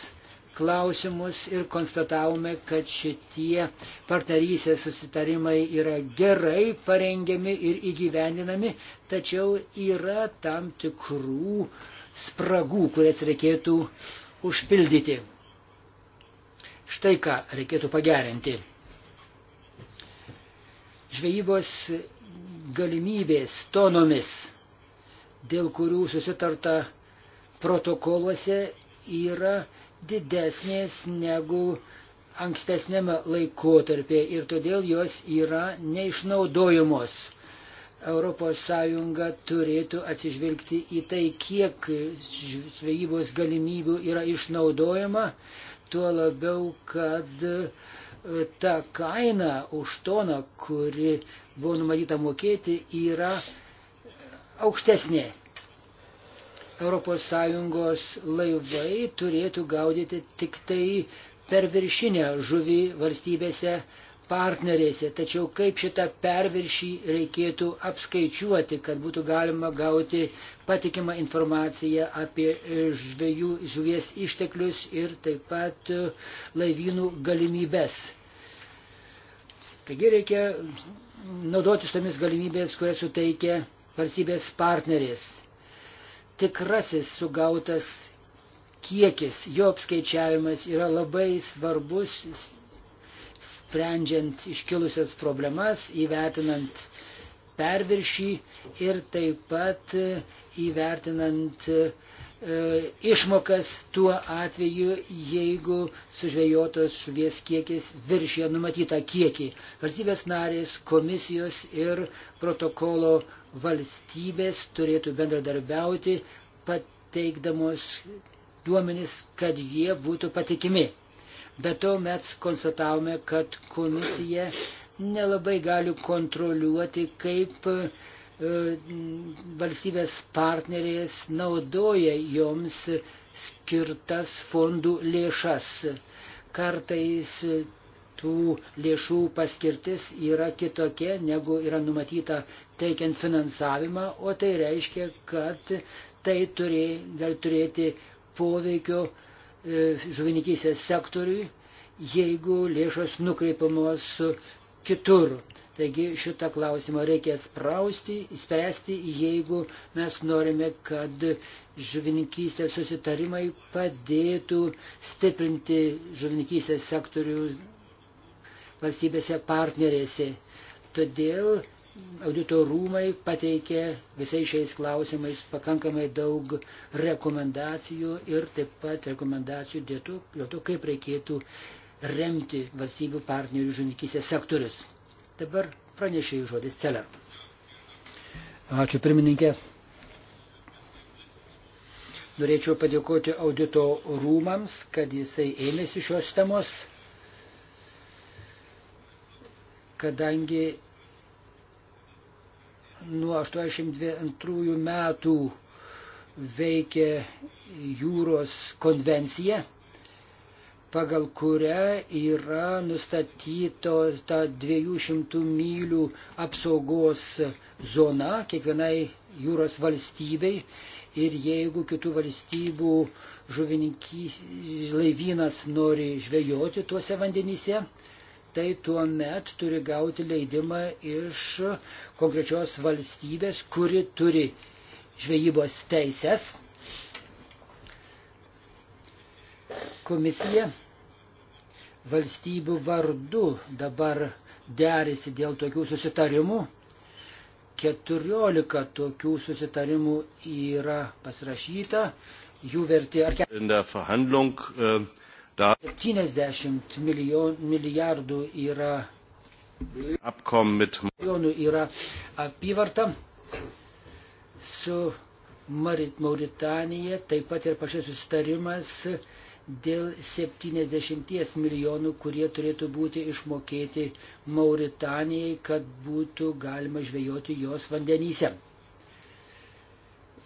klausimus ir konstatavome, kad šitie partnerysės susitarimai yra gerai parengiami ir įgyvendinami, tačiau yra tam tikrų spragų, kurias reikėtų užpildyti. Štai ką reikėtų pagerinti. Žvejybos galimybės tonomis, dėl kurių susitarta protokoluose, yra didesnės negu ankstesnėme laikotarpė ir todėl jos yra neišnaudojamos. ES turėtų atsižvelgti į tai, kiek žvejybos galimybių yra išnaudojama, tuo labiau, kad e, ta kaina už toną, kuri buvo numatyta mokėti, yra aukštesnė. ES laivai turėtų gaudyti tik tai per viršinę žuvį valstybėse partnerėse. Tačiau kaip šitą perviršį reikėtų apskaičiuoti, kad būtų galima gauti patikimą informaciją apie žvėjų žuvies išteklius ir taip pat e, laivynų galimybės. Taigi reikia naudotis tomis galimybės, kurias suteikia valstybės partnerės. Tikrasis sugautas kiekis, jo apskaičiavimas yra labai svarbus sprendžiant iškilusias problemas, įvertinant perviršį ir taip pat e, įvertinant e, išmokas tuo atveju, jeigu sužvėjotos žuvies kiekis viršė numatytą kiekį. Valstybės narės, komisijos ir protokolo valstybės turėtų bendradarbiauti, pateikdamos duomenis, kad jie būtų patikimi. Bet to mes konstatavome, kad komisija nelabai gali kontroliuoti, kaip e, valstybės partnerės naudoja joms skirtas fondų lėšas. Kartais tų lėšų paskirtis yra kitokia, negu yra numatyta teikiant finansavimą, o tai reiškia, kad tai turė, gali turėti poveikio uh, E, žuvininkysės sektoriui, jeigu lėšos nukreipiamos kitur. Taigi šitą klausimą reikia sprausti, spręsti, jeigu mes norime, kad žuvininkystės susitarimai padėtų stiprinti žuvininkystės sektorių valstybėse partnerėse. Todėl audito rūmai pateikė visais šiais klausimais pakankamai daug rekomendacijų ir taip pat rekomendacijų dėtų dėl to, kaip reikėtų remti valstybių partnerių žuvininkysės sektorius. Dabar pranešėjų žodis Celer. Ačiū pirmininkė. Norėčiau padėkoti audito rūmams, kad jisai ėmėsi šios temos, kadangi nuo 82 metų veikė jūros konvencija, pagal kurią yra nustatyto ta 200 mylių apsaugos zona kiekvienai jūros valstybei ir jeigu kitų valstybių žuvininkys laivynas nori žvejoti tuose vandenyse, tai tuo met turi gauti leidimą iš konkrečios valstybės, kuri turi žvejybos teisės. Komisija valstybių vardu dabar derisi dėl tokių susitarimų. 14 tokių susitarimų yra pasirašyta, jų vertė ar 14. Da 70 milijon, milijardų yra, milijonų yra apyvarta su Marit Mauritanija, taip pat ir pašės sustarimas dėl 70 milijonų, kurie turėtų būti išmokėti Mauritanijai, kad būtų galima žvejoti jos vandenyse.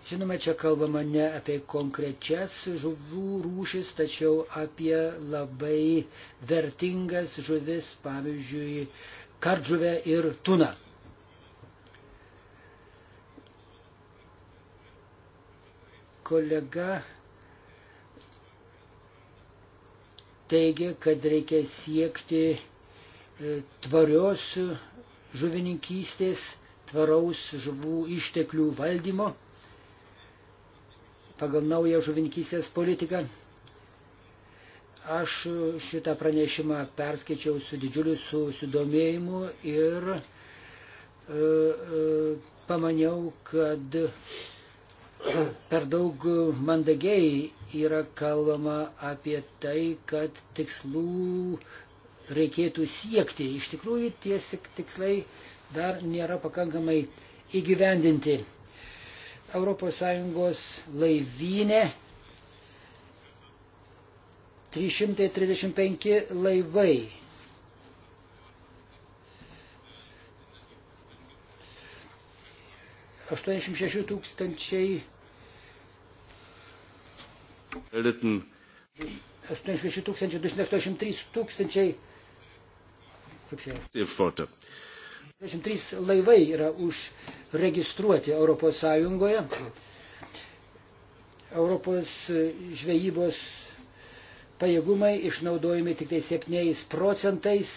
Žinoma, čia kalbama ne apie konkrečias žuvų rūšis, tačiau apie labai vertingas žuvis, pavyzdžiui, kardžuvę ir tuną. Kolega teigia, kad reikia siekti e, tvarios žuvininkystės, tvaraus žuvų išteklių valdymo pagal naują žuvinkysės politiką. Aš šitą pranešimą perskaičiau su didžiuliu susidomėjimu ir e, e, pamaniau, kad per daug mandagiai yra kalbama apie tai, kad tikslų reikėtų siekti. Iš tikrųjų tie tikslai dar nėra pakankamai įgyvendinti. ES laivynė 335 laivai. Aštuoniasdešimt šeši tūkstančiai. Meldeten 86 tūkstančiai, 283 tūkstančiai. Kaip čia? Importe. 23 laivai yra užregistruoti Europos Sąjungoje. Europos žvejybos pajėgumai išnaudojami tik tai 7 procentais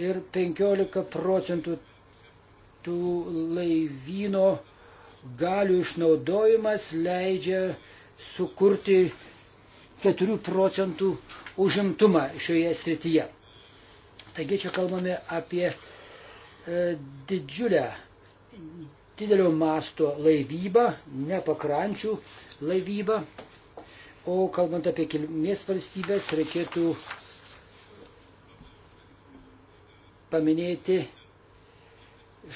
ir 15 procentų tų laivyno galių išnaudojimas leidžia sukurti 4 procentų užimtumą šioje srityje. Taigi čia kalbame apie E, didžiulę, didelio masto laivybą, ne pakrančių laivybą. O kalbant apie kilmės valstybės, reikėtų paminėti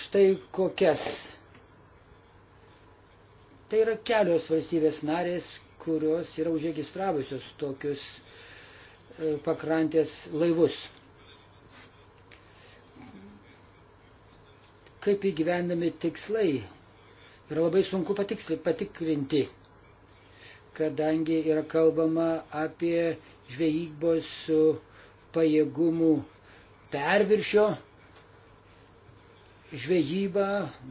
štai kokias. Tai yra kelios valstybės narės, kurios yra užregistravusios tokius e, pakrantės laivus. kaip įgyvendami tikslai yra labai sunku patikrinti, kadangi yra kalbama apie žvejybos pajėgumų perviršio žvejybą.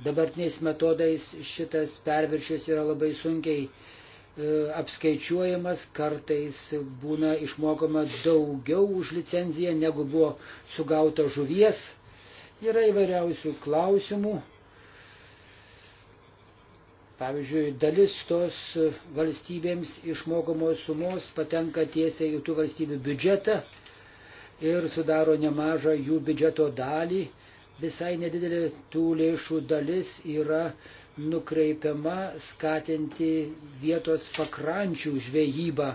Dabartiniais metodais šitas perviršis yra labai sunkiai e, apskaičiuojamas, kartais būna išmokama daugiau už licenciją, negu buvo sugauta žuvies Yra įvairiausių klausimų. Pavyzdžiui, dalis tos valstybėms išmokamos sumos patenka tiesiai į tų valstybių biudžetą ir sudaro nemažą jų biudžeto dalį. Visai nedidelė tų lėšų dalis yra nukreipiama skatinti vietos pakrančių žvejybą,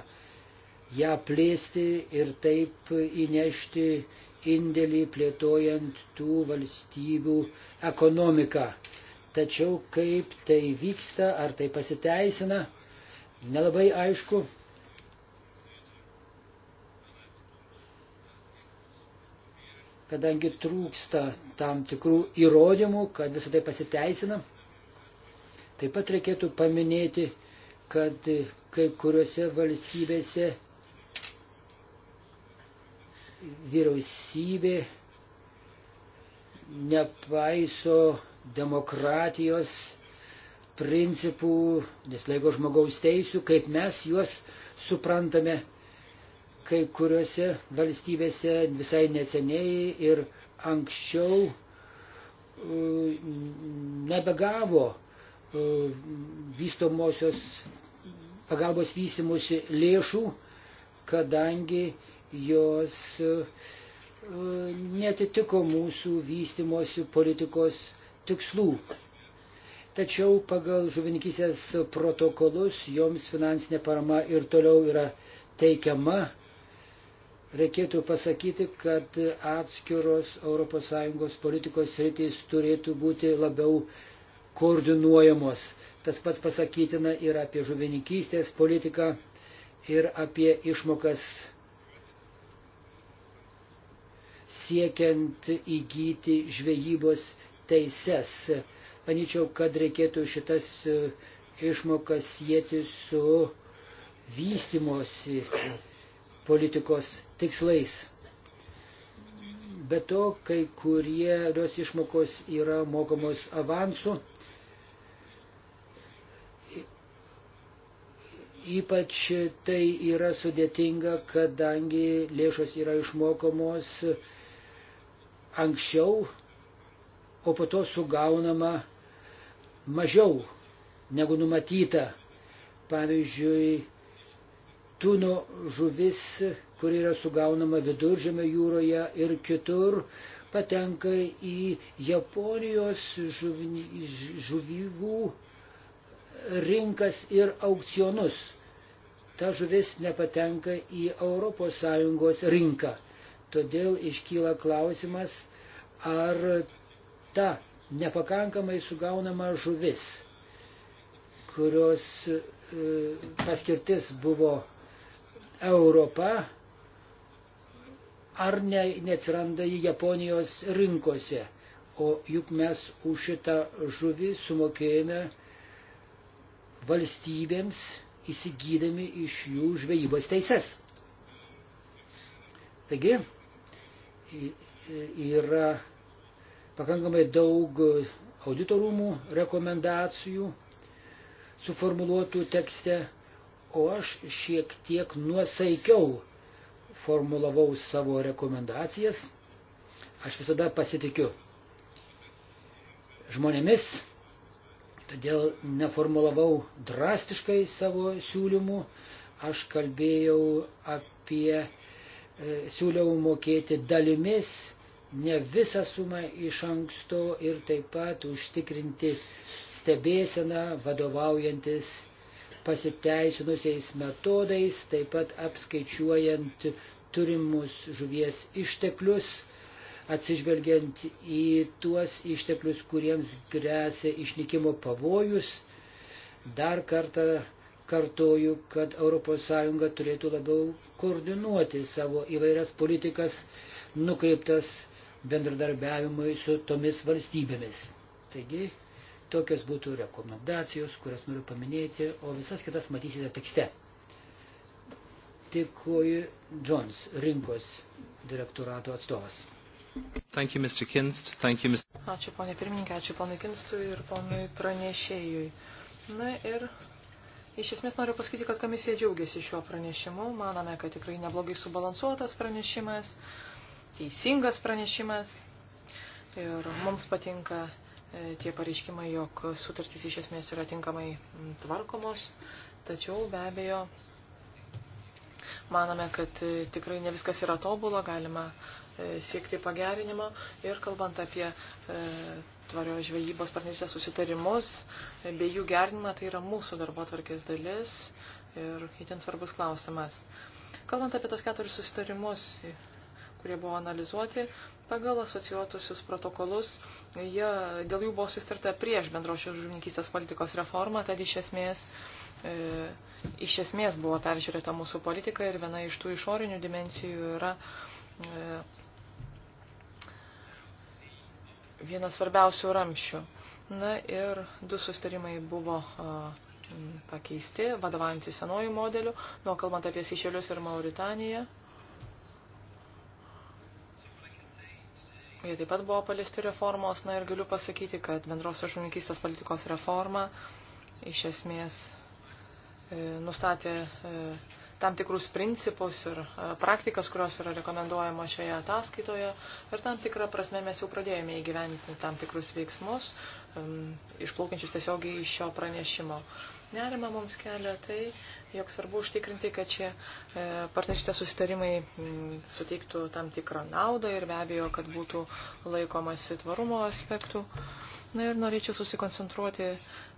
ją plėsti ir taip įnešti indėlį plėtojant tų valstybių ekonomiką. Tačiau kaip tai vyksta, ar tai pasiteisina, nelabai aišku. Kadangi trūksta tam tikrų įrodymų, kad visą tai pasiteisina, taip pat reikėtų paminėti, kad kai kuriuose valstybėse vyriausybė nepaiso demokratijos principų, neslaiko žmogaus teisų, kaip mes juos suprantame kai kuriuose valstybėse visai neseniai ir anksčiau e, nebegavo e, vystomosios pagalbos vystimusi lėšų, kadangi jos e, netitiko mūsų vystimosi politikos tikslų. Tačiau pagal žuvininkysės protokolus joms finansinė parama ir toliau yra teikiama. Reikėtų pasakyti, kad atskiros ES politikos sritys turėtų būti labiau koordinuojamos. Tas pats pasakytina ir apie žuvininkystės politiką, ir apie išmokas siekiant įgyti žvejybos teises. Maničiau, kad reikėtų šitas e, išmokas sieti su vystimosi politikos tikslais. Be to, kai kurie jos išmokos yra mokamos avansu, ypač tai yra sudėtinga, kadangi lėšos yra išmokomos anksčiau, o po to sugaunama mažiau negu numatyta. Pavyzdžiui, tuno žuvis, kuri yra sugaunama viduržėme jūroje ir kitur, patenka į Japonijos žuvivų rinkas ir aukcionus. Ta žuvis nepatenka į ES rinką. Todėl iškyla klausimas, ar ta nepakankamai sugaunama žuvis, kurios e, paskirtis buvo Europa, ar ne, neatsiranda į Japonijos rinkose. O juk mes už šitą žuvį sumokėjome valstybėms įsigydami iš jų žvejybos teises. Taigi, E, yra pakankamai daug auditorumų rekomendacijų suformuluotų tekste, o aš šiek tiek nuosaikiau formulavau savo rekomendacijas. Aš visada pasitikiu žmonėmis, todėl neformulavau drastiškai savo siūlymų. Aš kalbėjau apie E, siūliau mokėti dalimis, ne visą sumą iš anksto ir taip pat užtikrinti stebėseną vadovaujantis pasiteisinusiais metodais, taip pat apskaičiuojant turimus žuvies išteklius, atsižvelgiant į tuos išteklius, kuriems grėsia išnykimo pavojus. Dar kartą kartoju, kad ES turėtų labiau koordinuoti savo įvairias politikas nukreiptas bendradarbiavimui su tomis valstybėmis. Taigi, tokios būtų rekomendacijos, kurias noriu paminėti, o visas kitas matysite tekste. Tikuoju Jones, rinkos direktorato atstovas. Thank you, Mr. Kinst. Thank you, Mr. Ačiū, ponė pirmininkė, ačiū ponui Kinstui ir ponui pranešėjui. Na ir Iš esmės noriu pasakyti, kad komisija džiaugiasi šiuo pranešimu. Manome, kad tikrai neblogai subalansuotas pranešimas, teisingas pranešimas. Ir mums patinka e, tie pareiškimai, jog sutartys iš esmės yra tinkamai tvarkomos. Tačiau be abejo Manome, kad e, tikrai ne viskas yra tobulo, galima e, siekti pagerinimo ir kalbant apie e, tvarios žvejybos partnerystės susitarimus bei jų gerinimą, tai yra mūsų darbo tvarkės dalis ir itin svarbus klausimas. Kalbant apie tos keturis susitarimus, kurie buvo analizuoti, Pagal asociuotusius protokolus, jie, dėl jų buvo sustarta prieš bendrošios žuvininkystės politikos reformą, tad iš esmės, e, iš esmės buvo peržiūrėta mūsų politika ir viena iš tų išorinių dimensijų yra e, vienas svarbiausių ramščių. Na ir du sustarimai buvo. E, pakeisti, vadovaujantį senojų modelių, nuo kalbant apie Sišelius ir Mauritaniją. Jie taip pat buvo paliesti reformos, na ir galiu pasakyti, kad bendrosios žuvininkystės politikos reforma iš esmės e, nustatė e, tam tikrus principus ir e, praktikas, kurios yra rekomenduojamos šioje ataskaitoje. Ir tam tikrą prasme mes jau pradėjome įgyventi tam tikrus veiksmus, išplaukiančius tiesiogiai iš šio pranešimo. Nerima mums kelia tai, jog svarbu užtikrinti, kad šie e, partnerystės susitarimai suteiktų tam tikrą naudą ir be abejo, kad būtų laikomasi tvarumo aspektų. Na ir norėčiau susikoncentruoti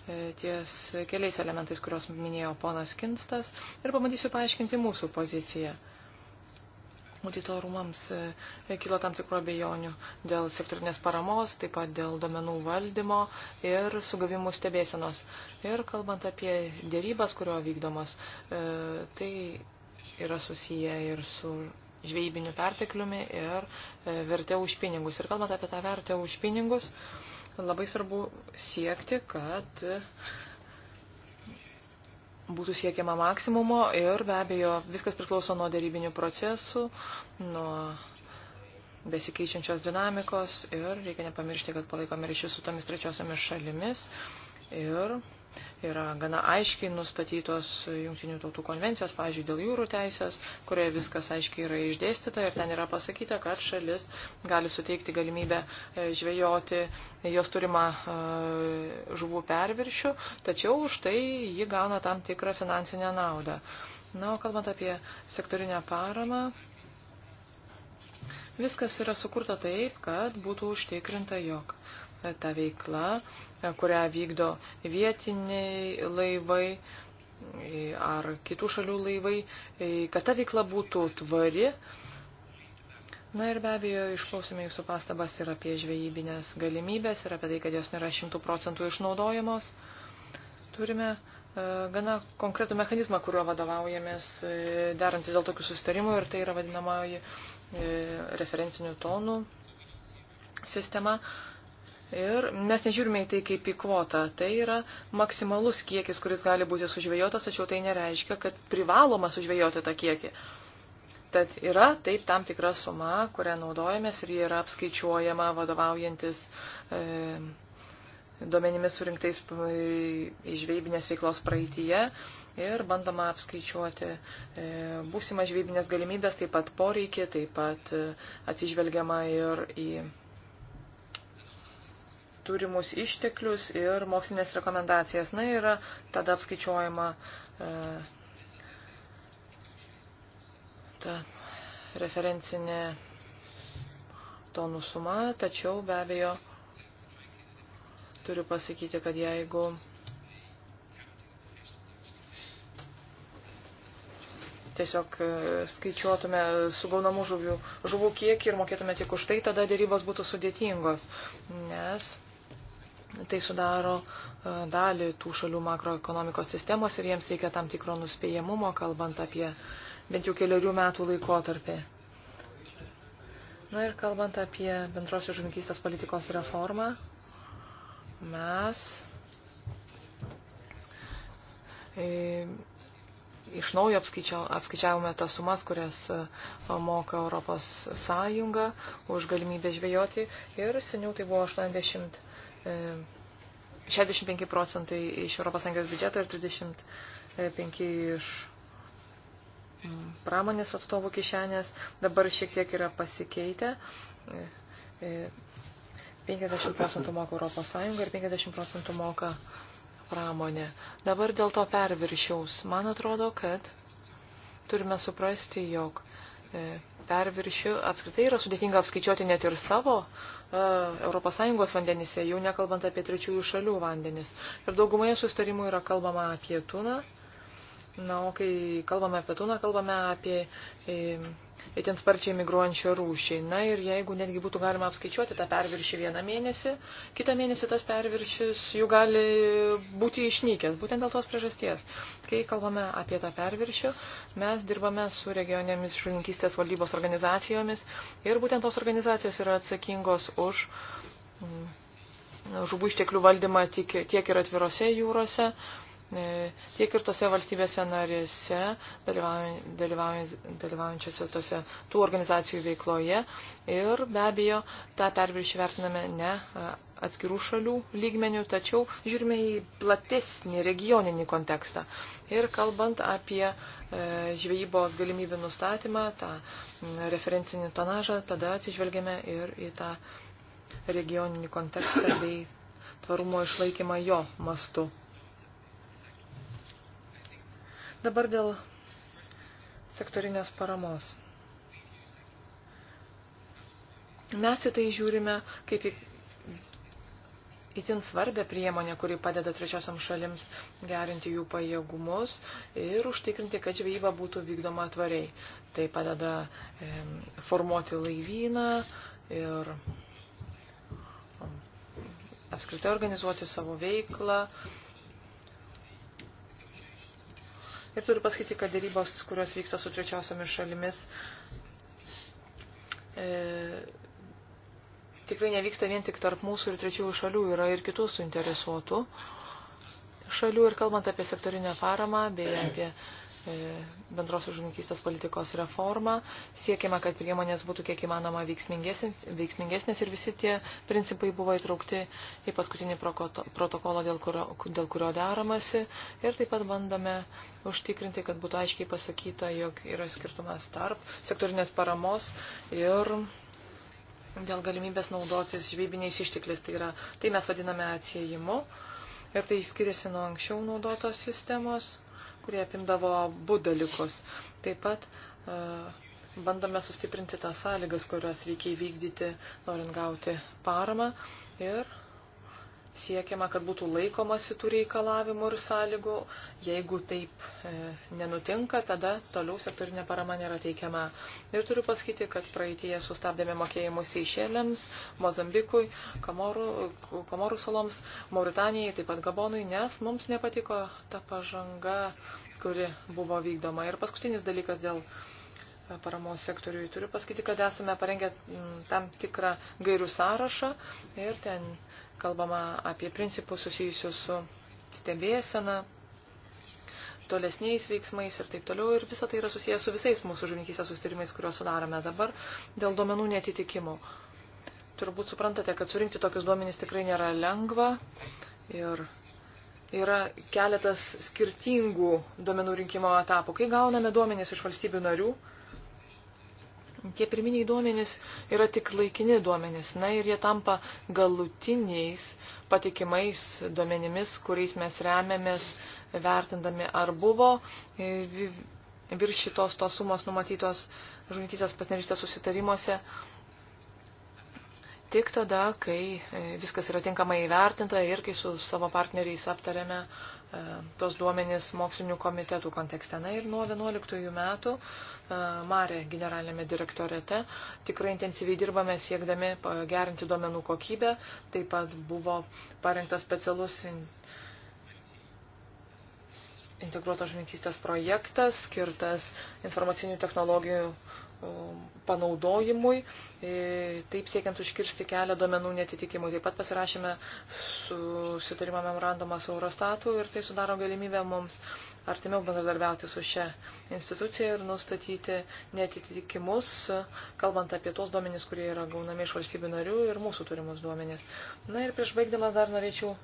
E, ties keliais elementais, kuriuos minėjo ponas Kinstas ir pamatysiu paaiškinti mūsų poziciją. Auditorumams e, kilo tam tikro abejonių dėl sektorinės paramos, taip pat dėl domenų valdymo ir sugavimų stebėsenos. Ir kalbant apie dėrybas, kurio vykdomas, e, tai yra susiję ir su žvejybiniu pertekliumi ir vertė už pinigus. Ir kalbant apie tą vertę už pinigus, labai svarbu siekti, kad būtų siekiama maksimumo ir be abejo viskas priklauso nuo darybinių procesų, nuo besikeičiančios dinamikos ir reikia nepamiršti, kad palaikome ryšius su tomis trečiosiamis šalimis ir yra gana aiškiai nustatytos Junktinių tautų konvencijos, pavyzdžiui, dėl jūrų teisės, kurioje viskas aiškiai yra išdėstyta ir ten yra pasakyta, kad šalis gali suteikti galimybę e, žvejoti jos turimą e, žuvų perviršių, tačiau už tai ji gauna tam tikrą finansinę naudą. Na, o kalbant apie sektorinę paramą, viskas yra sukurta taip, kad būtų užtikrinta, jog ta veikla, kurią vykdo vietiniai laivai ar kitų šalių laivai, kad ta veikla būtų tvari. Na ir be abejo, išklausime jūsų pastabas ir apie žvejybinės galimybės, ir apie tai, kad jos nėra šimtų procentų išnaudojamos. Turime e, gana konkretų mechanizmą, kuriuo vadovaujamės e, derantis dėl tokių sustarimų ir tai yra vadinamoji e, referencinių tonų sistema. Ir mes nežiūrime į tai kaip į kvotą. Tai yra maksimalus kiekis, kuris gali būti sužvėjotas, tačiau tai nereiškia, kad privaloma sužvėjoti tą kiekį. Tad yra taip tam tikra suma, kurią naudojamės ir ji yra apskaičiuojama vadovaujantis e, duomenimis surinktais iš žvejybinės veiklos praeitie ir bandoma apskaičiuoti e, būsimą žvejybinės galimybės, taip pat poreikį, taip pat e, atsižvelgiama ir į. E, turimus išteklius ir mokslinės rekomendacijas. Na ir tada apskaičiuojama e, ta referencinė tonų suma, tačiau be abejo turiu pasakyti, kad jeigu tiesiog e, skaičiuotume sugaunamų žuvių, žuvų kiekį ir mokėtume tik už tai, tada dėrybos būtų sudėtingos, nes tai sudaro e, dalį tų šalių makroekonomikos sistemos ir jiems reikia tam tikro nuspėjamumo, kalbant apie bent jau keliarių metų laikotarpį. Na ir kalbant apie bendrosios žuvininkystės politikos reformą, mes e, iš naujo apskaičiavome tas sumas, kurias e, moka Europos Sąjunga už galimybę žvejoti ir seniau tai buvo 80 65 e, procentai iš ES biudžeto ir 35 iš pramonės atstovų kišenės. Dabar šiek tiek yra pasikeitę. 50 e, e, procentų moka ES ir 50 procentų moka pramonė. Dabar dėl to perviršiaus. Man atrodo, kad turime suprasti, jog perviršį apskritai yra sudėtinga apskaičiuoti net ir savo ES vandenise, jau nekalbant apie trečiųjų šalių vandenis. Ir daugumoje sustarimų yra kalbama apie tuną, Na, o kai kalbame apie tuną, kalbame apie e, itin sparčiai migruojančią rūšį. Na ir jeigu netgi būtų galima apskaičiuoti tą perviršį vieną mėnesį, kitą mėnesį tas perviršis jų gali būti išnykęs, būtent dėl tos priežasties. Kai kalbame apie tą perviršį, mes dirbame su regionėmis žuvininkystės valdybos organizacijomis ir būtent tos organizacijos yra atsakingos už mm, žuvų išteklių valdymą tiek ir atvirose jūrose. E, tiek ir tose valstybėse narėse, dalyvaujančiose tose tų organizacijų veikloje. Ir be abejo, tą perviršį vertiname ne atskirų šalių lygmenių, tačiau žiūrime į platesnį regioninį kontekstą. Ir kalbant apie e, žvejybos galimybių nustatymą, tą referencinį tonažą, tada atsižvelgiame ir į tą regioninį kontekstą bei tvarumo išlaikymą jo mastu. Dabar dėl sektorinės paramos. Mes į tai žiūrime kaip į itin svarbę priemonę, kuri padeda trečiosiam šalims gerinti jų pajėgumus ir užtikrinti, kad žvejyba būtų vykdoma tvariai. Tai padeda e, formuoti laivyną ir apskritai organizuoti savo veiklą, Ir turiu pasakyti, kad dėrybos, kurios vyksta su trečiosiomis šalimis, e, tikrai nevyksta vien tik tarp mūsų ir trečiųjų šalių, yra ir kitų suinteresuotų šalių. Ir kalbant apie sektorinę paramą bei apie E, bendros užmokystės politikos reformą. Siekime, kad priemonės būtų kiek įmanoma veiksmingesnės ir visi tie principai buvo įtraukti į paskutinį protokolą, dėl kurio, dėl kurio deramasi. Ir taip pat bandome užtikrinti, kad būtų aiškiai pasakyta, jog yra skirtumas tarp sektorinės paramos ir dėl galimybės naudotis žvybiniais ištekliais. Tai, yra, tai mes vadiname atsiejimu. Ir tai skiriasi nuo anksčiau naudotos sistemos kurie apimdavo abu dalykus. Taip pat e, bandome sustiprinti tas sąlygas, kurias reikia įvykdyti, norint gauti paramą. Ir siekiama, kad būtų laikomasi tų reikalavimų ir sąlygų. Jeigu taip e, nenutinka, tada toliau sektorinė parama nėra teikiama. Ir turiu pasakyti, kad praeitėje sustabdėme mokėjimus Seišelėms, Mozambikui, Komorų, Komorų saloms, Mauritanijai, taip pat Gabonui, nes mums nepatiko ta pažanga, kuri buvo vykdoma. Ir paskutinis dalykas dėl e, paramos sektoriui. Turiu pasakyti, kad esame parengę tam tikrą gairių sąrašą ir ten kalbama apie principus susijusius su stebėsena, tolesniais veiksmais ir taip toliau. Ir visa tai yra susijęs su visais mūsų žuvininkystės sustarimais, kuriuos sudarome dabar dėl duomenų netitikimų. Turbūt suprantate, kad surinkti tokius duomenys tikrai nėra lengva. Ir yra keletas skirtingų duomenų rinkimo etapų. Kai gauname duomenys iš valstybių narių, Tie pirminiai duomenys yra tik laikini duomenys, na ir jie tampa galutiniais patikimais duomenimis, kuriais mes remiamės vertindami, ar buvo e, virš šitos tos sumos numatytos žuvininkystės partnerystės susitarimuose. Tik tada, kai e, viskas yra tinkamai įvertinta ir kai su savo partneriais aptarėme, E, tos duomenys mokslinių komitetų kontekste. Na ir nuo 11 metų e, Marė generalinėme direktorete tikrai intensyviai dirbame siekdami gerinti duomenų kokybę. Taip pat buvo parengtas specialus integruotos žvinkystės projektas skirtas informacinių technologijų Um, panaudojimui, e, taip siekiant užkirsti kelią duomenų netitikimui. Taip pat pasirašėme susitarimą memorandumą su Eurostatu ir tai sudaro galimybę mums artimiau bendradarbiauti su šia institucija ir nustatyti netitikimus, kalbant apie tos duomenys, kurie yra gaunami iš valstybių narių ir mūsų turimus duomenys. Na ir prieš baigdamas dar norėčiau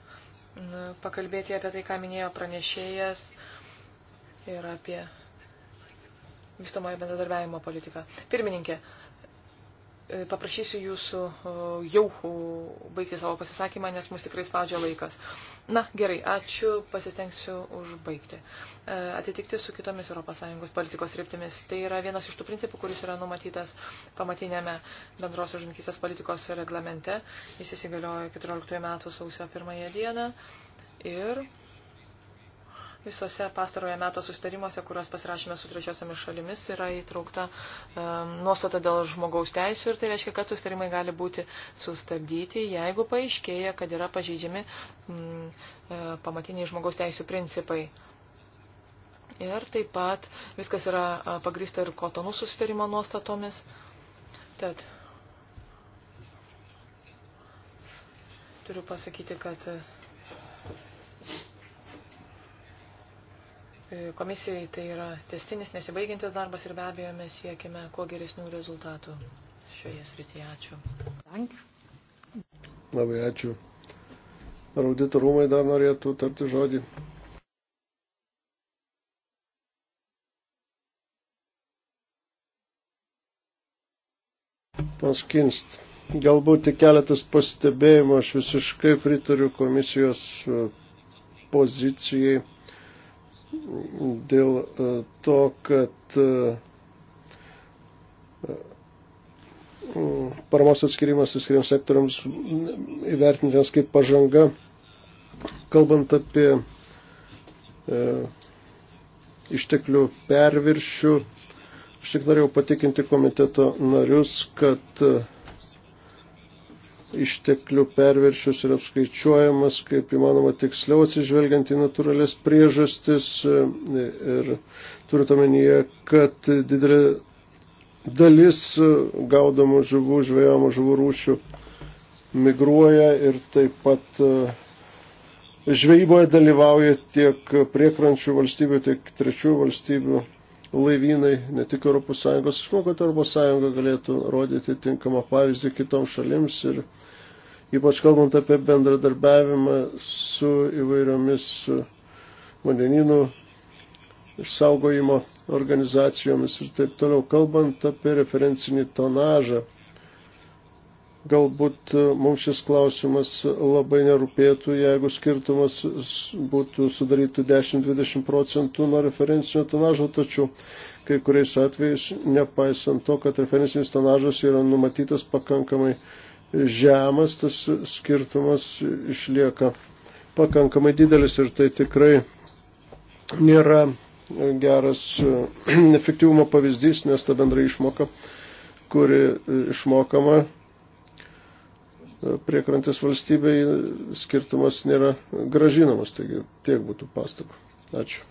pakalbėti apie tai, ką minėjo pranešėjas ir apie vystomojo bendradarbiavimo politiką. Pirmininkė, e, paprašysiu jūsų jau baigti savo pasisakymą, nes mus tikrai spaudžia laikas. Na, gerai, ačiū, pasistengsiu užbaigti. E, atitikti su kitomis ES politikos ryptimis. Tai yra vienas iš tų principų, kuris yra numatytas pamatinėme bendros užimkysės politikos reglamente. Jis įsigaliojo 14 metų sausio 1 dieną. Ir Visose pastarojo meto sustarimuose, kuriuos pasirašėme su trečiosiamis šalimis, yra įtraukta um, nuostata dėl žmogaus teisų ir tai reiškia, kad sustarimai gali būti sustabdyti, jeigu paaiškėja, kad yra pažeidžiami mm, pamatiniai žmogaus teisų principai. Ir taip pat viskas yra e, pagrįsta ir kotonų sustarimo nuostatomis. Tad turiu pasakyti, kad uh, Komisijai tai yra testinis, nesibaigintis darbas ir be abejo mes siekime kuo geresnių rezultatų šioje srityje. Ačiū. Dank. Labai ačiū. Ar audito rūmai dar norėtų tarti žodį? Paskinst. Galbūt tik keletas pastebėjimų, aš visiškai pritariu komisijos e, pozicijai dėl e, to, kad e, e, paramos atskirimas atskiriams sektoriams įvertintas kaip pažanga, kalbant apie išteklių perviršių. Aš tik norėjau patikinti komiteto narius, kad išteklių perviršius yra apskaičiuojamas kaip įmanoma tiksliau atsižvelgiant į natūralės priežastis e, ir turint omenyje, kad didelė dalis gaudomų žuvų, žvejojamų žuvų rūšių migruoja ir taip pat e, žvejyboje dalyvauja tiek priekrančių valstybių, tiek trečių valstybių laivynai, ne tik ES. Aš manau, kad ES galėtų rodyti tinkamą pavyzdį kitoms šalims ir ypač kalbant apie bendradarbiavimą su įvairiomis vandeninų išsaugojimo organizacijomis ir taip toliau. Kalbant apie referencinį tonažą, Galbūt e, mums šis klausimas labai nerūpėtų, jeigu skirtumas būtų sudarytų 10-20 procentų nuo referencinio tonažo, tačiau kai kuriais atvejais, nepaisant to, kad referencinis tonažas yra numatytas pakankamai žemas, tas skirtumas išlieka pakankamai didelis ir tai tikrai nėra geras e, efektyvumo pavyzdys, nes ta bendra išmoka, kuri e, išmokama priekrantės valstybei skirtumas nėra gražinamas, taigi tiek būtų pastabų. Ačiū.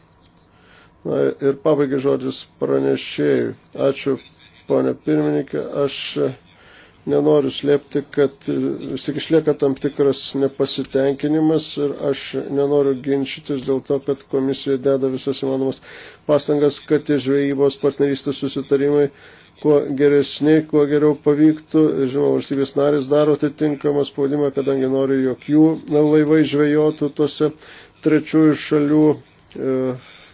Na ir pabaigai žodis pranešėjui. Ačiū, ponė pirmininkė. Aš nenoriu slėpti, kad vis tik išlieka tam tikras nepasitenkinimas ir aš nenoriu ginčytis dėl to, kad komisija deda visas įmanomas pastangas, kad tie žvejybos partnerystės susitarimai kuo geresni, kuo geriau pavyktų. Žinoma, valstybės narės daro atitinkamą spaudimą, kadangi nori, jog jų laivai žvejotų tose trečiųjų šalių e,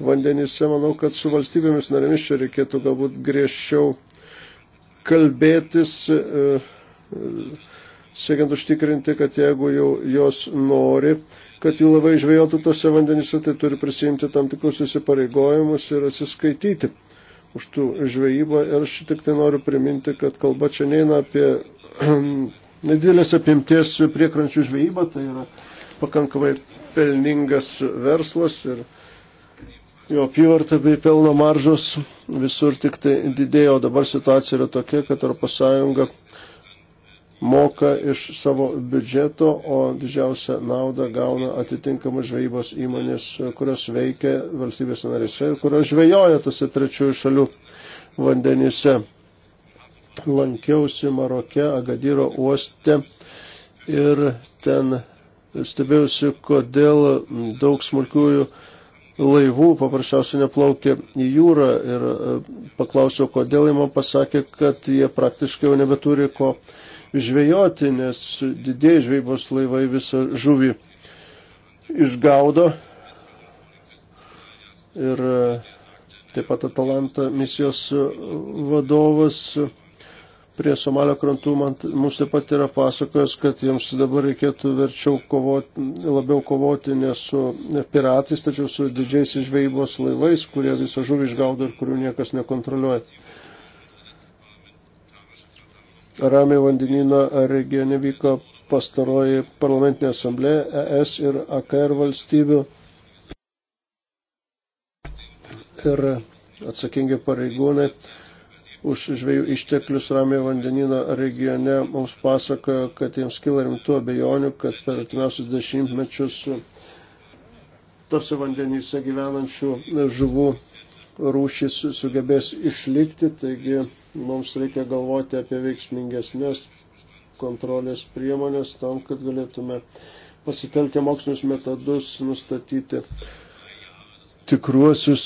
vandenyse. Manau, kad su valstybėmis narėmis čia reikėtų galbūt griežčiau kalbėtis, e, e, siekiant užtikrinti, kad jeigu jau jos nori, kad jų laivai žvejotų tose vandenyse, tai turi prisijimti tam tikrus įsipareigojimus ir atsiskaityti už tų žvejybą ir aš tik tai noriu priminti, kad kalba čia neina apie nedidelės apimties priekrančių žvejybą, tai yra pakankamai pelningas verslas ir jo apyvarta bei pelno maržos visur tik tai didėjo. Dabar situacija yra tokia, kad Europos Sąjunga moka iš savo biudžeto, o didžiausią naudą gauna atitinkamos žvejybos įmonės, kurios veikia valstybės narėse ir kurios žvejoja tose trečiųjų šalių vandenyse. Lankiausi Maroke, Agadyro uoste ir ten stebėjusi, kodėl daug smulkiųjų laivų paprasčiausiai neplaukė į jūrą ir e, paklausiau, kodėl jie man pasakė, kad jie praktiškai jau nebeturi ko žvejoti, nes didėjai žvejybos laivai visą žuvį išgaudo. Ir e, taip pat Atalanta misijos e, vadovas e, prie Somalio krantų man, mums taip pat yra pasakojęs, kad jiems dabar reikėtų verčiau kovoti, labiau kovoti ne su piratais, tačiau su didžiais žvejybos laivais, kurie visą žuvį išgaudo ir kurių niekas nekontroliuoja. Ramiai vandenino regione vyko pastaroji parlamentinė asamblėja ES ir AKR valstybių. Ir atsakingi pareigūnai už žvėjų išteklius Ramiai vandenino regione mums pasakojo, kad jiems kila rimtų abejonių, kad per atmiausius dešimtmečius tose vandenyse gyvenančių žuvų rūšis sugebės išlikti, taigi mums reikia galvoti apie veiksmingesnės kontrolės priemonės tam, kad galėtume pasitelkę mokslinius metodus nustatyti tikruosius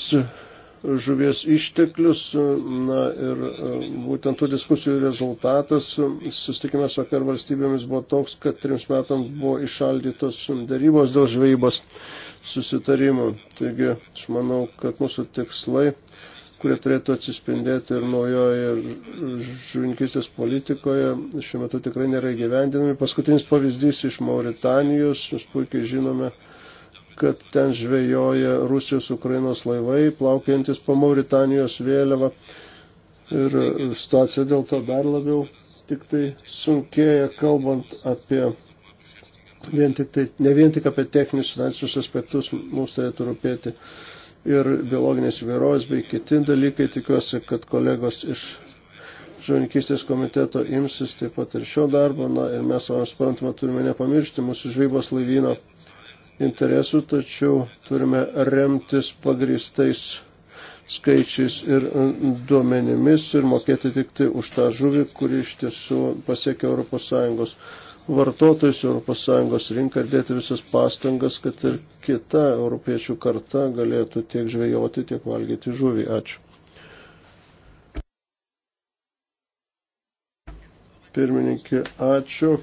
žuvies išteklius. Na ir e, būtent tų diskusijų rezultatas susitikime su akar valstybėmis buvo toks, kad trims metams buvo išaldytos darybos dėl žvejybos susitarimų. Taigi, aš manau, kad mūsų tikslai, kurie turėtų atsispindėti ir naujoje žuvininkistės politikoje, šiuo metu tikrai nėra gyvendinami. Paskutinis pavyzdys iš Mauritanijos, mes puikiai žinome, kad ten žvejoja Rusijos Ukrainos laivai, plaukiantis po Mauritanijos vėliavą. Ir situacija dėl to dar labiau tik tai sunkėja, kalbant apie vien tik tai, ne vien tik apie techninius finansinius aspektus mums turėtų rūpėti ir biologinės įvairovės bei kiti dalykai. Tikiuosi, kad kolegos iš žuvininkystės komiteto imsis taip pat ir šio darbo. Na ir mes, savams suprantama, turime nepamiršti mūsų žvejybos laivyno interesų, tačiau turime remtis pagristais skaičiais ir duomenimis ir mokėti tik tai už tą žuvį, kuri iš tiesų pasiekia ES vartotojus ES rinką ir dėti visas pastangas, kad ir kita europiečių karta galėtų tiek žvejoti, tiek valgyti žuvį. Ačiū. Pirmininkė, ačiū.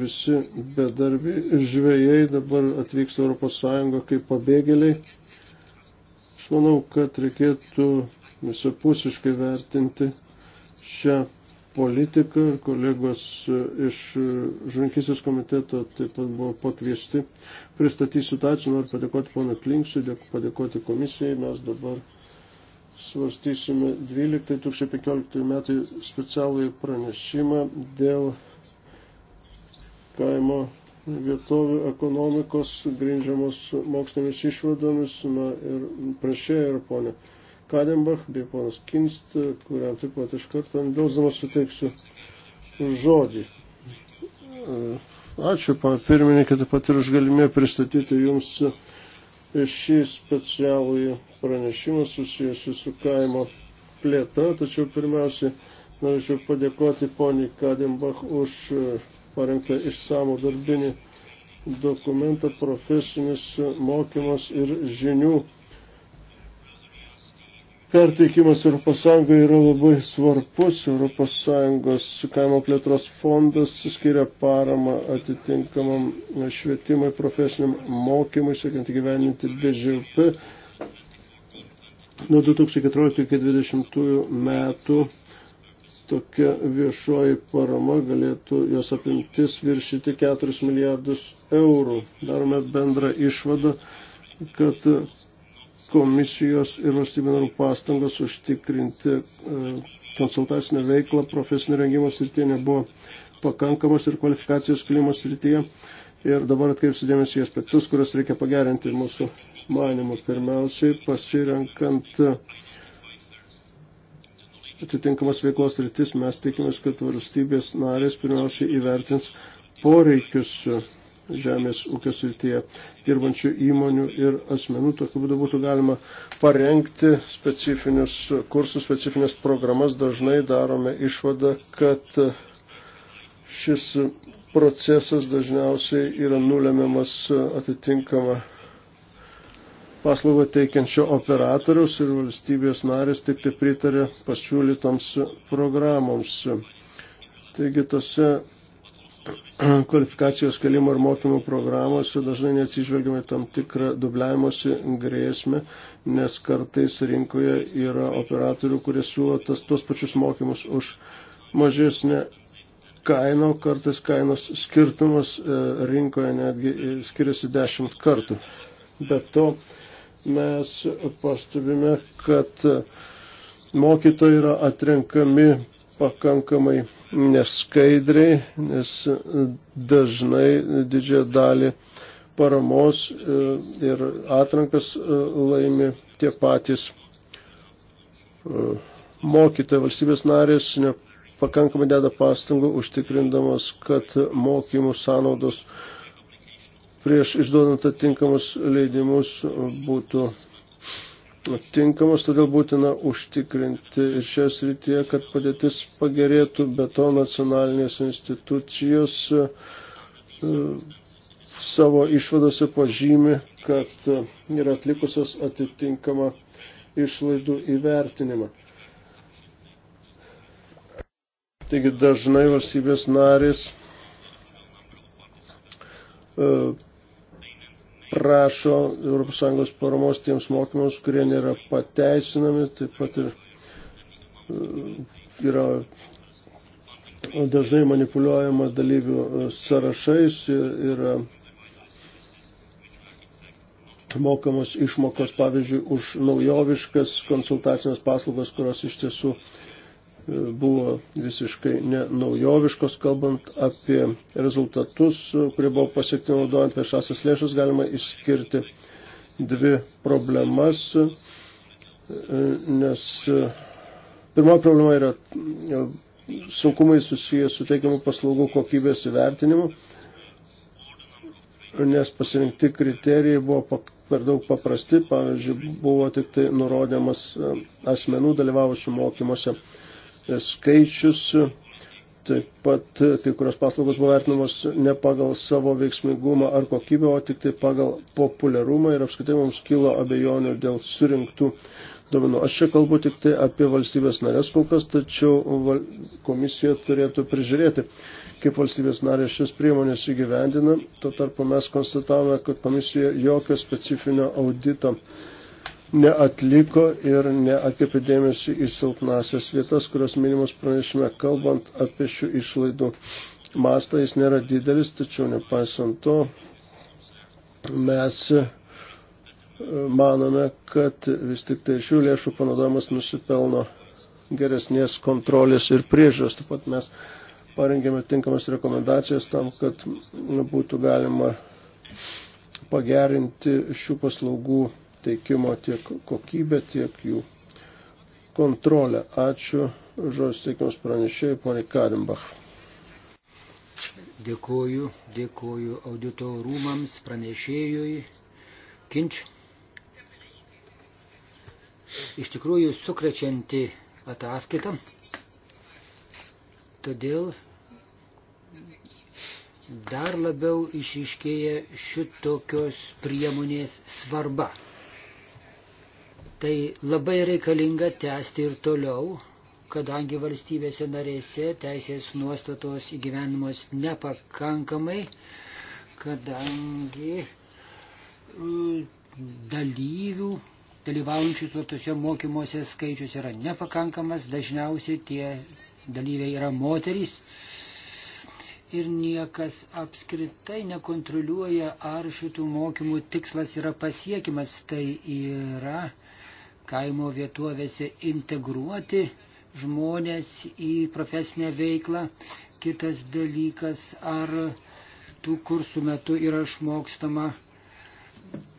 Visi bedarbiai žvėjai dabar atvyksta ES kaip pabėgėliai. Aš manau, kad reikėtų visapusiškai vertinti šią politiką. Kolegos iš žuvinkysės komiteto taip pat buvo pakviesti pristatyti situaciją. Noriu padėkoti pono Klinksui, padėkoti komisijai. Mes dabar svarstysime 12-2015 metai specialųjį pranešimą dėl kaimo vietovių ekonomikos grindžiamos mokslinėmis išvadomis. Na ir prašė ir ponė. Kadenbach bei ponas Kinst, kuriam taip pat iš karto dėlzamas suteiksiu žodį. E, ačiū, pana pirmininkė, taip pat ir už galimybę pristatyti jums šį specialųjį pranešimą susijusiu su kaimo plėta, tačiau pirmiausia, norėčiau padėkoti poniai Kadenbach už parengtą išsamų darbinį dokumentą profesinis mokymas ir žinių perteikimas ES yra labai svarbus. ES kaimo plėtros fondas skiria paramą atitinkamam švietimui, profesiniam mokymui, siekiant įgyveninti BŽP. Nuo 2014-2020 metų tokia viešoji parama galėtų jos apimtis viršyti 4 milijardus eurų. Darome bendrą išvadą, kad komisijos ir valstybinarų pastangos užtikrinti e, konsultacinę veiklą profesinio rengimo srityje nebuvo pakankamos ir kvalifikacijos klimo srityje. Ir dabar atkreipsiu dėmesį į aspektus, kuriuos reikia pagerinti mūsų manimu. Pirmiausiai, pasirenkant atitinkamas veiklos rytis, mes tikimės, kad valstybės narės pirmiausiai įvertins poreikius žemės ūkio srityje dirbančių įmonių ir asmenų. Tokiu būdu būtų galima parengti specifinius kursus, specifines programas. Dažnai darome išvadą, kad šis procesas dažniausiai yra nulemiamas atitinkama paslaugą teikiančio operatoriaus ir valstybės narės tik tai pritarė pasiūlytoms programoms. Taigi tose kvalifikacijos kelimo ir mokymo programose dažnai neatsižvelgiame tam tikrą dubliavimosi grėsmę, nes kartais rinkoje yra operatorių, kurie siūlo tas, tos pačius mokymus už mažesnę kainą, kartais kainos skirtumas e, rinkoje netgi e, skiriasi dešimt kartų. Be to mes pastebime, kad e, mokytojai yra atrenkami pakankamai neskaidriai, nes dažnai didžiąją dalį paramos e, ir atrankas e, laimi tie patys e, mokytojai valstybės narės pakankamai deda pastangų užtikrindamas, kad mokymų sąnaudos prieš išduodant atitinkamus leidimus būtų tinkamos, todėl būtina užtikrinti ir šią srityje, kad padėtis pagerėtų, be to nacionalinės institucijos e, savo išvadose pažymi, kad e, yra atlikusios atitinkamą išlaidų įvertinimą. Taigi dažnai valstybės narės e, prašo ES paramos tiems mokymams, kurie nėra pateisinami, taip pat ir e, yra dažnai manipuliuojama dalyvių e, sąrašais, yra e, mokamos išmokos, pavyzdžiui, už naujoviškas konsultacinės paslaugas, kurios iš tiesų uh, buvo visiškai nenaujoviškos, kalbant apie rezultatus, kurie buvo pasiekti naudojant viešasias lėšas, galima išskirti dvi problemas, nes pirma problema yra e, sunkumai susijęs su teikiamų paslaugų kokybės įvertinimu, nes pasirinkti kriterijai buvo per daug paprasti, pavyzdžiui, buvo tik tai nurodymas e, asmenų dalyvavusių mokymuose skaičius, taip pat kai kurios paslaugos buvo vertinamos ne pagal savo veiksmingumą ar kokybę, o tik tai pagal populiarumą ir apskritai mums kilo abejonių dėl surinktų duomenų. Aš čia kalbu tik tai apie valstybės narės kol kas, tačiau komisija turėtų prižiūrėti, kaip valstybės narės šias priemonės įgyvendina. Tuo tarpu mes konstatavome, kad komisija jokio specifinio audito neatliko ir neatkreipė dėmesį į silpnasias vietas, kurios minimos pranešime, kalbant apie šių išlaidų mastą, jis nėra didelis, tačiau nepaisant to mes e, manome, kad vis tik tai šių lėšų panaudojimas nusipelno geresnės kontrolės ir priežiūros. Taip pat mes parengėme tinkamas rekomendacijas tam, kad būtų galima pagerinti šių paslaugų teikimo tiek kokybę, tiek jų kontrolę. Ačiū žodžius teikimus pranešėjai, ponė Karimbach. Dėkuoju, dėkuoju audito rūmams, pranešėjui. Kinč. Iš tikrųjų sukrečianti ataskaita. Todėl dar labiau išiškėja šitokios priemonės svarba. Tai labai reikalinga tęsti ir toliau, kadangi valstybėse narėse teisės nuostatos įgyvenimos nepakankamai, kadangi e, dalyvių, dalyvaujančių tuose mokymuose skaičius yra nepakankamas, dažniausiai tie dalyviai yra moterys. Ir niekas apskritai nekontroliuoja, ar šitų mokymų tikslas yra pasiekimas. Tai yra uh, kaimo vietovėse integruoti žmonės į profesinę veiklą. Kitas dalykas, ar tų kursų metu yra išmokstama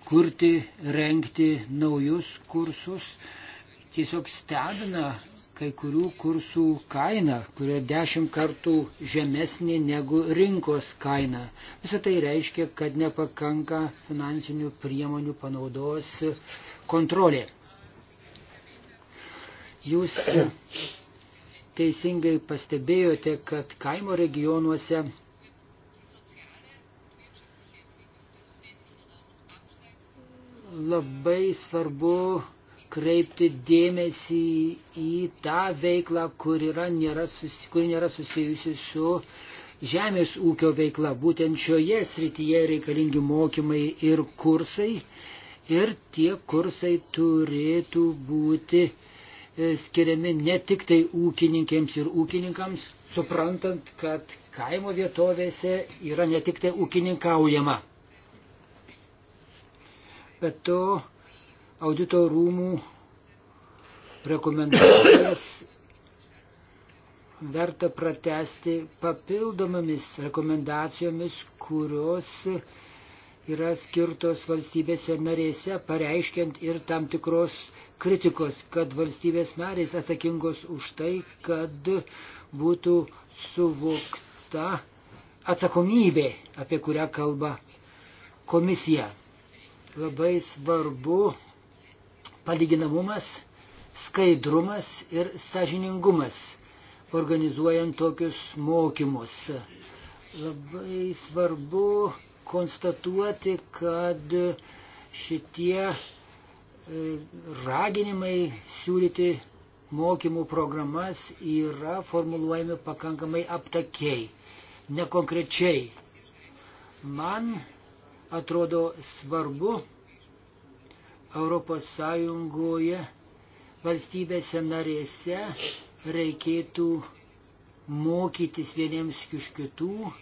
kurti, renkti naujus kursus. Tiesiog stebina kai kurių kursų kaina, kurie dešimt kartų žemesnė negu rinkos kaina. Visą tai reiškia, kad nepakanka finansinių priemonių panaudos kontrolė. Jūs teisingai pastebėjote, kad kaimo regionuose labai svarbu kreipti dėmesį į tą veiklą, kur yra, nėra, susi, kur nėra susijusi su žemės ūkio veikla. Būtent šioje srityje reikalingi mokymai ir kursai. Ir tie kursai turėtų būti uh, E, skiriami ne tik tai ūkininkėms ir ūkininkams, suprantant, kad kaimo vietovėse yra ne tik tai ūkininkaujama. Bet to audito rūmų rekomendacijas verta pratesti papildomomis rekomendacijomis, kurios yra skirtos valstybėse narėse, pareiškiant ir tam tikros kritikos, kad valstybės narės atsakingos už tai, kad būtų suvokta atsakomybė, apie kurią kalba komisija. Labai svarbu palyginamumas, skaidrumas ir sažiningumas organizuojant tokius mokymus. Labai svarbu konstatuoti, kad šitie e, raginimai siūlyti mokymų programas yra formuluojami pakankamai aptakiai, nekonkrečiai. Man atrodo svarbu Europos Sąjungoje valstybėse narėse reikėtų mokytis vieniems iš kitų, e,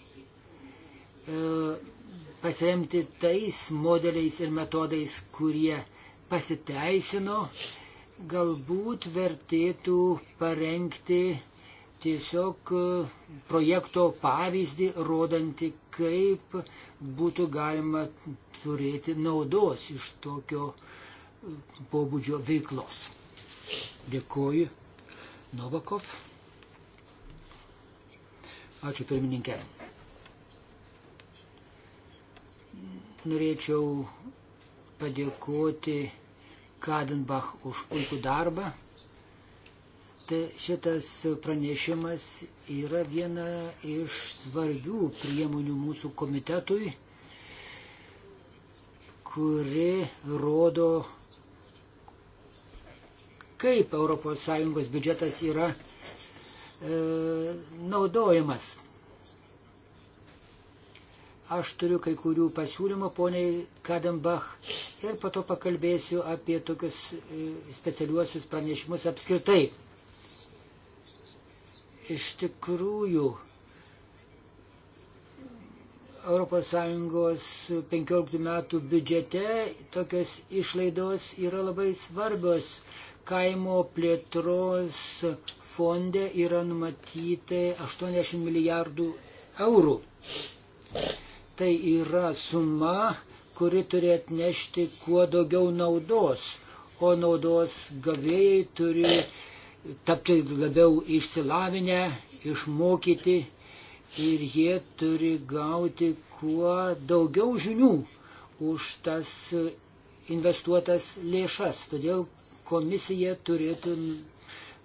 pasiremti tais modeliais ir metodais, kurie pasiteisino, galbūt vertėtų parengti tiesiog e, projekto pavyzdį, rodantį, kaip būtų galima turėti naudos iš tokio e, pobūdžio veiklos. Dėkuoju. Novakov. Ačiū pirmininkė norėčiau padėkoti Kadenbach už puikų darbą. Tai šitas pranešimas yra viena iš svarbių priemonių mūsų komitetui, kuri rodo, kaip ES biudžetas yra e, naudojamas Aš turiu kai kurių pasiūlymų poniai Kadenbach ir po to pakalbėsiu apie tokius e, specialiuosius pranešimus apskritai. Iš tikrųjų, ES 15 metų biudžete tokios išlaidos yra labai svarbios. Kaimo plėtros fonde yra numatyti 80 milijardų eurų. Tai yra suma, kuri turi atnešti kuo daugiau naudos, o naudos gavėjai turi tapti labiau išsilavinę, išmokyti ir jie turi gauti kuo daugiau žinių už tas investuotas lėšas. Todėl komisija turėtų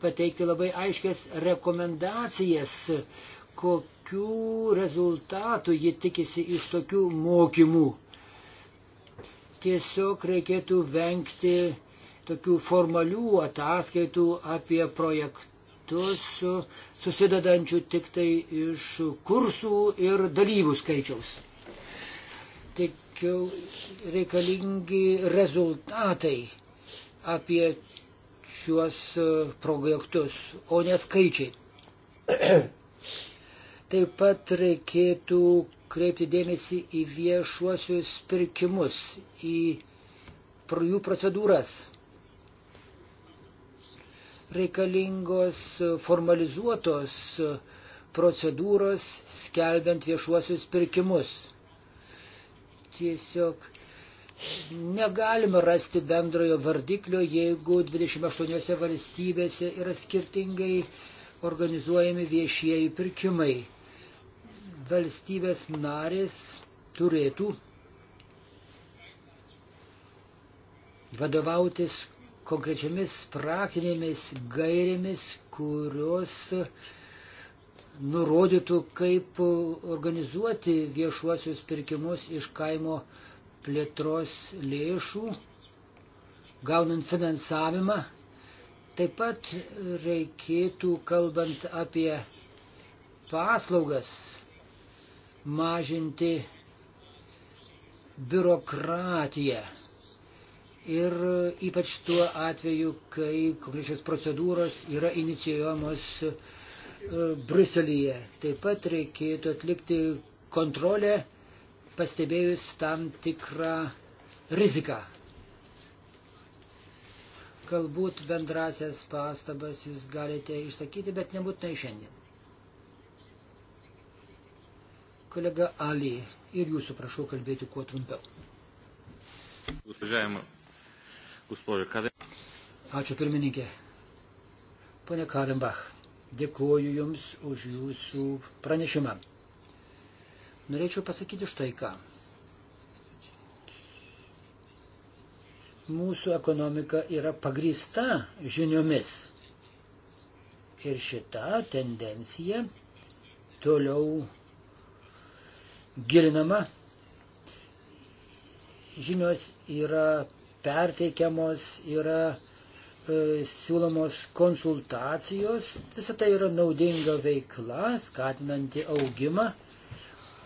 pateikti labai aiškias rekomendacijas, kokie kokių rezultatų ji tikisi iš tokių mokymų. Tiesiog reikėtų vengti tokių formalių ataskaitų apie projektus, susidedančių tik tai iš kursų ir dalyvų skaičiaus. Tikiu reikalingi rezultatai apie šiuos projektus, o ne skaičiai. Taip pat reikėtų kreipti dėmesį į viešuosius pirkimus, į jų procedūras. Reikalingos formalizuotos procedūros skelbiant viešuosius pirkimus. Tiesiog negalime rasti bendrojo vardiklio, jeigu 28 valstybėse yra skirtingai organizuojami viešieji pirkimai valstybės narės turėtų vadovautis konkrečiamis praktinėmis gairėmis, kurios nurodytų, kaip organizuoti viešuosius pirkimus iš kaimo plėtros lėšų, gaunant finansavimą. Taip pat reikėtų, kalbant apie paslaugas, mažinti biurokratiją. Ir ypač tuo atveju, kai konkrečios procedūros yra inicijuojamos e, Bruselyje. Taip pat reikėtų atlikti kontrolę, pastebėjus tam tikrą riziką. Galbūt bendrasias pastabas jūs galite išsakyti, bet nebūtinai šiandien. Kolega Ali, ir jūsų prašau kalbėti kuo trumpiau. Ačiū pirmininkė. Pone Karimbach, dėkuoju Jums už Jūsų pranešimą. Norėčiau pasakyti štai ką. Mūsų ekonomika yra pagrįsta žiniomis. Ir šita tendencija toliau gilinama, žinios yra perteikiamos, yra e, siūlomos konsultacijos, visą tai yra naudinga veikla, skatinanti augimą,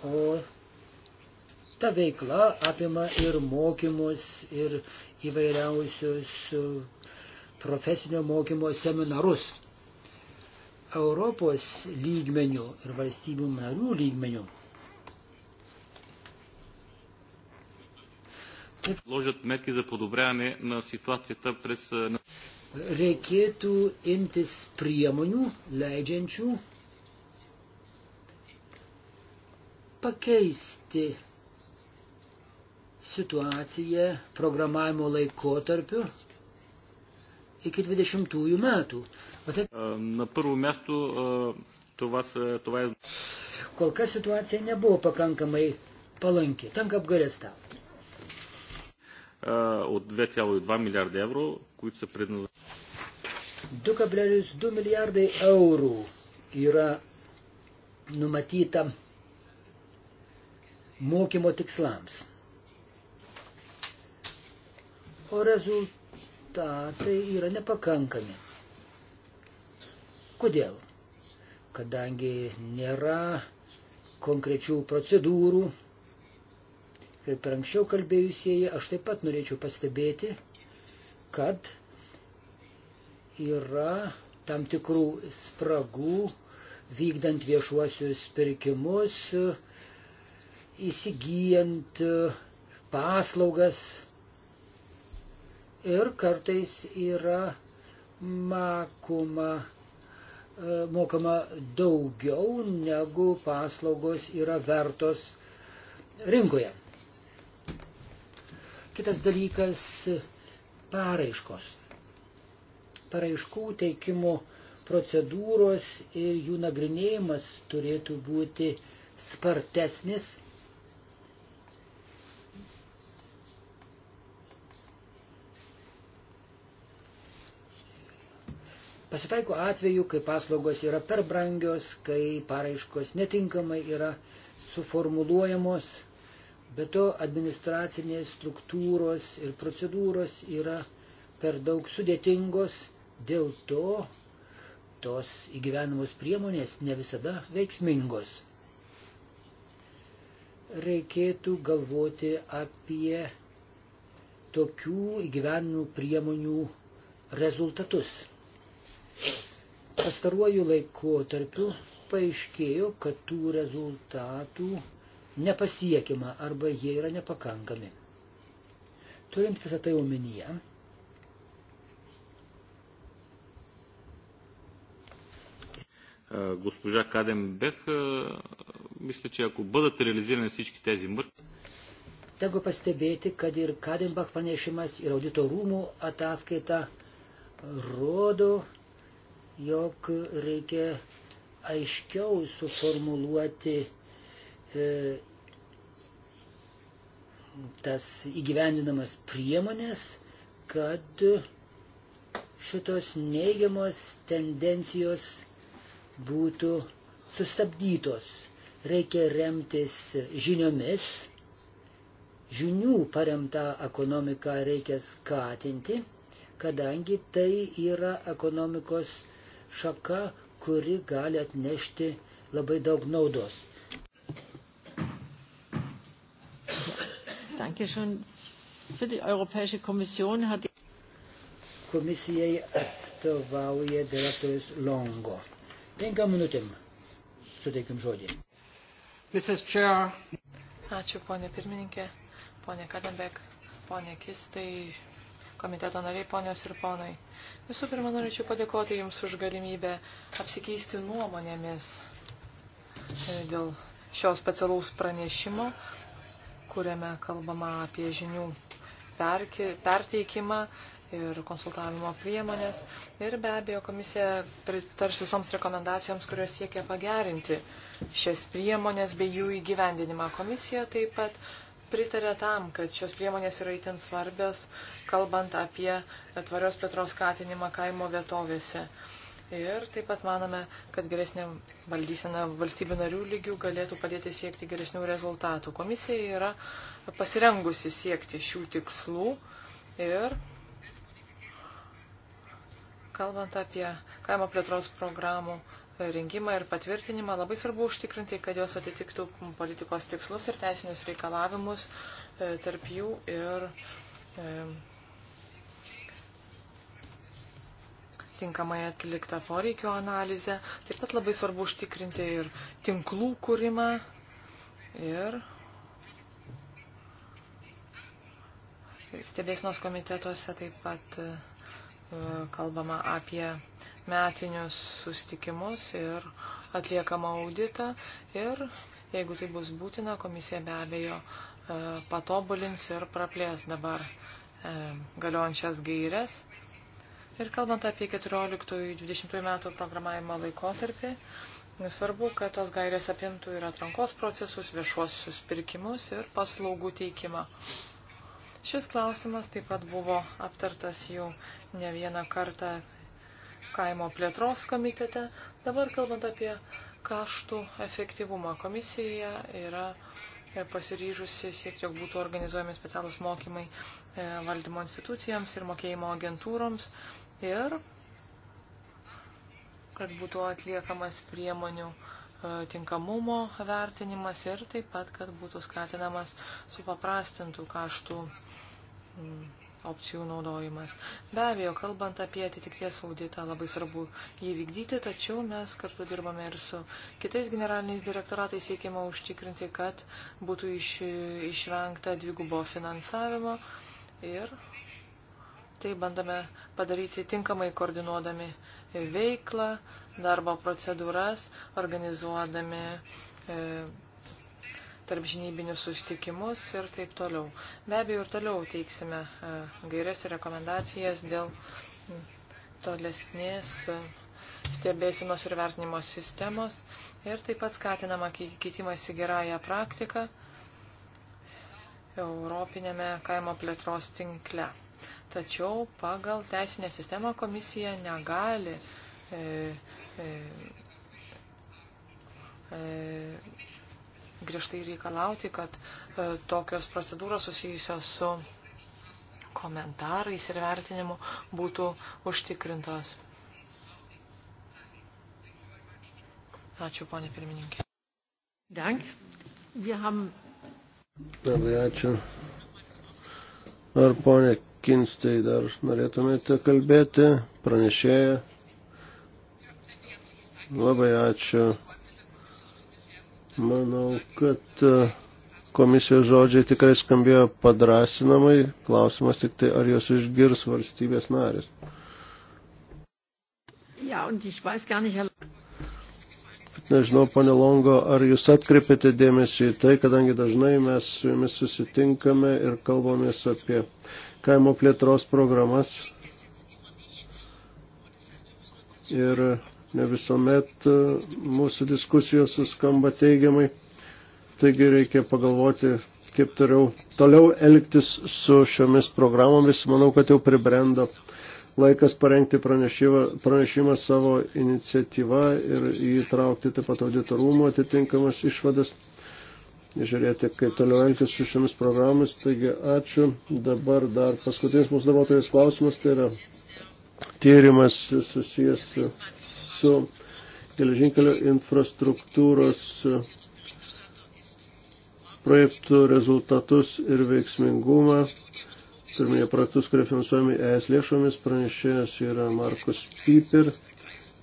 o ta veikla apima ir mokymus, ir įvairiausius e, profesinio mokymo seminarus. Europos lygmenių ir valstybių narių lygmenių Ložat merki za podobrėjane na situaciją pres... Reikėtų imtis priemonių leidžiančių pakeisti situaciją programavimo laikotarpiu iki 20 metų. Te... Na pirmų mestų tuvas, tuvas. Kol kas situacija nebuvo pakankamai palanki. Tenka apgalėstauti от 2,2 милиарда евро, които са предназначени. 2,2 милиарда евро yra numatyta mokymo tikslams. O rezultatai yra nepakankami. Kodėl? Kadangi nėra konkrečių procedūrų, kaip ir anksčiau kalbėjusieji, aš taip pat norėčiau pastebėti, kad yra tam tikrų spragų vykdant viešuosius pirkimus, įsigijant paslaugas ir kartais yra makuma, mokama daugiau negu paslaugos yra vertos rinkoje. Kitas dalykas - paraiškos. Paraiškų teikimo procedūros ir jų nagrinėjimas turėtų būti spartesnis. Pasitaiko atveju, kai paslaugos yra per brangios, kai paraiškos netinkamai yra suformuluojamos. Be to administracinės struktūros ir procedūros yra per daug sudėtingos, dėl to tos įgyvenamos priemonės ne visada veiksmingos. Reikėtų galvoti apie tokių įgyvenimų priemonių rezultatus. Pastaruoju laikotarpiu paaiškėjo, kad tų rezultatų nepasiekima arba jie yra nepakankami. Turint visą tai omenyje, госпожа Каденбек, мисля, че ако бъдат реализирани всички тези мърки. Teko pastebėti, kad ir Kadimbach pranešimas ir audito rūmų ataskaita rodo, jog reikia aiškiau suformuluoti uh, E, tas įgyvendinamas priemonės, kad šitos neigiamos tendencijos būtų sustabdytos. Reikia remtis žiniomis, žinių paremtą ekonomiką reikia skatinti, kadangi tai yra ekonomikos šaka, kuri gali atnešti labai daug naudos. Dankeschön. Für die Europäische Kommission hat Komisijai atstovauja direktorius Longo. Penkiam minutėm suteikim žodį. Mrs. Chair. Ačiū, ponė pirmininkė, ponė Kadambek, ponė Kistai, komiteto nariai, ponios ir ponai. Visų pirma, norėčiau padėkoti Jums už galimybę apsikeisti nuomonėmis e, dėl šios specialaus pranešimo, kuriame kalbama apie žinių perteikimą ir konsultavimo priemonės. Ir be abejo, komisija pritars visoms rekomendacijoms, kurios siekia pagerinti šias priemonės bei jų įgyvendinimą. Komisija taip pat pritarė tam, kad šios priemonės yra itin svarbios, kalbant apie tvarios plėtros skatinimą kaimo vietovėse. Ir taip pat manome, kad geresnė valdysena valstybių narių lygių galėtų padėti siekti geresnių rezultatų. Komisija yra pasirengusi siekti šių tikslų ir kalbant apie kaimo plėtros programų rengimą ir patvirtinimą, labai svarbu užtikrinti, kad jos atitiktų politikos tikslus ir teisinius reikalavimus, e, tarp jų ir e, tinkamai atliktą poreikio analizę. Taip pat labai svarbu užtikrinti ir tinklų kūrimą ir stebėsnos komitetuose taip pat e, kalbama apie metinius sustikimus ir atliekamą auditą ir jeigu tai bus būtina, komisija be abejo e, patobulins ir praplės dabar e, galiojančias gairias. Ir kalbant apie 14-20 metų programavimo laikotarpį, svarbu, kad tos gairės apimtų ir atrankos procesus, viešuosius pirkimus ir paslaugų teikimą. Šis klausimas taip pat buvo aptartas jau ne vieną kartą kaimo plėtros komitete. Dabar kalbant apie kaštų efektyvumą, komisija yra pasiryžusi siekti, jog būtų organizuojami specialus mokymai e, valdymo institucijoms ir mokėjimo agentūroms, ir kad būtų atliekamas priemonių e, tinkamumo vertinimas ir taip pat, kad būtų skatinamas supaprastintų kaštų opcijų naudojimas. Be abejo, kalbant apie atitikties auditą, labai svarbu jį vykdyti, tačiau mes kartu dirbame ir su kitais generaliniais direktoratais siekime užtikrinti, kad būtų iš, išvengta dvigubo finansavimo ir Tai bandome padaryti tinkamai koordinuodami veiklą, darbo procedūras, organizuodami e, tarp žinybinius sustikimus ir taip toliau. Be abejo, ir toliau teiksime e, gairias ir rekomendacijas dėl tolesnės e, stebėsinos ir vertinimo sistemos ir taip pat skatinama keitimasi gerąją praktiką Europinėme kaimo plėtros tinkle tačiau pagal teisinę sistemą komisija negali e, e, e, griežtai reikalauti, kad e, tokios procedūros susijusios su komentarais ir vertinimu būtų užtikrintos. Ačiū, ponė pirmininkė. Dank. Wir haben... Labai ačiū. Ar ponė Harkins, tai dar norėtumėte kalbėti, pranešėja. Labai ačiū. Manau, kad e, komisijos žodžiai tikrai skambėjo padrasinamai. Klausimas tik tai, ar jos išgirs valstybės narės. Ja, und ich weiß gar nicht, nežinau, pane Longo, ar jūs atkreipėte dėmesį į tai, kadangi dažnai mes su jumis susitinkame ir kalbamės apie kaimo plėtros programas ir ne visuomet e, mūsų diskusijos suskamba teigiamai. Taigi reikia pagalvoti, kaip toliau, toliau elgtis su šiomis programomis. Manau, kad jau pribrendo laikas parengti pranešimą, pranešimą savo iniciatyvą ir įtraukti taip pat auditorumo atitinkamas išvadas žiūrėti, kaip toliau elgtis su šiomis programomis. Taigi, ačiū. Dabar dar paskutinis mūsų darbuotojas klausimas, tai yra tyrimas susijęs su, su geležinkelio infrastruktūros projektų rezultatus ir veiksmingumą. Pirminė projektus, kurie finansuojami ES lėšomis, pranešėjas yra Markus Piper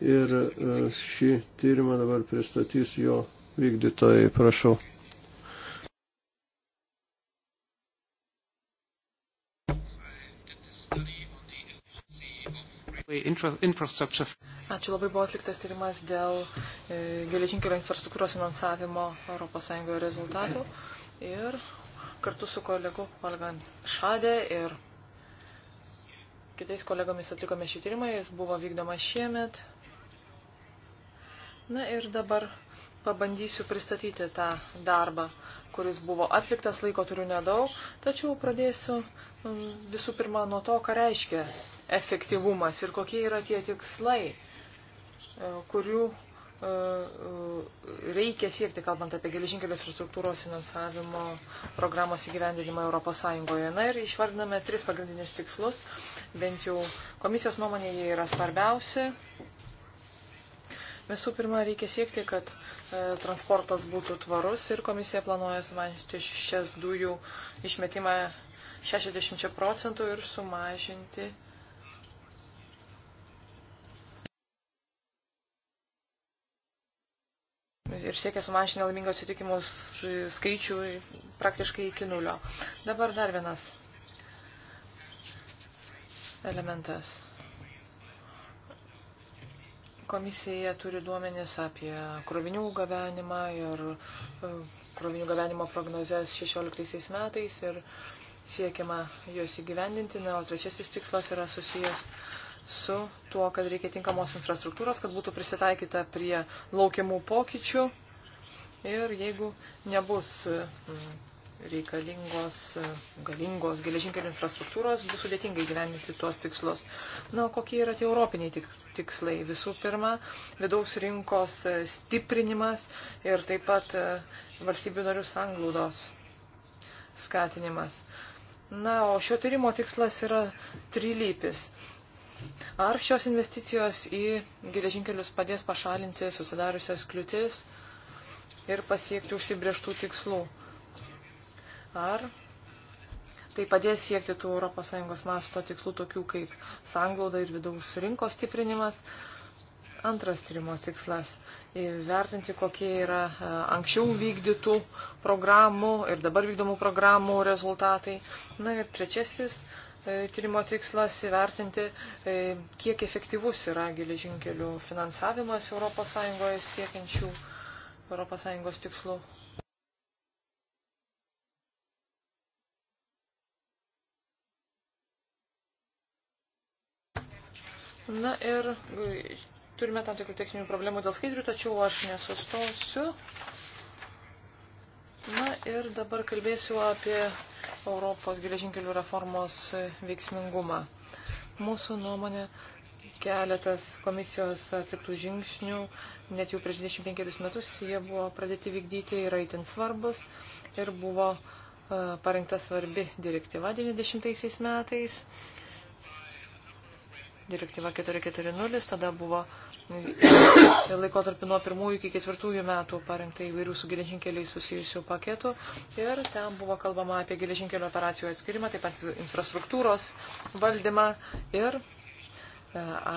ir e, šį tyrimą dabar pristatys jo vykdytojai. Prašau. Ačiū labai buvo atliktas tyrimas dėl e, geležinkelio infrastruktūros finansavimo ES rezultatų. Ir kartu su kolegu Valgan Šadė ir kitais kolegomis atlikome šį tyrimą, jis buvo vykdomas šiemet. Na ir dabar pabandysiu pristatyti tą darbą, kuris buvo atliktas, laiko turiu nedaug, tačiau pradėsiu visų pirma nuo to, ką reiškia efektyvumas ir kokie yra tie tikslai, e, kurių e, e, reikia siekti, kalbant apie geležinkelio infrastruktūros finansavimo programos įgyvendinimą ES. Na ir išvardiname tris pagrindinius tikslus, bent jau komisijos nuomonė jie yra svarbiausi. Visų pirma, reikia siekti, kad e, transportas būtų tvarus ir komisija planuoja sumažinti šias dujų išmetimą 60 procentų ir sumažinti e, ir siekia sumažinti laimingos įtikimus skaičių praktiškai iki nulio. Dabar dar vienas elementas. Komisija turi duomenis apie krovinių gabenimą ir e, krovinių gabenimo prognozes 16 metais ir siekiama juos įgyvendinti. Na, o trečiasis tikslas yra susijęs su tuo, kad reikia tinkamos infrastruktūros, kad būtų prisitaikyta prie laukiamų pokyčių. Ir jeigu nebus mm, reikalingos, galingos geležinkelių infrastruktūros, bus sudėtingai gyveninti tuos tikslus. Na, kokie yra tie europiniai tik, tikslai? Visų pirma, vidaus rinkos e, stiprinimas ir taip pat e, valstybių narių sanglaudos skatinimas. Na, o šio tyrimo tikslas yra trilypis. Ar šios investicijos į geležinkelius padės pašalinti susidariusias kliūtis ir pasiekti užsibrieštų tikslų? Ar tai padės siekti tų ES masto tikslų, tokių kaip sanglauda ir vidaus rinkos stiprinimas? Antras tyrimo tikslas - vertinti, kokie yra e, anksčiau vykdytų programų ir dabar vykdomų programų rezultatai. Na ir trečiasis E, tyrimo tikslas įvertinti, e, kiek efektyvus yra geležinkelių finansavimas ES siekiančių ES tikslų. Na ir e, turime tam tikrų techninių problemų dėl skaidrių, tačiau aš nesustosiu. Na ir dabar kalbėsiu apie Europos geležinkelių reformos veiksmingumą. Mūsų nuomonė keletas komisijos atliktų žingsnių, net jau prieš 25 metus jie buvo pradėti vykdyti, yra itin svarbus ir buvo e, parengta svarbi direktyva 90 metais direktyva 440, tada buvo laikotarpį nuo pirmųjų iki ketvirtųjų metų parengta įvairių su geležinkeliai susijusių paketų ir ten buvo kalbama apie geležinkelio operacijų atskirimą, taip pat infrastruktūros valdymą ir e,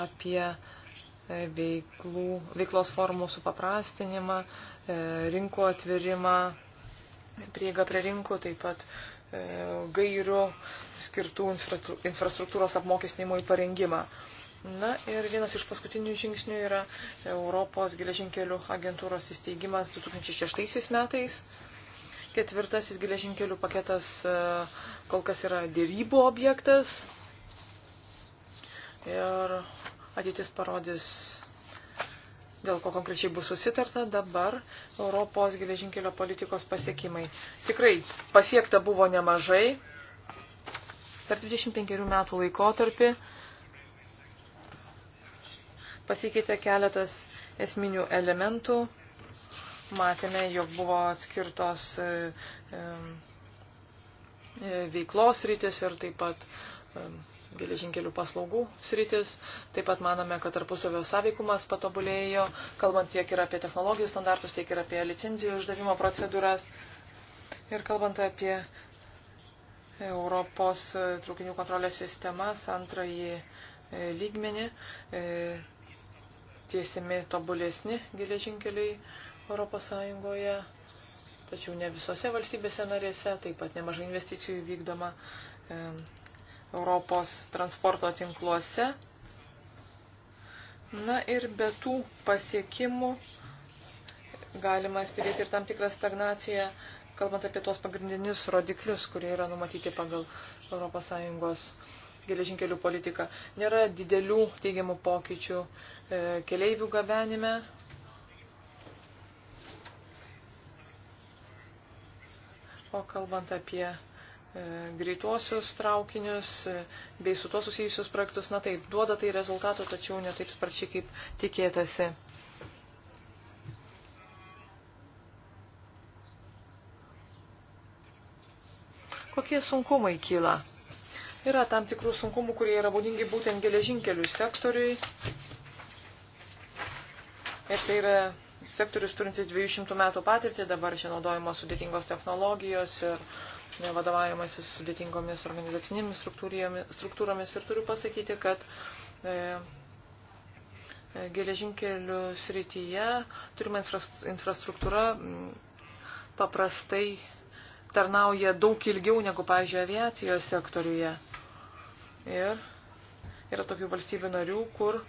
apie e, veiklų, veiklos formų supaprastinimą, e, rinkų atvirimą, prieigą prie rinkų, taip pat E, gairių skirtų infrastruktūros apmokestinimui parengimą. Na ir vienas iš paskutinių žingsnių yra Europos geležinkelių agentūros įsteigimas 2006 metais. Ketvirtasis geležinkelių paketas e, kol kas yra dėrybų objektas. Ir ateitis parodys, dėl ko konkrečiai bus susitarta dabar Europos geležinkelio politikos pasiekimai. Tikrai pasiekta buvo nemažai per 25 metų laikotarpį. Pasikeitė keletas esminių elementų. Matėme, jog buvo atskirtos e, e, veiklos rytis ir taip pat e, geležinkelių paslaugų sritis. Taip pat manome, kad tarpusavio sąveikumas patobulėjo, kalbant tiek ir apie technologijų standartus, tiek ir apie licenzijų išdavimo procedūras. Ir kalbant apie Europos e, traukinių kontrolės sistemas, antrąjį e, lygmenį, e, tiesiami tobulesni geležinkeliai Europos Sąjungoje tačiau ne visose valstybėse narėse, taip pat nemažai investicijų vykdoma. Europos transporto tinkluose. Na ir be tų pasiekimų galima stebėti ir tam tikrą stagnaciją, kalbant apie tuos pagrindinius rodiklius, kurie yra numatyti pagal ES geležinkelių politiką. Nėra didelių teigiamų pokyčių e, keleivių gabenime. O kalbant apie E, greituosius traukinius e, bei su tuo susijusius projektus. Na taip, duoda tai rezultatų, tačiau ne taip sparčiai kaip tikėtasi. Kokie sunkumai kyla? Yra tam tikrų sunkumų, kurie yra būdingi būtent geležinkelių sektoriui. Ir tai yra sektorius turintis 200 metų patirtį, dabar čia naudojamos sudėtingos technologijos ir uh, vadovaujamasi sudėtingomis organizacinėmis struktūromis ir turiu pasakyti, kad e, e geležinkelių srityje turima infrastruktūra mm, paprastai tarnauja daug ilgiau negu, pavyzdžiui, aviacijos sektoriuje. Ir yra tokių valstybių narių, kur e,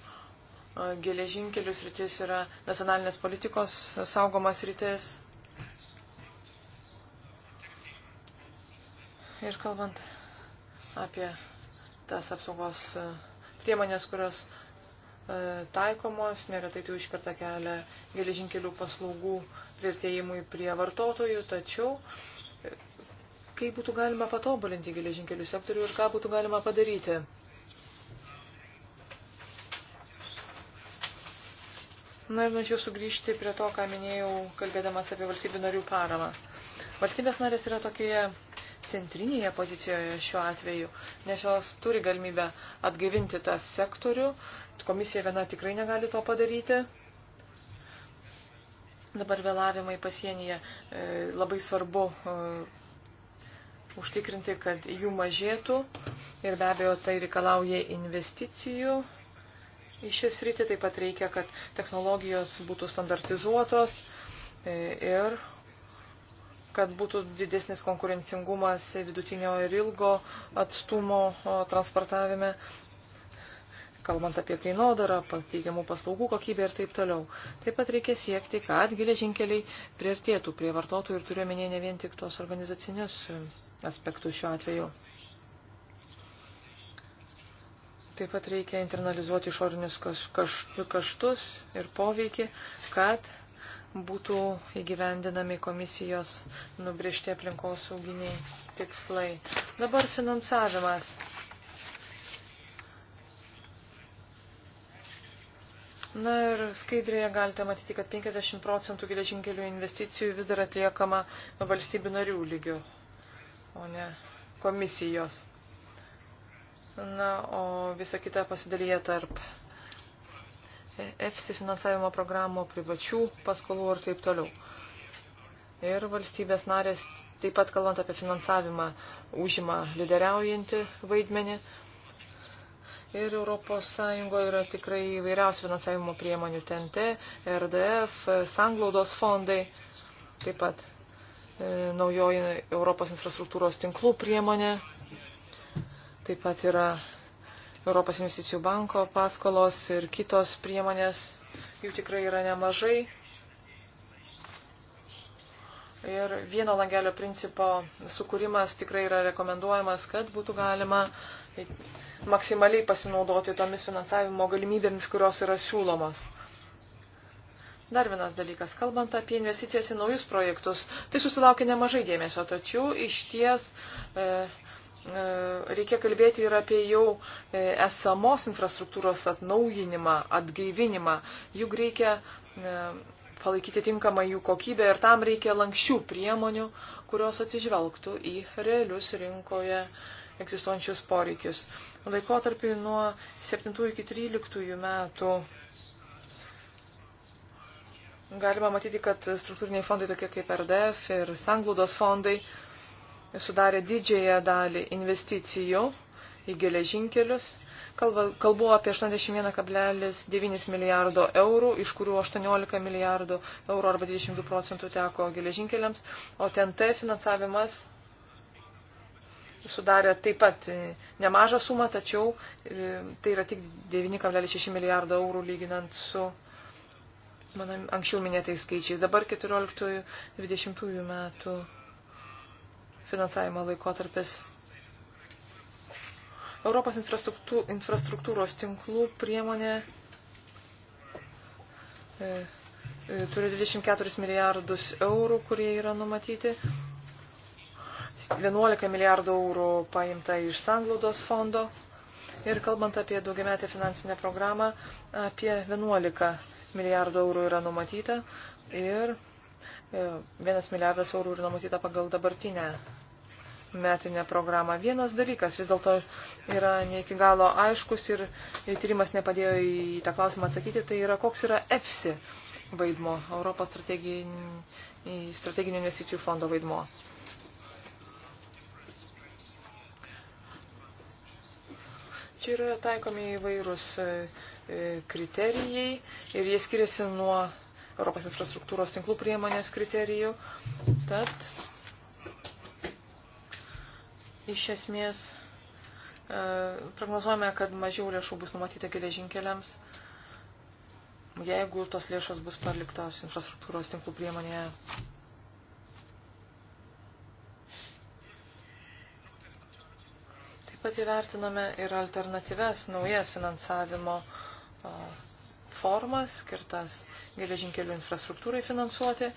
geležinkelių sritis yra nacionalinės politikos saugomas rytis. Ir kalbant apie tas apsaugos e, priemonės, kurios e, taikomos, neretai tai užkerta kelią geležinkelių paslaugų prieartėjimui prie vartotojų, tačiau e, kaip būtų galima patobulinti geležinkelių sektorių ir ką būtų galima padaryti. Na ir norėčiau sugrįžti prie to, ką minėjau, kalbėdamas apie valstybių narių paramą. Valstybės narės yra tokioje centrinėje pozicijoje šiuo atveju, nes jos turi galimybę atgaivinti tą sektorių, komisija viena tikrai negali to padaryti. Dabar vėlavimai pasienyje e, labai svarbu e, užtikrinti, kad jų mažėtų ir be abejo tai reikalauja investicijų. Iš šias rytį taip pat reikia, kad technologijos būtų standartizuotos e, ir kad būtų didesnis konkurencingumas vidutinio ir ilgo atstumo transportavime, kalbant apie kainodarą, pateikiamų paslaugų kokybę ir taip toliau. Taip pat reikia siekti, kad geležinkeliai priartėtų prie vartotojų ir turiuomenė ne vien tik tos organizacinius aspektus šiuo atveju. Taip pat reikia internalizuoti išorinius kaštus ir poveikį, kad būtų įgyvendinami komisijos nubriežti aplinkos sauginiai tikslai. Dabar finansavimas. Na ir skaidrėje galite matyti, kad 50 procentų geležinkelių investicijų vis dar atliekama valstybių narių lygių, o ne komisijos. Na, o visa kita pasidalyja tarp EFSI finansavimo programų, privačių paskolų ir taip toliau. Ir valstybės narės, taip pat kalbant apie finansavimą, užima lyderiaujantį vaidmenį. Ir Europos Sąjungoje yra tikrai įvairiausių finansavimo priemonių TNT, RDF, sanglaudos fondai, taip pat e, naujoji Europos infrastruktūros tinklų priemonė, taip pat yra Europos investicijų banko paskolos ir kitos priemonės. Jų tikrai yra nemažai. Ir vieno langelio principo sukūrimas tikrai yra rekomenduojamas, kad būtų galima maksimaliai pasinaudoti tomis finansavimo galimybėmis, kurios yra siūlomos. Dar vienas dalykas, kalbant apie investicijas į naujus projektus, tai susilaukia nemažai dėmesio, tačiau iš ties e, E, reikia kalbėti ir apie jau e, esamos infrastruktūros atnaujinimą, atgaivinimą. Juk reikia e, palaikyti tinkamą jų kokybę ir tam reikia lankščių priemonių, kurios atsižvelgtų į realius rinkoje egzistuojančius poreikius. Laikotarpį nuo 7 iki 13 metų galima matyti, kad struktūriniai fondai tokie kaip RDF ir sanglūdos fondai sudarė didžiąją dalį investicijų į geležinkelius. Kalbu apie 81,9 milijardo eurų, iš kurių 18 milijardų eurų arba 22 procentų teko geležinkeliams, o TNT finansavimas sudarė taip pat e, nemažą sumą, tačiau e, tai yra tik 9,6 milijardo eurų lyginant su mano anksčiau minėtais skaičiais. Dabar 14-20 metų finansavimo laikotarpis. Europos infrastruktūros tinklų priemonė e, e, turi 24 milijardus eurų, kurie yra numatyti. 11 milijardų eurų paimta iš sanglaudos fondo. Ir kalbant apie daugiametę finansinę programą, apie 11 milijardų eurų yra numatyta ir 1 e, milijardas eurų yra numatyta pagal dabartinę metinę programą. Vienas dalykas vis dėlto yra ne iki galo aiškus ir tyrimas nepadėjo į tą klausimą atsakyti, tai yra koks yra EFSI vaidmo, Europos strateginių investicijų fondo vaidmo. Čia yra taikomi įvairūs e, e, kriterijai ir jie skiriasi nuo Europos infrastruktūros tinklų priemonės kriterijų. Tad Iš esmės, e, prognozuojame, kad mažiau lėšų bus numatyta geležinkeliams, jeigu tos lėšos bus paliktos infrastruktūros tinklų priemonėje. Taip pat įvertinome ir alternatyves naujas finansavimo e, formas, skirtas geležinkelių infrastruktūrai finansuoti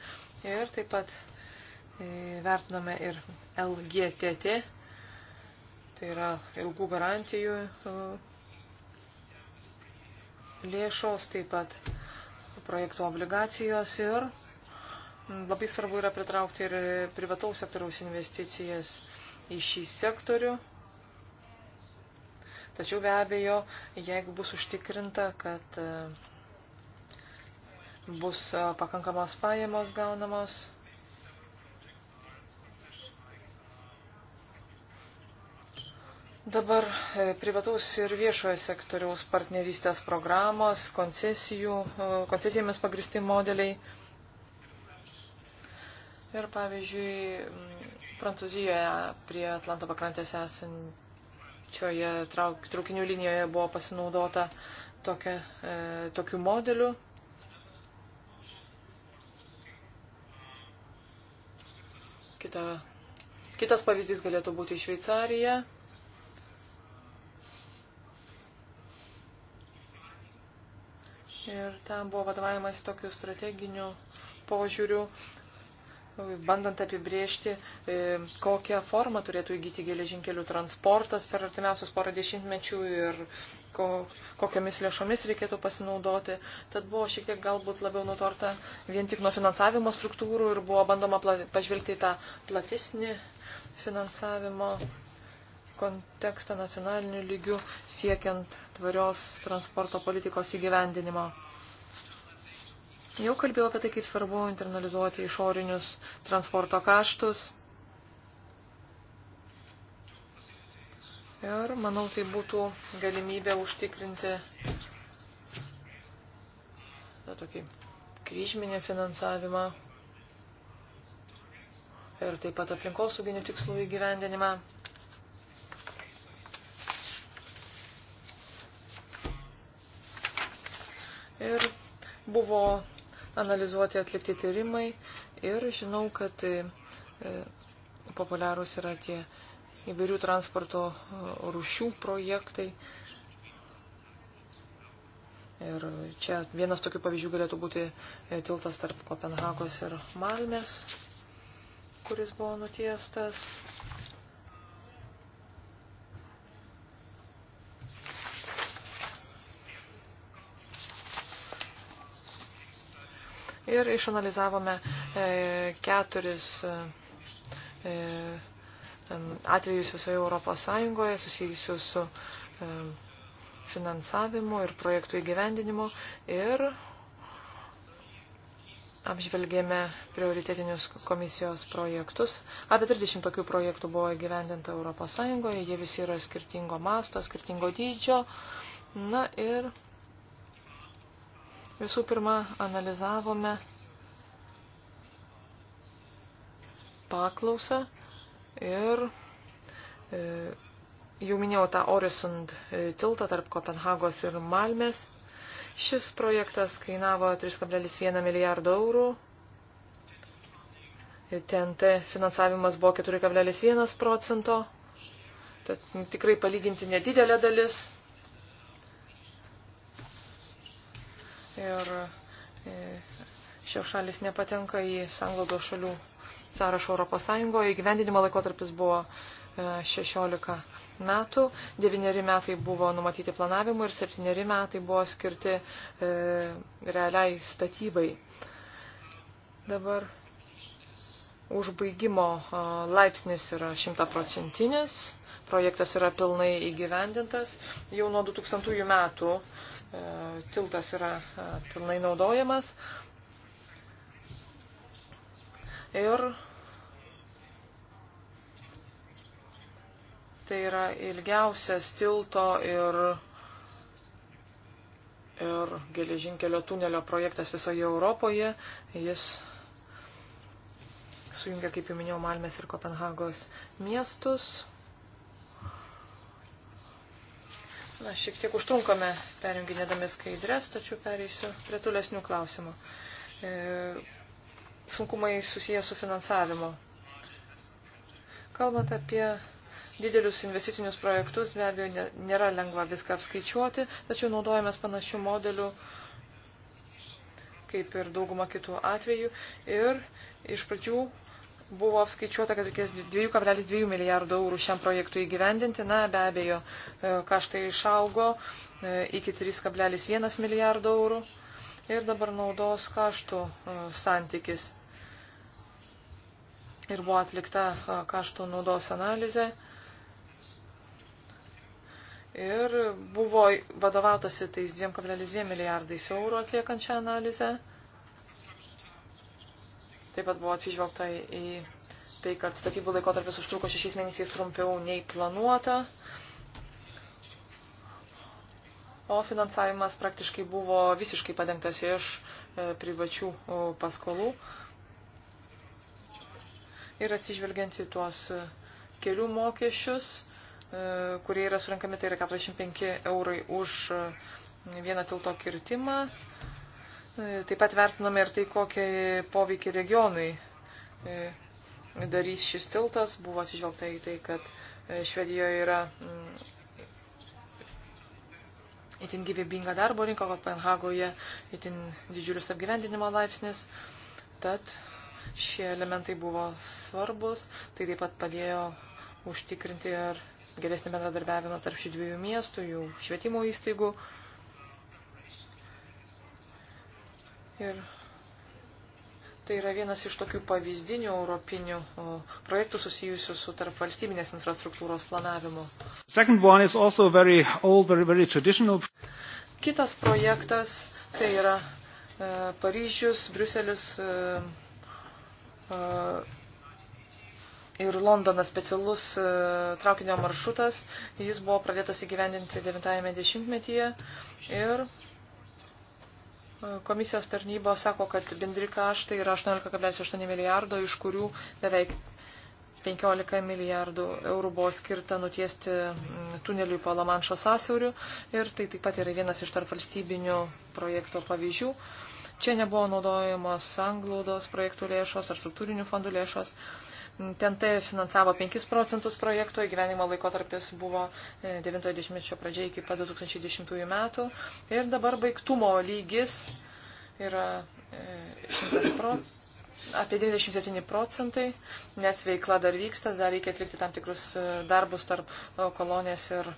ir taip pat e, vertiname ir LGTT Tai yra ilgų garantijų lėšos, taip pat projektų obligacijos ir labai svarbu yra pritraukti ir privataus sektoriaus investicijas į šį sektorių. Tačiau be abejo, jeigu bus užtikrinta, kad e, bus e, pakankamos pajamos gaunamos, Dabar e, privataus ir viešojo sektoriaus partnerystės programos, e, koncesijomis pagristi modeliai. Ir pavyzdžiui, Prancūzijoje prie Atlanto pakrantės esančioje trauk, traukinių linijoje buvo pasinaudota tokia, e, tokiu modeliu. Kita, kitas pavyzdys galėtų būti Šveicarija. Ir ten buvo vadovavimas tokiu strateginiu požiūriu, bandant apibriežti, e, kokią formą turėtų įgyti geležinkelių transportas per artimiausius porą dešimtmečių ir kokiamis lėšomis reikėtų pasinaudoti. Tad buvo šiek tiek galbūt labiau nutorta vien tik nuo finansavimo struktūrų ir buvo bandoma pažvelgti į tą platesnį finansavimo kontekstą nacionaliniu lygiu siekiant tvarios transporto politikos įgyvendinimo. Jau kalbėjau apie tai, kaip svarbu internalizuoti išorinius transporto kaštus. Ir manau, tai būtų galimybė užtikrinti na, tokį kryžminį finansavimą ir taip pat aplinkosauginių tikslų įgyvendinimą. ir buvo analizuoti atlikti tyrimai ir žinau, kad e, populiarūs yra tie įvairių transporto e, rušių projektai. Ir čia vienas tokių pavyzdžių galėtų būti e, tiltas tarp Kopenhagos ir Malmės, kuris buvo nutiestas. ir išanalizavome e, keturis e, e, atvejus visoje Europos Sąjungoje susijusius su finansavimu ir projektų įgyvendinimu ir apžvelgėme prioritetinius komisijos projektus. Apie 30 tokių projektų buvo įgyvendinta Europos Sąjungoje, jie visi yra skirtingo masto, skirtingo dydžio. Na ir Visų pirma, analizavome paklausą ir e, jau minėjau tą Oresund e, tiltą tarp Kopenhagos ir Malmės. Šis projektas kainavo 3,1 milijardo eurų. TNT finansavimas buvo 4,1 procento. Tad tikrai palyginti nedidelė dalis. ir e, šios šalis nepatenka į sanglaudos šalių sąrašą Europos Sąjungoje. Įgyvendinimo laikotarpis buvo 16 e, metų, 9 metai buvo numatyti planavimui ir 7 metai buvo skirti e, realiai statybai. Dabar užbaigimo e, laipsnis yra šimtaprocentinis, projektas yra pilnai įgyvendintas, jau nuo 2000 metų E, tiltas yra e, pilnai naudojamas. Ir tai yra ilgiausias tilto ir, ir geležinkelio tunelio projektas visoje Europoje. Jis sujungia, kaip jau minėjau, Malmės ir Kopenhagos miestus. Na, šiek tiek užtrunkame perjunginėdami skaidrės, tačiau pereisiu prie tolesnių klausimų. E, sunkumai susiję su finansavimo. Kalbant apie didelius investicinius projektus, be abejo, nėra lengva viską apskaičiuoti, tačiau naudojame panašių modelių kaip ir dauguma kitų atvejų. Ir iš pradžių buvo apskaičiuota, kad reikės 2,2 milijardų eurų šiam projektui įgyvendinti. Na, be abejo, e, kaštai išaugo e, iki 3,1 milijardų eurų. Ir dabar naudos kaštų e, santykis. Ir buvo atlikta kaštų naudos analizė. Ir buvo vadovautasi tais 2,2 milijardais eurų atliekant šią analizę. Taip pat buvo atsižvelgta į tai, kad statybų laikotarpis užtruko šešiais mėnesiais trumpiau nei planuota. O finansavimas praktiškai buvo visiškai padengtas iš e, privačių paskolų. Ir atsižvelgiant į tuos e, kelių mokesčius, e, kurie yra surinkami, tai yra 45 eurai už vieną tilto kirtimą, Taip pat vertiname ir tai, kokį poveikį regionui e, darys šis tiltas. Buvo atsižvelgta į tai, kad e, Švedijoje yra mm, itin gyvybinga darbo rinka, Kopenhagoje itin didžiulis apgyvendinimo laipsnis. Tad šie elementai buvo svarbus, tai taip pat padėjo užtikrinti ir geresnį bendradarbiavimą tarp šių dviejų miestų, jų švietimo įstaigų. Ir tai yra vienas iš tokių pavyzdinių europinių projektų susijusių su tarp valstybinės infrastruktūros planavimu. Very old, very, very traditional... Kitas projektas tai yra e, Paryžius, Briuselis e, e, ir Londonas specialus e, traukinio maršrutas. Jis buvo pradėtas įgyvendinti 90-metyje ir Komisijos tarnybos sako, kad bendri kaštai yra 18,8 milijardo, iš kurių beveik 15 milijardų eurų buvo skirta nutiesti mm, tuneliui po Lamanšo sąsiauriu ir tai taip pat yra vienas iš tarp valstybinių projekto pavyzdžių. Čia nebuvo naudojamos sanglaudos projektų lėšos ar struktūrinių fondų lėšos. Ten tai finansavo 5 procentus projekto, gyvenimo laikotarpis buvo 90-mečio e, pradžia iki pat 2010 metų ir dabar baigtumo lygis yra 100 e, procentų. Apie 97 procentai, nes veikla dar vyksta, dar reikia atlikti tam tikrus e, darbus tarp kolonės ir,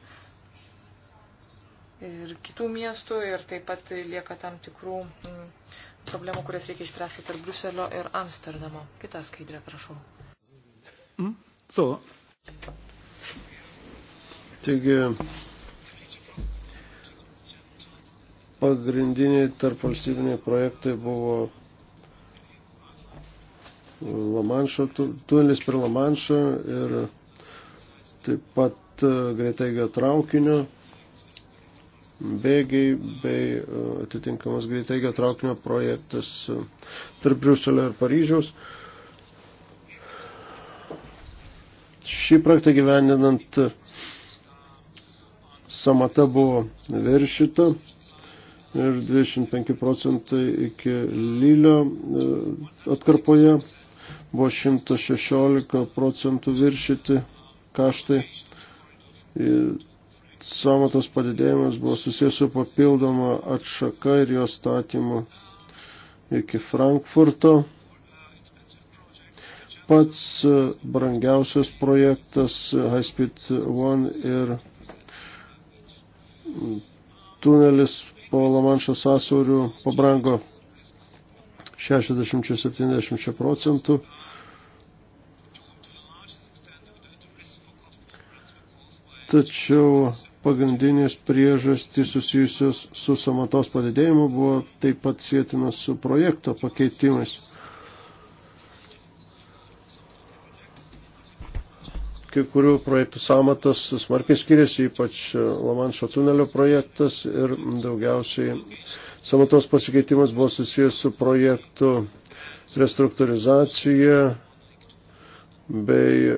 ir kitų miestų ir taip pat lieka tam tikrų problemų, kurias reikia išspręsti tarp Bruselio ir Amsterdamo. Kita skaidrė, prašau. Mm, so. Taigi, pagrindiniai tarpvalstybiniai projektai buvo Lamanšo, tunelis per Lamanšą ir taip pat e, greitaigio traukinio bėgiai bei e, atitinkamas greitaigio traukinio projektas e, tarp Briuselio ir Paryžiaus. Šį projektą gyvendinant samata buvo viršita ir 25 procentai iki lylio e, atkarpoje buvo 116 procentų viršyti kaštai. Samatos padidėjimas buvo susijęs su papildoma atšaka ir jos statymu iki Frankfurto pats brangiausias projektas High Speed 1 ir tunelis po Lamanšo sąsiaurių pabrango 60-70 procentų. Tačiau pagrindinės priežastys susijusios su samatos padidėjimu buvo taip pat sėtinos su projekto pakeitimais. kai kurių projektų samatas smarkiai skiriasi, ypač Lamanšo tunelio projektas ir daugiausiai samatos pasikeitimas buvo susijęs su projektų restruktūrizacija bei e,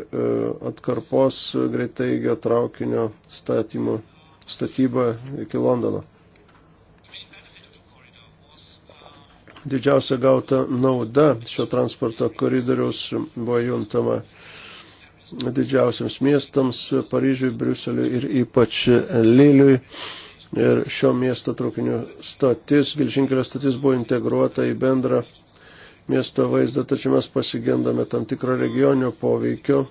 atkarpos greitai geotraukinio statymo statybą iki Londono. Didžiausia gauta nauda šio transporto koridoriaus buvo juntama didžiausiams miestams - Paryžiui, Briuseliui ir ypač Liliui. Ir šio miesto traukinių stotis, Vilžinkelio stotis buvo integruota į bendrą miesto vaizdą, tačiau mes pasigendame tam tikro regioninio poveikio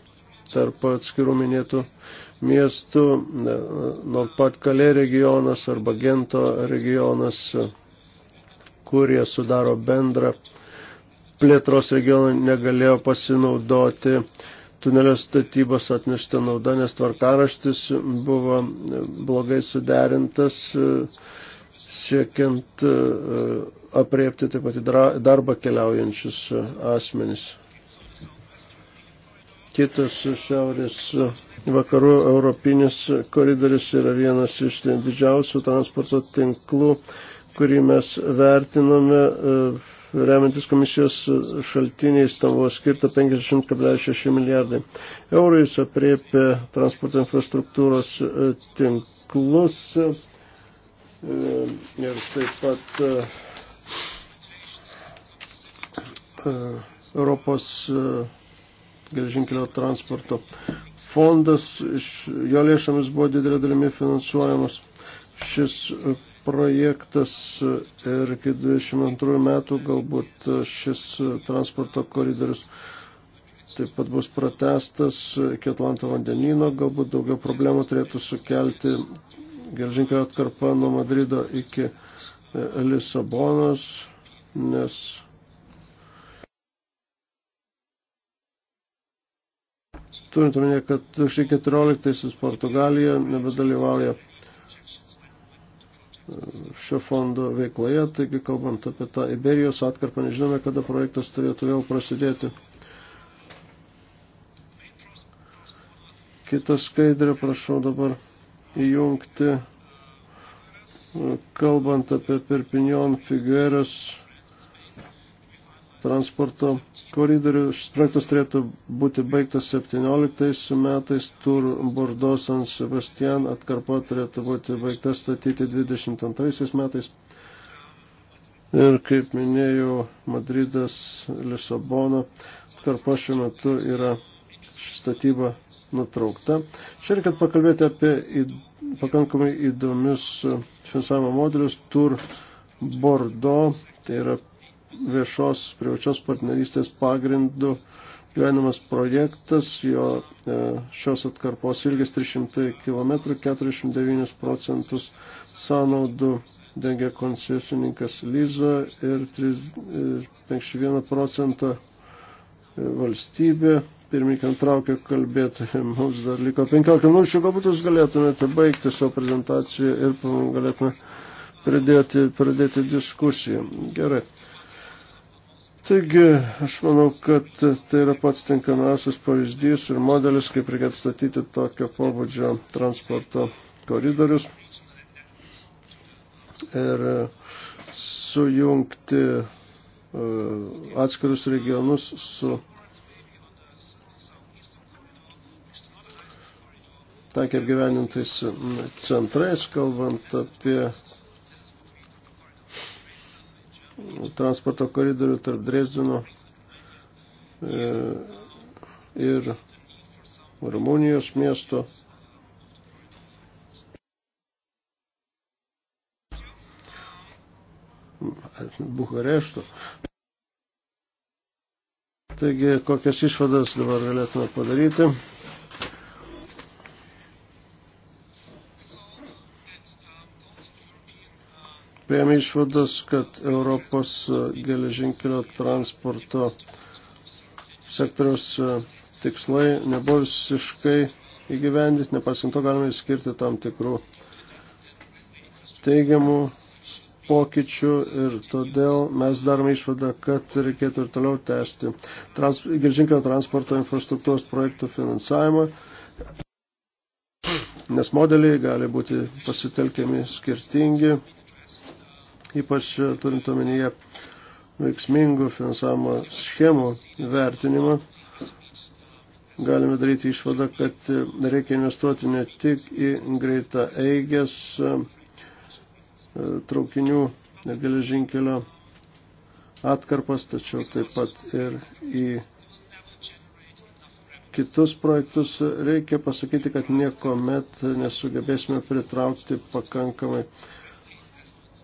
tarp atskirų minėtų miestų, nors pat Kalė regionas arba Gento regionas, kurie sudaro bendrą plėtros regioną, negalėjo pasinaudoti tunelio statybos atnešta nauda, nes tvarkaraštis buvo blogai suderintas, siekiant e, apriepti taip pat į darbą keliaujančius asmenys. Kitas šiaurės vakarų europinis koridoris yra vienas iš didžiausių transporto tinklų, kurį mes vertiname e, remiantis komisijos šaltiniais, tam buvo skirta 50,6 milijardai eurų, jis apriepė transporto infrastruktūros e, tinklus e, ir taip pat e, Europos geležinkelio transporto fondas, jo lėšomis buvo didelė dalimi finansuojamas šis projektas ir iki 22 metų galbūt šis transporto koridorius taip pat bus pratestas iki Atlanto vandenino, galbūt daugiau problemų turėtų sukelti geržinkio atkarpa nuo Madrido iki e, Lisabonos, nes turint omenyje, kad 2014 Portugalija nebedalyvauja šio fondo veikloje, taigi kalbant apie tą Iberijos atkarpą, nežinome, kada projektas turėtų vėl prasidėti. Kita skaidrė, prašau dabar įjungti, kalbant apie Perpignon Figueres transporto koridorių. Šis projektas turėtų būti baigtas 17 metais, Tur Bordo San Sebastian atkarpa turėtų būti baigta statyti 22 metais. Ir kaip minėjau, Madridas, Lisabona atkarpa šiuo metu yra statyba nutraukta. Šiandien, kad pakalbėti apie įd... pakankamai įdomius finansavimo modelius, Tur Bordo, tai yra viešos privačios partnerystės pagrindų gyvenamas projektas, jo e, šios atkarpos ilgis 300 km, 49 procentus sąnaudų dengia koncesininkas Lyza ir 51 e, procentą e, valstybė. Pirmininkė antraukė kalbėti, mums dar liko 15 minučių, galbūt jūs galėtumėte baigti savo prezentaciją ir galėtume pradėti, pradėti diskusiją. Gerai. Taigi, aš manau, kad tai yra pats tinkamiausias pavyzdys ir modelis, kaip reikėtų statyti tokio pobūdžio transporto koridorius ir sujungti e, atskirius regionus su tankiai apgyvenintais centrais, kalbant apie transporto koridorių tarp Dresdino e, ir Rumunijos miesto. Bukarešto. Taigi, kokias išvadas dabar galėtume padaryti? priėmė išvadas, kad Europos e, geležinkelio transporto sektoriaus e, tikslai nebuvo visiškai įgyvendyti, nepasint to galime išskirti tam tikrų teigiamų pokyčių ir todėl mes darome išvadą, kad reikėtų ir toliau tęsti trans, gelžinkelio transporto infrastruktūros projektų finansavimą, nes modeliai gali būti pasitelkiami skirtingi ypač turint omenyje veiksmingų finansavimo schemų vertinimą, galime daryti išvadą, kad reikia investuoti ne tik į greitą eigės e, traukinių ir geležinkelio atkarpas, tačiau taip pat ir į kitus projektus. Reikia pasakyti, kad nieko met nesugebėsime pritraukti pakankamai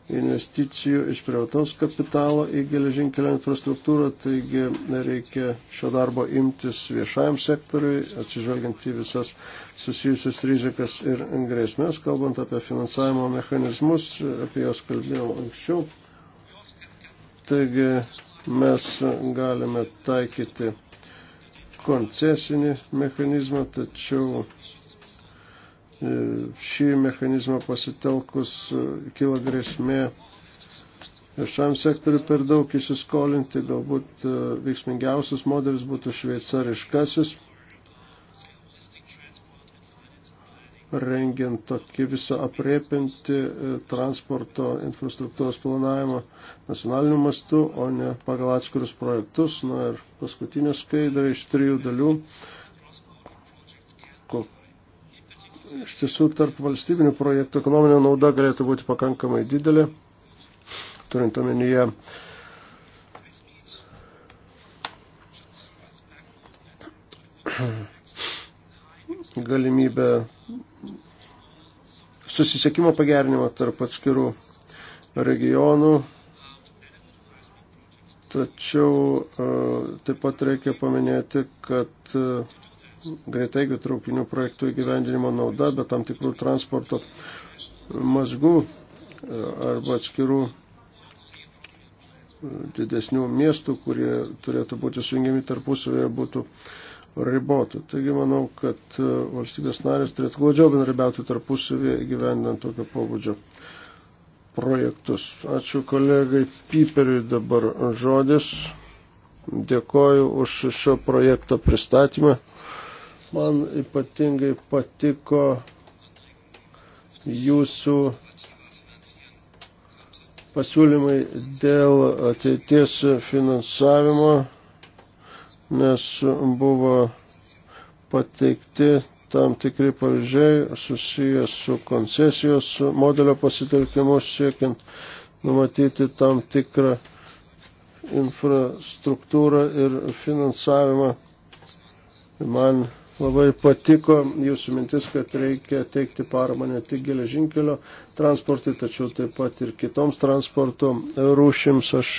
investicijų iš privataus kapitalo į geležinkelio infrastruktūrą, taigi reikia šio darbo imtis viešajam sektoriui, atsižvelgiant į visas susijusias rizikas ir grėsmės, kalbant apie finansavimo mechanizmus, apie juos kalbėjau anksčiau. Taigi mes galime taikyti koncesinį mechanizmą, tačiau E, šį mechanizmą pasitelkus e, kila grėsmė viešam sektoriu per daug įsiskolinti, galbūt e, veiksmingiausias modelis būtų šveicariškasis, rengiant tokį visą apriepinti transporto infrastruktūros planavimą nacionaliniu mastu, o ne pagal atskirus projektus. Na ir paskutinė skaidra iš trijų dalių iš tiesų tarp valstybinių projektų ekonominė nauda galėtų būti pakankamai didelė, turint omenyje galimybę susisiekimo pagerinimo tarp atskirų regionų, tačiau e, taip pat reikia paminėti, kad greitaigių traukinių projektų įgyvendinimo nauda, bet tam tikrų transporto mazgų e, arba atskirų e, didesnių miestų, kurie turėtų būti sujungiami tarpusavėje, būtų ribotų. Taigi manau, kad e, valstybės narės turėtų glaudžiau bendrabiauti tarpusavėje gyvendant tokio pobūdžio projektus. Ačiū kolegai Piperiui dabar žodis. Dėkoju už šio projekto pristatymą. Man ypatingai patiko jūsų pasiūlymai dėl ateities finansavimo, nes buvo pateikti tam tikri pavyzdžiai susijęs su koncesijos modelio pasitelkimu siekiant numatyti tam tikrą infrastruktūrą ir finansavimą. Man Labai patiko jūsų mintis, kad reikia teikti paramą ne tik geležinkelio transportui, tačiau taip pat ir kitoms transporto rūšims. Aš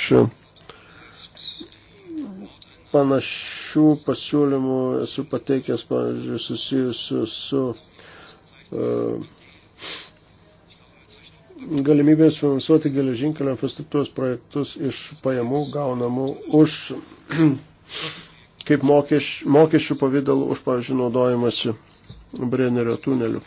panašių pasiūlymų esu pateikęs, pavyzdžiui, susijusiu su uh, galimybės finansuoti geležinkelio infrastruktūros projektus iš pajamų gaunamų už kaip mokeš, mokesčių pavydalų už, pavyzdžiui, naudojimasi Brennerio tuneliu.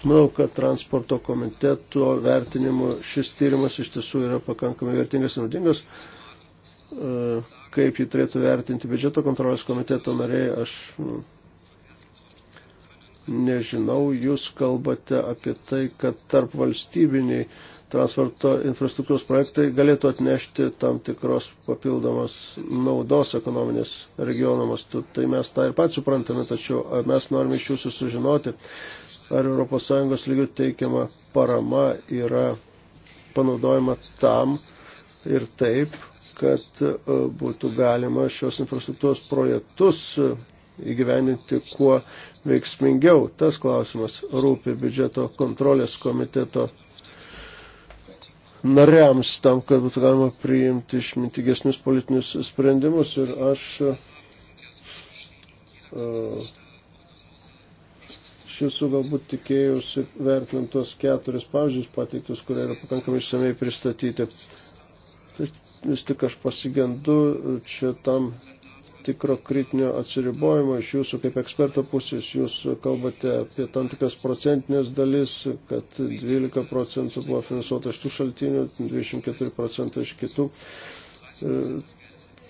Manau, kad transporto komiteto vertinimu šis tyrimas iš tiesų yra pakankamai vertingas ir naudingas. E, kaip jį turėtų vertinti biudžeto kontrolės komiteto nariai, aš nu, nežinau, jūs kalbate apie tai, kad tarp valstybiniai transporto infrastruktūros projektai galėtų atnešti tam tikros papildomos naudos ekonominės regiono mastu. Tai mes tą ir pat suprantame, tačiau mes norime iš jūsų sužinoti, ar ES lygių teikiama parama yra panaudojama tam ir taip, kad e, būtų galima šios infrastruktūros projektus įgyveninti kuo veiksmingiau. Tas klausimas rūpi biudžeto kontrolės komiteto nariams tam, kad būtų galima priimti išmintigesnius politinius sprendimus. Ir aš uh, iš jūsų galbūt tikėjusi vertinant tos keturis pavyzdžius pateiktus, kurie yra pakankamai išsamei pristatyti. Tai vis tik aš pasigendu čia tam tikro kritinio atsiribojimo iš jūsų kaip eksperto pusės. Jūs kalbate apie tam tikras procentinės dalis, kad 12 procentų buvo finansuota iš tų šaltinių, 24 procentai iš kitų.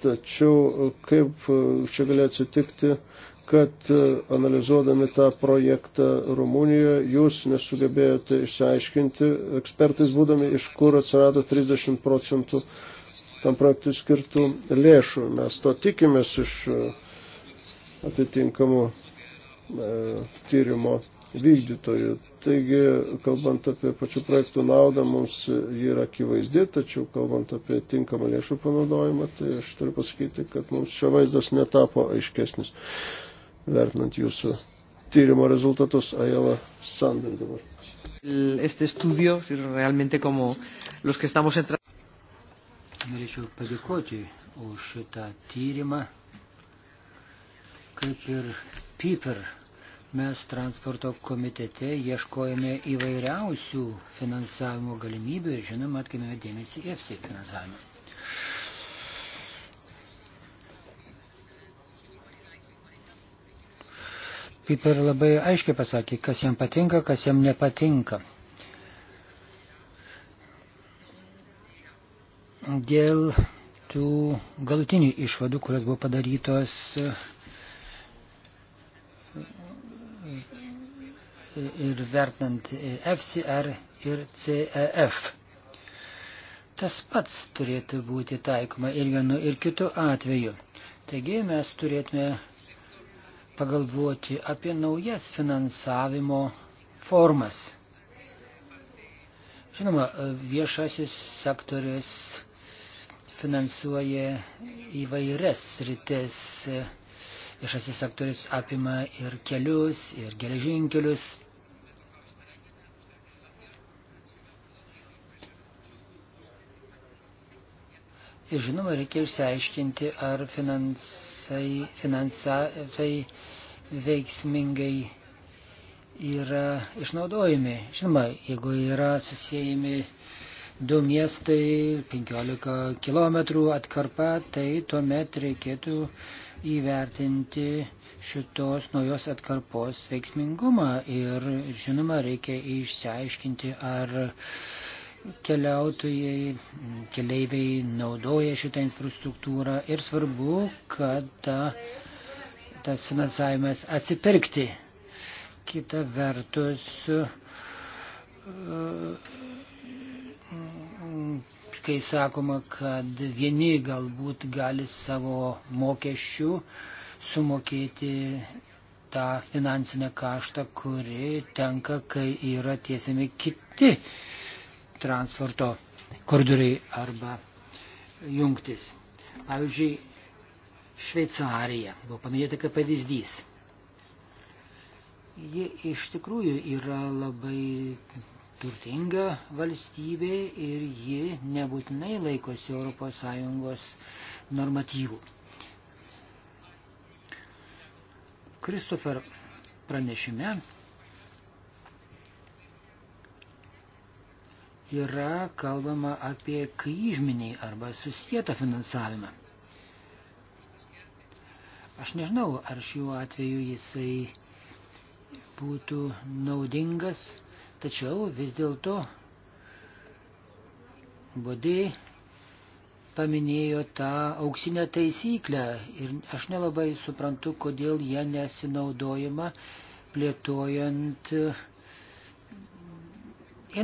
Tačiau kaip čia galėjo atsitikti, kad analizuodami tą projektą Rumunijoje jūs nesugebėjote išsiaiškinti ekspertais būdami, iš kur atsirado 30 procentų tam projektui skirtų lėšų. Mes to tikimės iš e, atitinkamų e, tyrimo vykdytojų. Taigi, kalbant apie pačių projektų naudą, mums ji yra akivaizdi, tačiau kalbant apie tinkamą lėšų panaudojimą, tai aš turiu pasakyti, kad mums šio vaizdas netapo aiškesnis, vertinant jūsų tyrimo rezultatus Ayala Sander dabar. Este estudio, realmente como los que estamos entrando norėčiau padėkoti už šitą tyrimą. Kaip ir PIPER, mes transporto komitete ieškojame įvairiausių finansavimo galimybių ir žinoma atkėmėme dėmesį į EFSI finansavimą. kaip ir labai aiškiai pasakė, kas jam patinka, kas jam nepatinka. dėl tų galutinių išvadų, kurios buvo padarytos ir vertinant FCR ir CEF. Tas pats turėtų būti taikoma ir vienu, ir kitu atveju. Taigi mes turėtume pagalvoti apie naujas finansavimo formas. Žinoma, viešasis sektoris finansuoja įvairias sritis. Viešasis sektorius apima ir kelius, ir geležinkelius. Ir žinoma, reikia išsiaiškinti, ar finansai, finansai tai veiksmingai yra išnaudojami. Žinoma, jeigu yra susijęjami du miestai, 15 km atkarpa, tai tuomet reikėtų įvertinti šitos naujos atkarpos veiksmingumą ir žinoma reikia išsiaiškinti, ar keliautojai, keleiviai naudoja šitą infrastruktūrą ir svarbu, kad ta, tas finansavimas atsipirkti. Kita vertus, kai sakoma, kad vieni galbūt gali savo mokesčių sumokėti tą finansinę kaštą, kuri tenka, kai yra tiesiami kiti transporto koridoriai arba jungtis. Pavyzdžiui, Šveicarija buvo paminėta kaip pavyzdys. Ji iš tikrųjų yra labai turtinga valstybė ir ji nebūtinai laikosi ES normatyvų. Kristofer pranešime yra kalbama apie kryžminį arba susijęta finansavimą. Aš nežinau, ar šiuo atveju jisai būtų naudingas Tačiau vis dėlto Budai paminėjo tą auksinę taisyklę ir aš nelabai suprantu, kodėl jie nesinaudojama plėtojant e,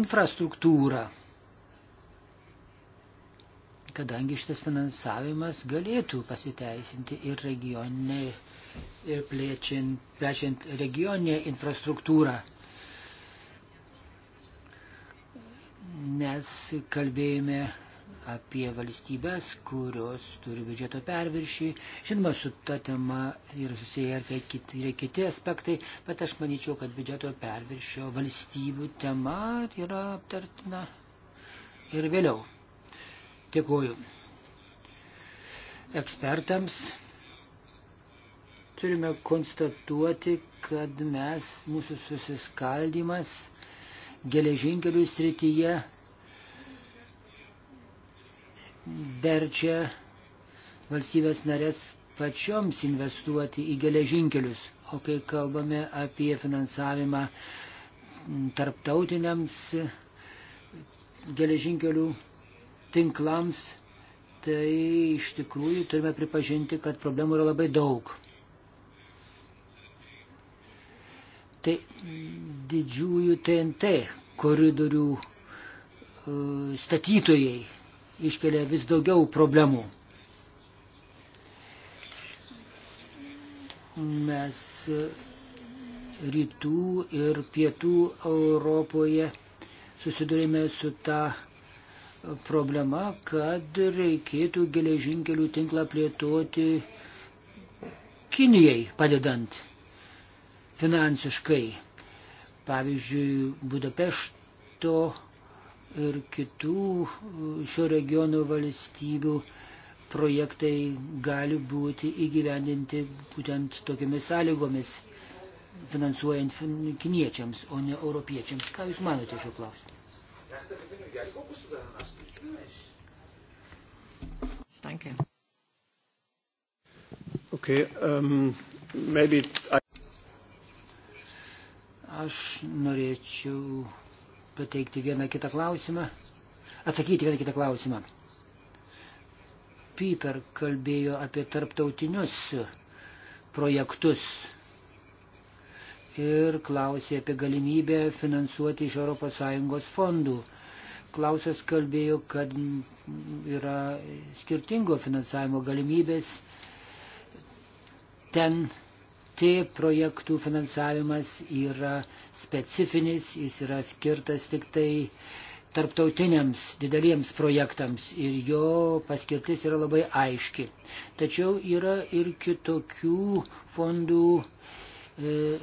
infrastruktūrą. Kadangi šitas finansavimas galėtų pasiteisinti ir regioninė, ir plečiant, plečiant regioninę infrastruktūrą. Mes kalbėjome apie valstybės, kurios turi biudžeto perviršį. Žinoma, su ta tema yra susiję ir kiti, yra kiti aspektai, bet aš manyčiau, kad biudžeto perviršio valstybių tema yra aptartina ir vėliau. Dėkuoju. Ekspertams turime konstatuoti, kad mes, mūsų susiskaldimas geležinkelių srityje verčia valstybės narės pačioms investuoti į geležinkelius. O kai kalbame apie finansavimą tarptautiniams geležinkelių tinklams, tai iš tikrųjų turime pripažinti, kad problemų yra labai daug. Tai didžiųjų TNT koridorių e, statytojai iškelia vis daugiau problemų. Mes e, rytų ir pietų Europoje susidurime su ta problema, kad reikėtų geležinkelių tinklą plėtoti Kinijai padedant finansiškai pavyzdžiui, Budapešto ir kitų e, šio regiono valstybių projektai gali būti įgyvendinti būtent tokiamis sąlygomis, finansuojant kiniečiams, o ne europiečiams. Ką Jūs manote šiuo klausimu? Danke. Okay, um, maybe I... Aš norėčiau pateikti vieną kitą klausimą, atsakyti vieną kitą klausimą. Piper kalbėjo apie tarptautinius projektus ir klausė apie galimybę finansuoti iš ES fondų. Klausas kalbėjo, kad yra skirtingo finansavimo galimybės ten FT projektų finansavimas yra specifinis, jis yra skirtas tik tai tarptautiniams dideliems projektams ir jo paskirtis yra labai aiški. Tačiau yra ir kitokių fondų. E,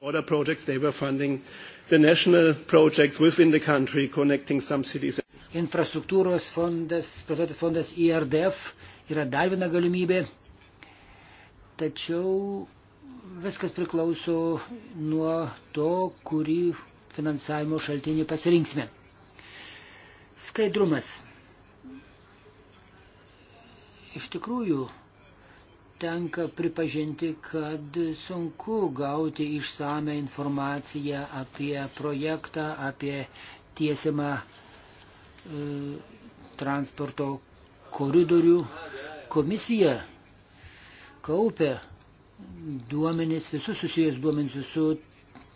Order projects they were funding the national projects within the country connecting some cities infrastruktūros fondas, plėtotės fondas IRDF yra dar viena galimybė. Tačiau viskas priklauso nuo to, kurį finansavimo šaltinį pasirinksime. Skaidrumas. Iš tikrųjų, tenka pripažinti, kad sunku gauti išsame informaciją apie projektą, apie tiesimą E, transporto koridorių. Komisija kaupia duomenis, visus susijęs duomenis su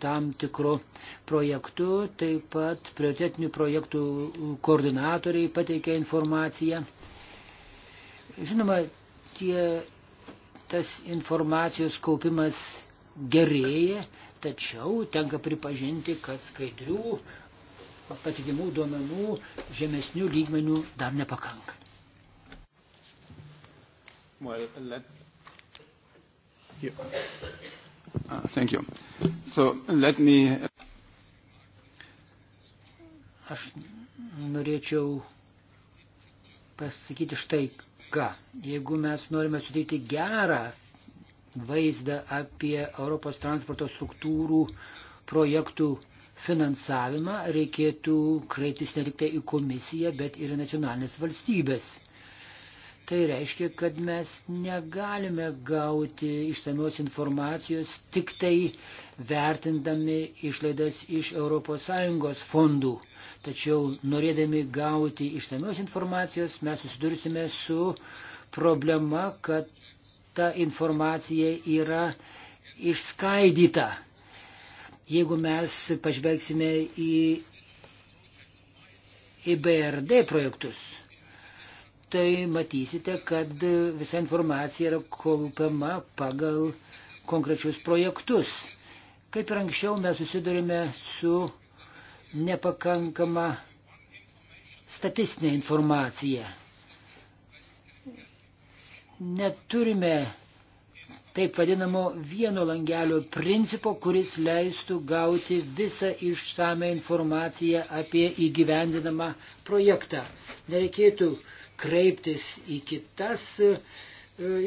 tam tikru projektu, taip pat prioritetinių projektų koordinatoriai pateikia informaciją. Žinoma, tie, tas informacijos kaupimas gerėja, tačiau tenka pripažinti, kad skaidrių patikimų duomenų žemesnių lygmenių dar nepakanka. Well, let... Here. Uh, thank you. So let me... Aš norėčiau pasakyti štai ką. Jeigu mes norime suteikti gerą vaizdą apie Europos transporto struktūrų projektų finansavimą reikėtų kreiptis ne tik tai į komisiją, bet ir į nacionalinės valstybės. Tai reiškia, kad mes negalime gauti išsamios informacijos tik tai vertindami išlaidas iš ES fondų. Tačiau norėdami gauti išsamios informacijos mes susidursime su problema, kad ta informacija yra išskaidyta Jeigu mes pažvelgsime į IBRD projektus, tai matysite, kad visa informacija yra kaupiama pagal konkrečius projektus. Kaip ir anksčiau mes susidurime su nepakankama statistinė informacija. Neturime taip vadinamo vieno langelio principo, kuris leistų gauti visą išsame informaciją apie įgyvendinamą projektą. Nereikėtų kreiptis į kitas e,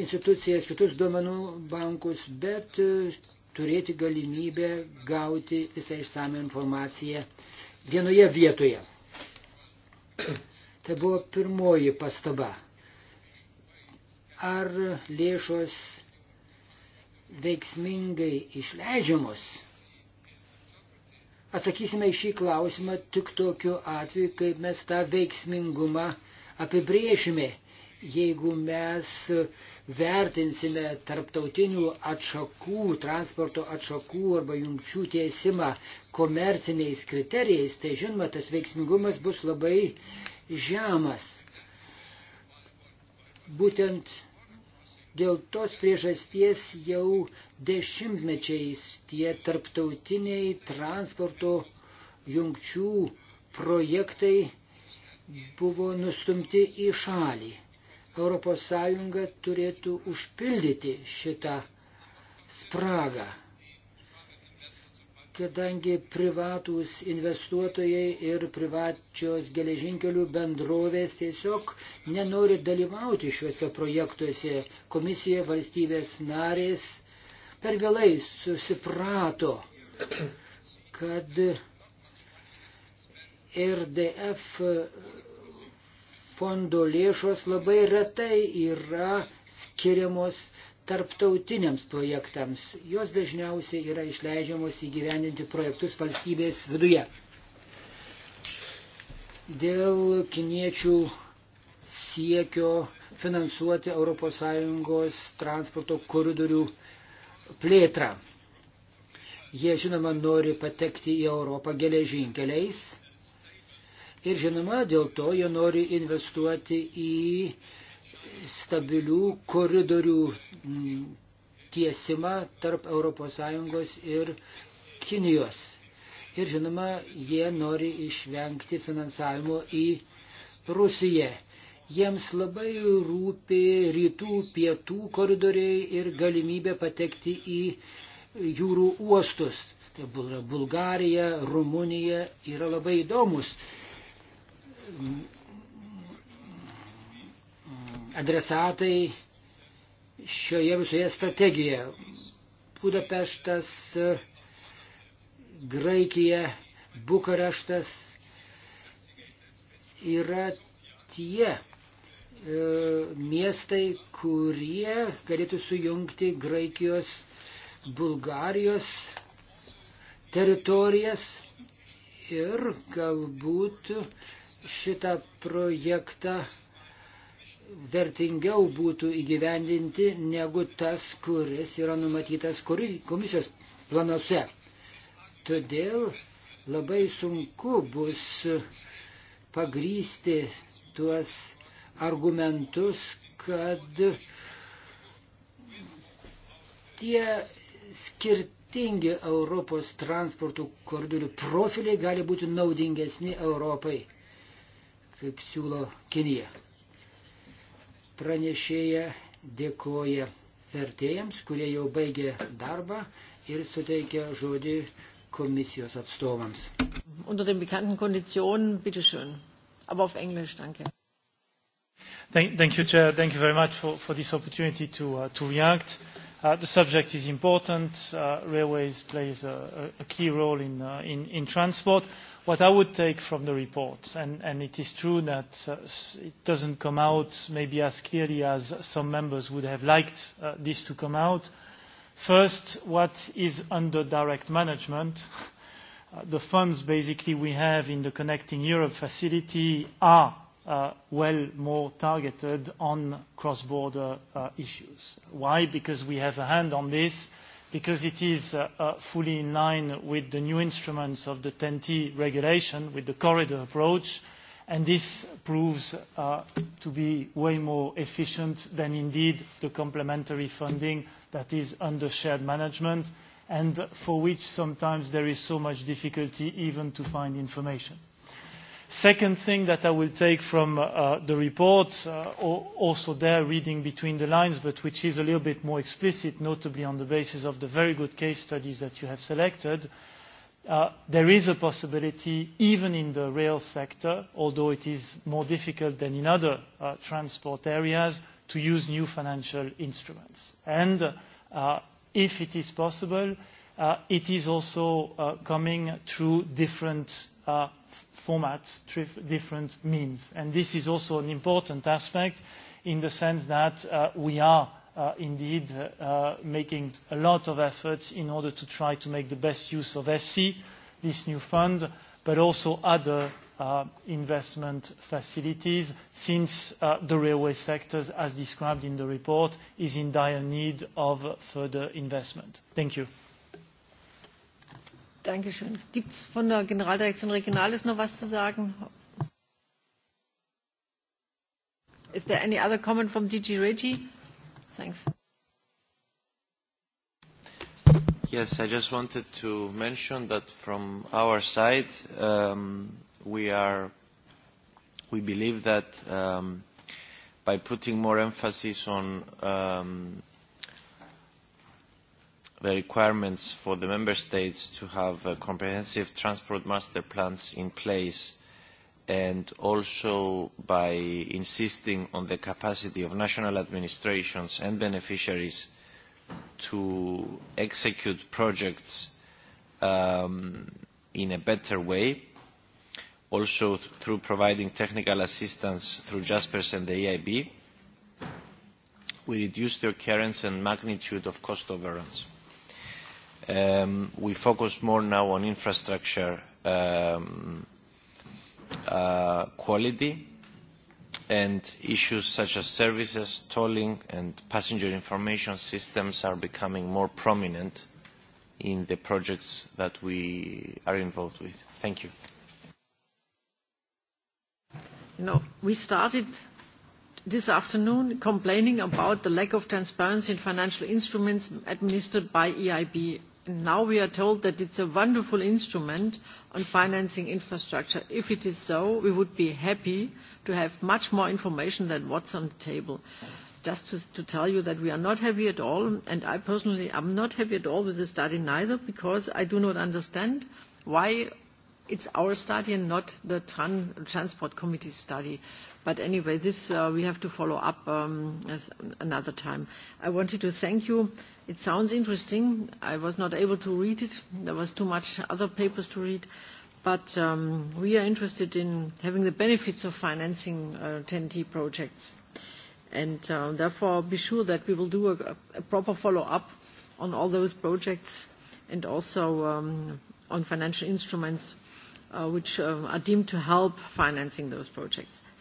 institucijas, kitus duomenų bankus, bet e, turėti galimybę gauti visą išsame informaciją vienoje vietoje. Tai buvo pirmoji pastaba. Ar lėšos veiksmingai išleidžiamos? Atsakysime į šį klausimą tik tokiu atveju, kaip mes tą veiksmingumą apibriešime. Jeigu mes vertinsime tarptautinių atšakų, transporto atšakų arba jungčių tiesimą komerciniais kriterijais, tai žinoma, tas veiksmingumas bus labai žemas. Būtent Dėl tos priežasties jau dešimtmečiais tie tarptautiniai transporto jungčių projektai buvo nustumti į šalį. ES turėtų užpildyti šitą spragą kadangi privatūs investuotojai ir privačios geležinkelių bendrovės tiesiog nenori dalyvauti šiuose projektuose. Komisija valstybės narės per vėlai susiprato, kad RDF fondo lėšos labai retai yra skiriamos tarptautiniams projektams. Jos dažniausiai yra išleidžiamos įgyvendinti projektus valstybės viduje. Dėl kiniečių siekio finansuoti ES transporto koridorių plėtrą. Jie, žinoma, nori patekti į Europą geležinkeliais ir, žinoma, dėl to jie nori investuoti į stabilių koridorių tiesimą tarp ES ir Kinijos. Ir žinoma, jie nori išvengti finansavimo į Rusiją. Jiems labai rūpi rytų, pietų koridoriai ir galimybė patekti į jūrų uostus. Tai Bulgarija, Rumunija yra labai įdomus adresatai šioje visoje strategijoje. Budapeštas, Graikija, Bukareštas yra tie e, miestai, kurie galėtų sujungti Graikijos, Bulgarijos teritorijas ir galbūt šitą projektą vertingiau būtų įgyvendinti negu tas, kuris yra numatytas komisijos planuose. Todėl labai sunku bus pagrysti tuos argumentus, kad tie skirtingi Europos transportų koridorių profiliai gali būti naudingesni Europai, kaip siūlo Kinija pranešėja dėkoja vertėjams, kurie jau baigė darbą ir suteikia žodį komisijos atstovams. Unter den bekannten Konditionen, bitteschön. Aber auf Englisch, danke. Thank, thank you, Chair. Thank you very much for, for this opportunity to, uh, to react. Uh, Uh, the subject is important. Uh, railways plays a, a key role in, uh, in, in transport. What I would take from the report, and, and it is true that uh, it doesn't come out maybe as clearly as some members would have liked uh, this to come out. First, what is under direct management? Uh, the funds basically we have in the Connecting Europe facility are uh, well more targeted on cross-border uh, issues. Why? Because we have a hand on this, because it is uh, uh, fully in line with the new instruments of the 10T regulation, with the corridor approach, and this proves uh, to be way more efficient than indeed the complementary funding that is under shared management and for which sometimes there is so much difficulty even to find information. Second thing that I will take from uh, uh the report, uh, also there reading between the lines, but which is a little bit more explicit, notably on the basis of the very good case studies that you have selected, uh, there is a possibility, even in the rail sector, although it is more difficult than in other uh, transport areas, to use new financial instruments. And uh, if it is possible, uh, it is also uh, coming through different uh, formats, different means. And this is also an important aspect in the sense that uh, we are uh, indeed uh, uh making a lot of efforts in order to try to make the best use of FC, this new fund, but also other uh, investment facilities, since uh, the railway sector, as described in the report, is in dire need of further investment. Thank you. Dankeschön. Gibt es von der Generaldirektion Regionales noch was zu sagen? Is there any other comment from DG Reggie? Thanks. Yes, I just wanted to mention that from our side, um, we are, we believe that um, by putting more emphasis on um, the requirements for the member states to have uh, comprehensive transport master plans in place and also by insisting on the capacity of national administrations and beneficiaries to execute projects um, in a better way, also through providing technical assistance through JASPERS and the EIB, we reduce the occurrence and magnitude of cost overruns. Um, we focus more now on infrastructure um, uh, quality and issues such as services, tolling and passenger information systems are becoming more prominent in the projects that we are involved with. Thank you. You know, we started this afternoon complaining about the lack of transparency in financial instruments administered by EIB now we are told that it's a wonderful instrument on financing infrastructure. If it is so, we would be happy to have much more information than what's on the table. Just to, to tell you that we are not happy at all, and I personally am not happy at all with the study neither, because I do not understand why it's our study and not the tran- transport committee's study. But anyway, this uh, we have to follow up um, as another time. I wanted to thank you. It sounds interesting. I was not able to read it. There was too much other papers to read. But um, we are interested in having the benefits of financing uh, 10T projects. And uh, therefore, be sure that we will do a, a proper follow-up on all those projects and also um, on financial instruments uh, which uh, are deemed to help financing those projects.